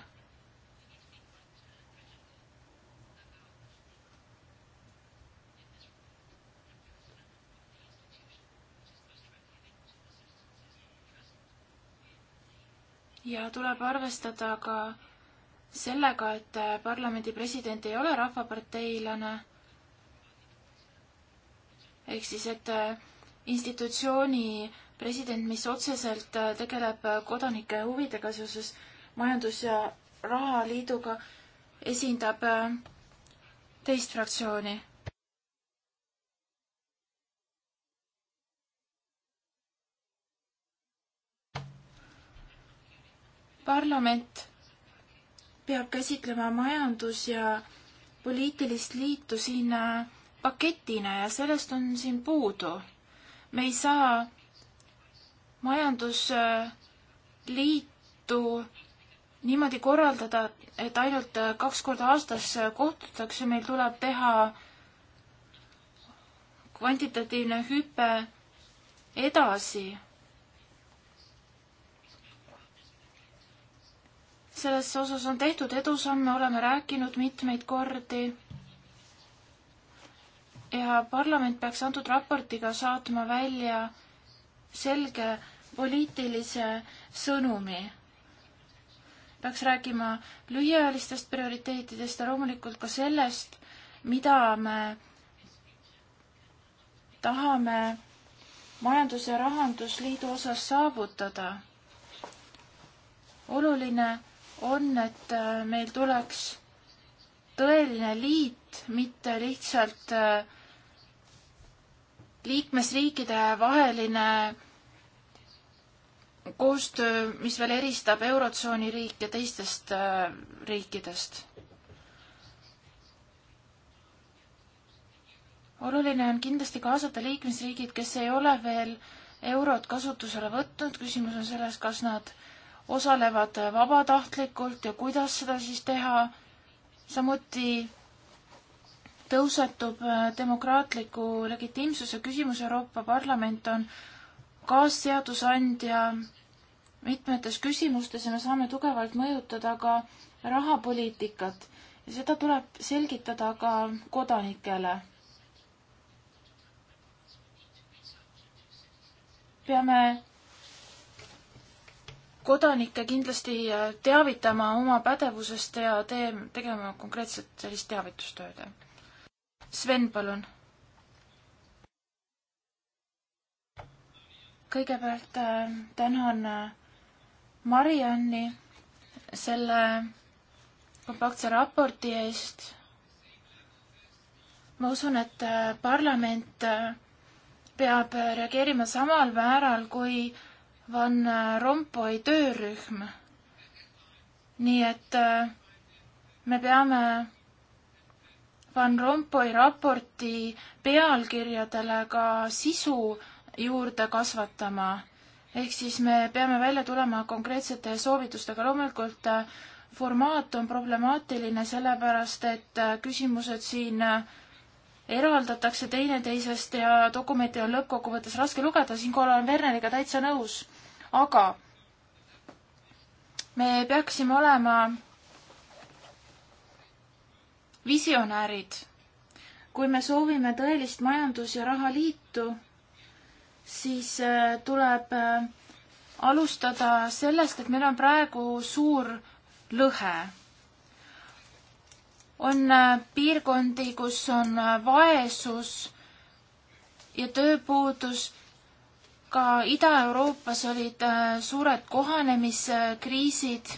ja tuleb arvestada ka sellega, et parlamendi president ei ole rahvaparteilane ehk siis, et institutsiooni president, mis otseselt äh, tegeleb äh, kodanike huvidega seoses majandus- ja rahaliiduga, esindab äh, teist fraktsiooni. parlament peab käsitlema majandus- ja poliitilist liitu siin paketina ja sellest on siin puudu. me ei saa majandusliitu niimoodi korraldada, et ainult kaks korda aastas kohtutakse, meil tuleb teha kvantitatiivne hüpe edasi. selles osas on tehtud edusamme, oleme rääkinud mitmeid kordi. ja parlament peaks antud raportiga saatma välja selge poliitilise sõnumi. peaks rääkima lühiajalistest prioriteetidest ja loomulikult ka sellest, mida me tahame majandus- ja rahandusliidu osas saavutada. oluline on, et äh, meil tuleks tõeline liit, mitte lihtsalt äh, liikmesriikide vaheline koostöö, mis veel eristab Eurotsooni riike teistest äh, riikidest. oluline on kindlasti kaasata liikmesriigid, kes ei ole veel eurot kasutusele võtnud, küsimus on selles, kas nad osalevad vabatahtlikult ja kuidas seda siis teha. samuti tõusetub äh, demokraatliku legitiimsuse küsimus, Euroopa Parlament on äh, kaasseadusandja mitmetes küsimustes ja me saame tugevalt mõjutada ka rahapoliitikat ja seda tuleb selgitada ka kodanikele. peame kodanikke kindlasti teavitama oma pädevusest ja tee-, tegema konkreetset sellist teavitustööd. Sven, palun kõigepealt äh, tänan äh, Marianni selle kompaktse raporti eest. ma usun, et äh, parlament peab reageerima samal määral kui Van Rompuy töörühm. nii et me peame Van Rompuy raporti pealkirjadele ka sisu juurde kasvatama. ehk siis me peame välja tulema konkreetsete soovitustega. loomulikult äh, formaat on problemaatiline, sellepärast et äh, küsimused siin äh, eraldatakse teineteisest ja dokumenti on lõppkokkuvõttes raske lugeda, siinkohal olen Werneriga täitsa nõus. aga me peaksime olema visionäärid. kui me soovime tõelist majandus- ja rahaliitu, siis äh, tuleb äh, alustada sellest, et meil on praegu suur lõhe. on äh, piirkondi, kus on vaesus ja tööpuudus, ka Ida-Euroopas olid suured kohanemiskriisid.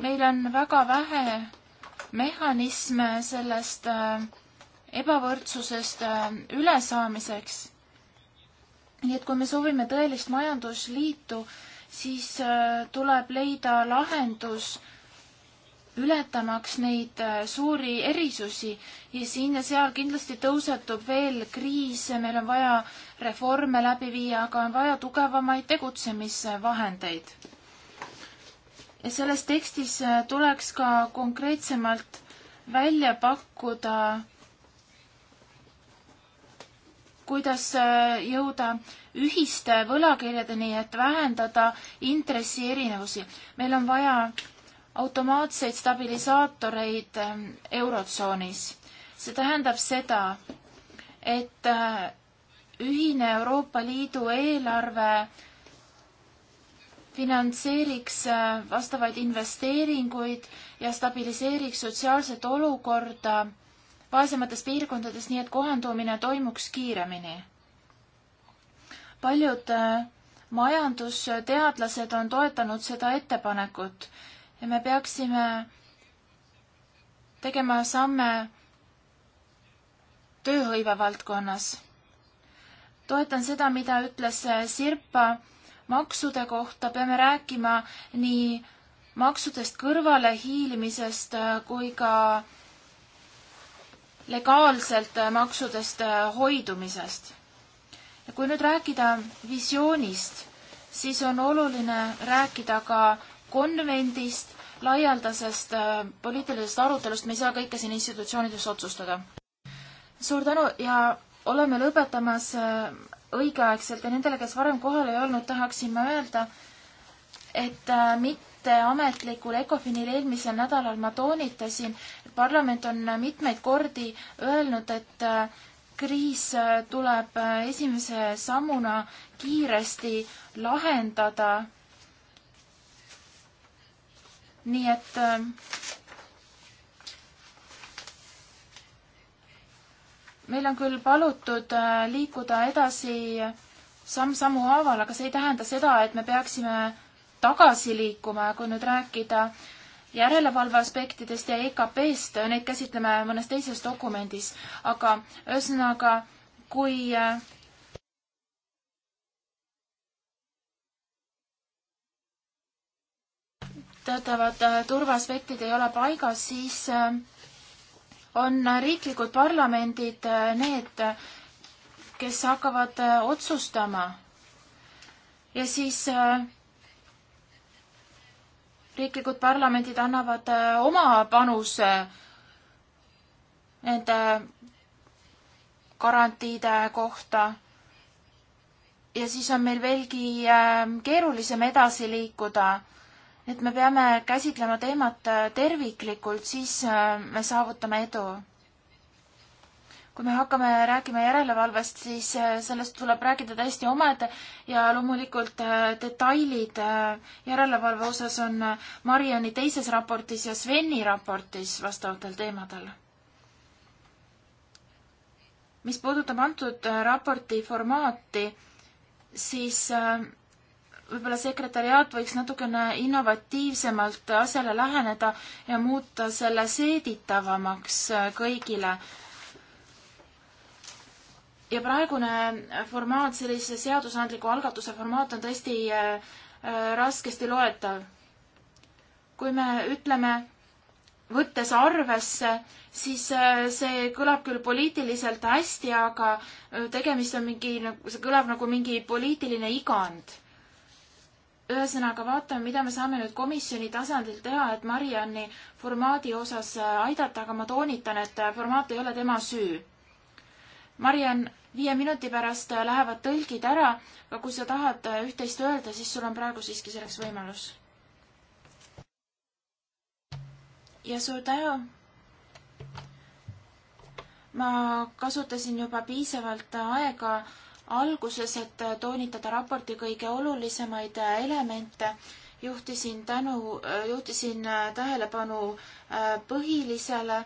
meil on väga vähe mehhanisme sellest äh, ebavõrdsusest äh, ülesaamiseks. nii et kui me soovime tõelist majandusliitu, siis äh, tuleb leida lahendus ületamaks neid suuri erisusi ja siin ja seal kindlasti tõusetub veel kriise, meil on vaja reforme läbi viia, aga on vaja tugevamaid tegutsemisvahendeid selles tekstis äh, tuleks ka konkreetsemalt välja pakkuda, kuidas äh, jõuda ühiste võlakirjadeni, et vähendada intressierinevusi. meil on vaja automaatseid stabilisaatoreid ähm, Eurotsoonis. see tähendab seda, et äh, ühine Euroopa Liidu eelarve finantseeriks äh, vastavaid investeeringuid ja stabiliseeriks sotsiaalset olukorda vaesemates piirkondades, nii et kohandumine toimuks kiiremini. paljud äh, majandusteadlased on toetanud seda ettepanekut ja me peaksime tegema samme tööhõive valdkonnas. toetan seda, mida ütles äh, Sirpa maksude kohta, peame rääkima nii maksudest kõrvalehiilimisest äh, kui ka legaalselt äh, maksudest äh, hoidumisest. ja kui nüüd rääkida visioonist, siis on oluline rääkida ka konvendist, laialdasest poliitilisest arutelust, me ei saa kõike siin institutsioonides otsustada. suur tänu ja oleme lõpetamas õigeaegselt ja nendele, kes varem kohal ei olnud, tahaksime öelda, et äh, mitteametlikul ECOFINil eelmisel nädalal ma toonitasin, et parlament on mitmeid kordi öelnud, et äh, kriis äh, tuleb esimese sammuna kiiresti lahendada. nii et meil on küll palutud äh, liikuda edasi samm-sammu haaval, aga see ei tähenda seda, et me peaksime tagasi liikuma, kui nüüd rääkida järelevalve aspektidest ja EKP-st, neid käsitleme mõnes teises dokumendis, aga ühesõnaga, kui äh, teatavad äh, turvaaspektid ei ole paigas, siis on riiklikud parlamendid äh, need, kes hakkavad äh, otsustama. ja siis äh, riiklikud parlamendid annavad oma panuse nende garantiide kohta. ja siis on meil veelgi keerulisem edasi liikuda et me peame käsitlema teemat äh, terviklikult, siis äh, me saavutame edu. kui me hakkame rääkima järelevalvest, siis äh, sellest tuleb rääkida täiesti omad ja loomulikult detailid järelevalve osas on Mariani teises raportis ja Sveni raportis vastavatel teemadel. mis puudutab antud raporti formaati, siis äh, võib-olla sekretäriaat võiks natukene innovatiivsemalt asjale läheneda ja muuta selle seeditavamaks äh, kõigile. ja praegune formaat, sellise seadusandliku algatuse formaat on tõesti äh, äh, raskesti loetav. kui me ütleme, võttes arvesse, siis see kõlab küll poliitiliselt hästi, aga tegemist on mingi, nagu, see kõlab nagu mingi poliitiline igand ühesõnaga vaatame, mida me saame nüüd komisjoni tasandil teha, et Marianni formaadi osas äh, aidata, aga ma toonitan, et äh, formaat ei ole tema süü. Mariann, viie minuti pärast äh, lähevad tõlgid ära, aga kui sa tahad üht-teist öelda, siis sul on praegu siiski selleks võimalus. ja suur tänu. ma kasutasin juba piisavalt aega alguses, et toonitada raporti kõige olulisemaid elemente, juhtisin tänu, juhtisin tähelepanu äh, põhilisele,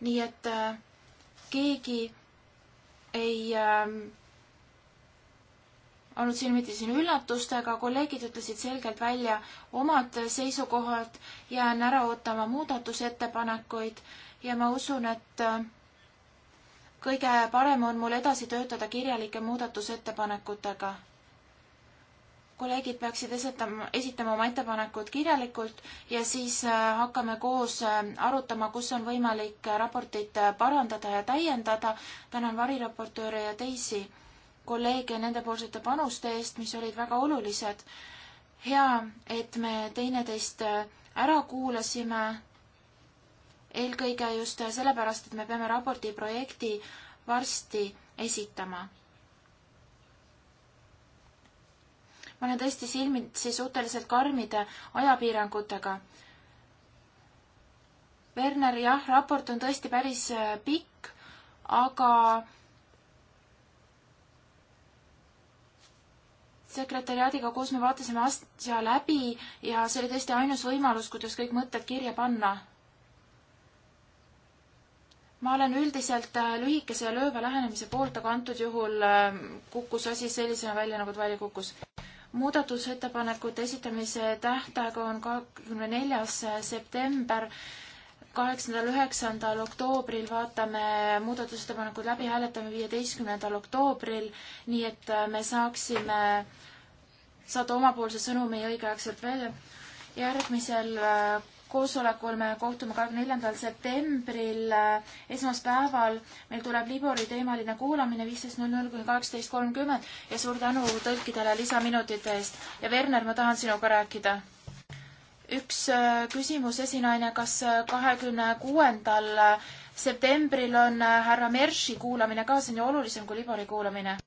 nii et äh, keegi ei ähm, olnud silmitsi siin üllatustega, kolleegid ütlesid selgelt välja omad seisukohad, jään ära ootama muudatusettepanekuid ja ma usun, et äh, kõige parem on mul edasi töötada kirjalike muudatusettepanekutega. kolleegid peaksid esitama, esitama oma ettepanekud kirjalikult ja siis äh, hakkame koos äh, arutama, kus on võimalik äh, raportit parandada ja täiendada. tänan variraportööre ja teisi kolleege nendepoolsete panuste eest, mis olid väga olulised. hea, et me teineteist ära kuulasime eelkõige just sellepärast, et me peame raporti projekti varsti esitama. ma olen tõesti silmitsi suhteliselt karmide ajapiirangutega. Werner, jah, raport on tõesti päris äh, pikk, aga sekretäriaadiga koos me vaatasime asja läbi ja see oli tõesti ainus võimalus, kuidas kõik mõtted kirja panna ma olen üldiselt äh, lühikese ja lööva lähenemise poolt, aga antud juhul äh, kukkus asi sellisena välja, nagu ta välja kukkus. muudatusettepanekute esitamise tähtaeg on kahekümne neljas september, kaheksandal, üheksandal oktoobril vaatame muudatusettepanekud läbi, hääletame viieteistkümnendal oktoobril, nii et äh, me saaksime saada omapoolse sõnumi õigeaegselt välja. järgmisel koosolekul me kohtume kahekümne neljandal septembril eh, esmaspäeval. meil tuleb Libori teemaline kuulamine viisteist null null kuni kaheksateist kolmkümmend ja suur tänu tõlkidele lisaminutite eest. ja Werner, ma tahan sinuga rääkida. üks eh, küsimus, esinaine, kas eh, kahekümne kuuendal septembril on härra Merši kuulamine ka, see on ju olulisem kui Libori kuulamine?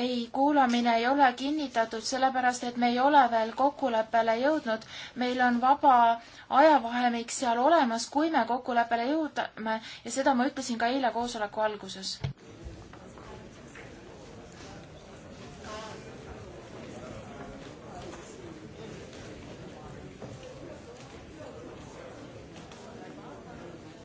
ei, kuulamine ei ole kinnitatud, sellepärast et me ei ole veel kokkuleppele jõudnud. meil on vaba ajavahemik seal olemas, kui me kokkuleppele jõudame ja seda ma ütlesin ka eile koosoleku alguses.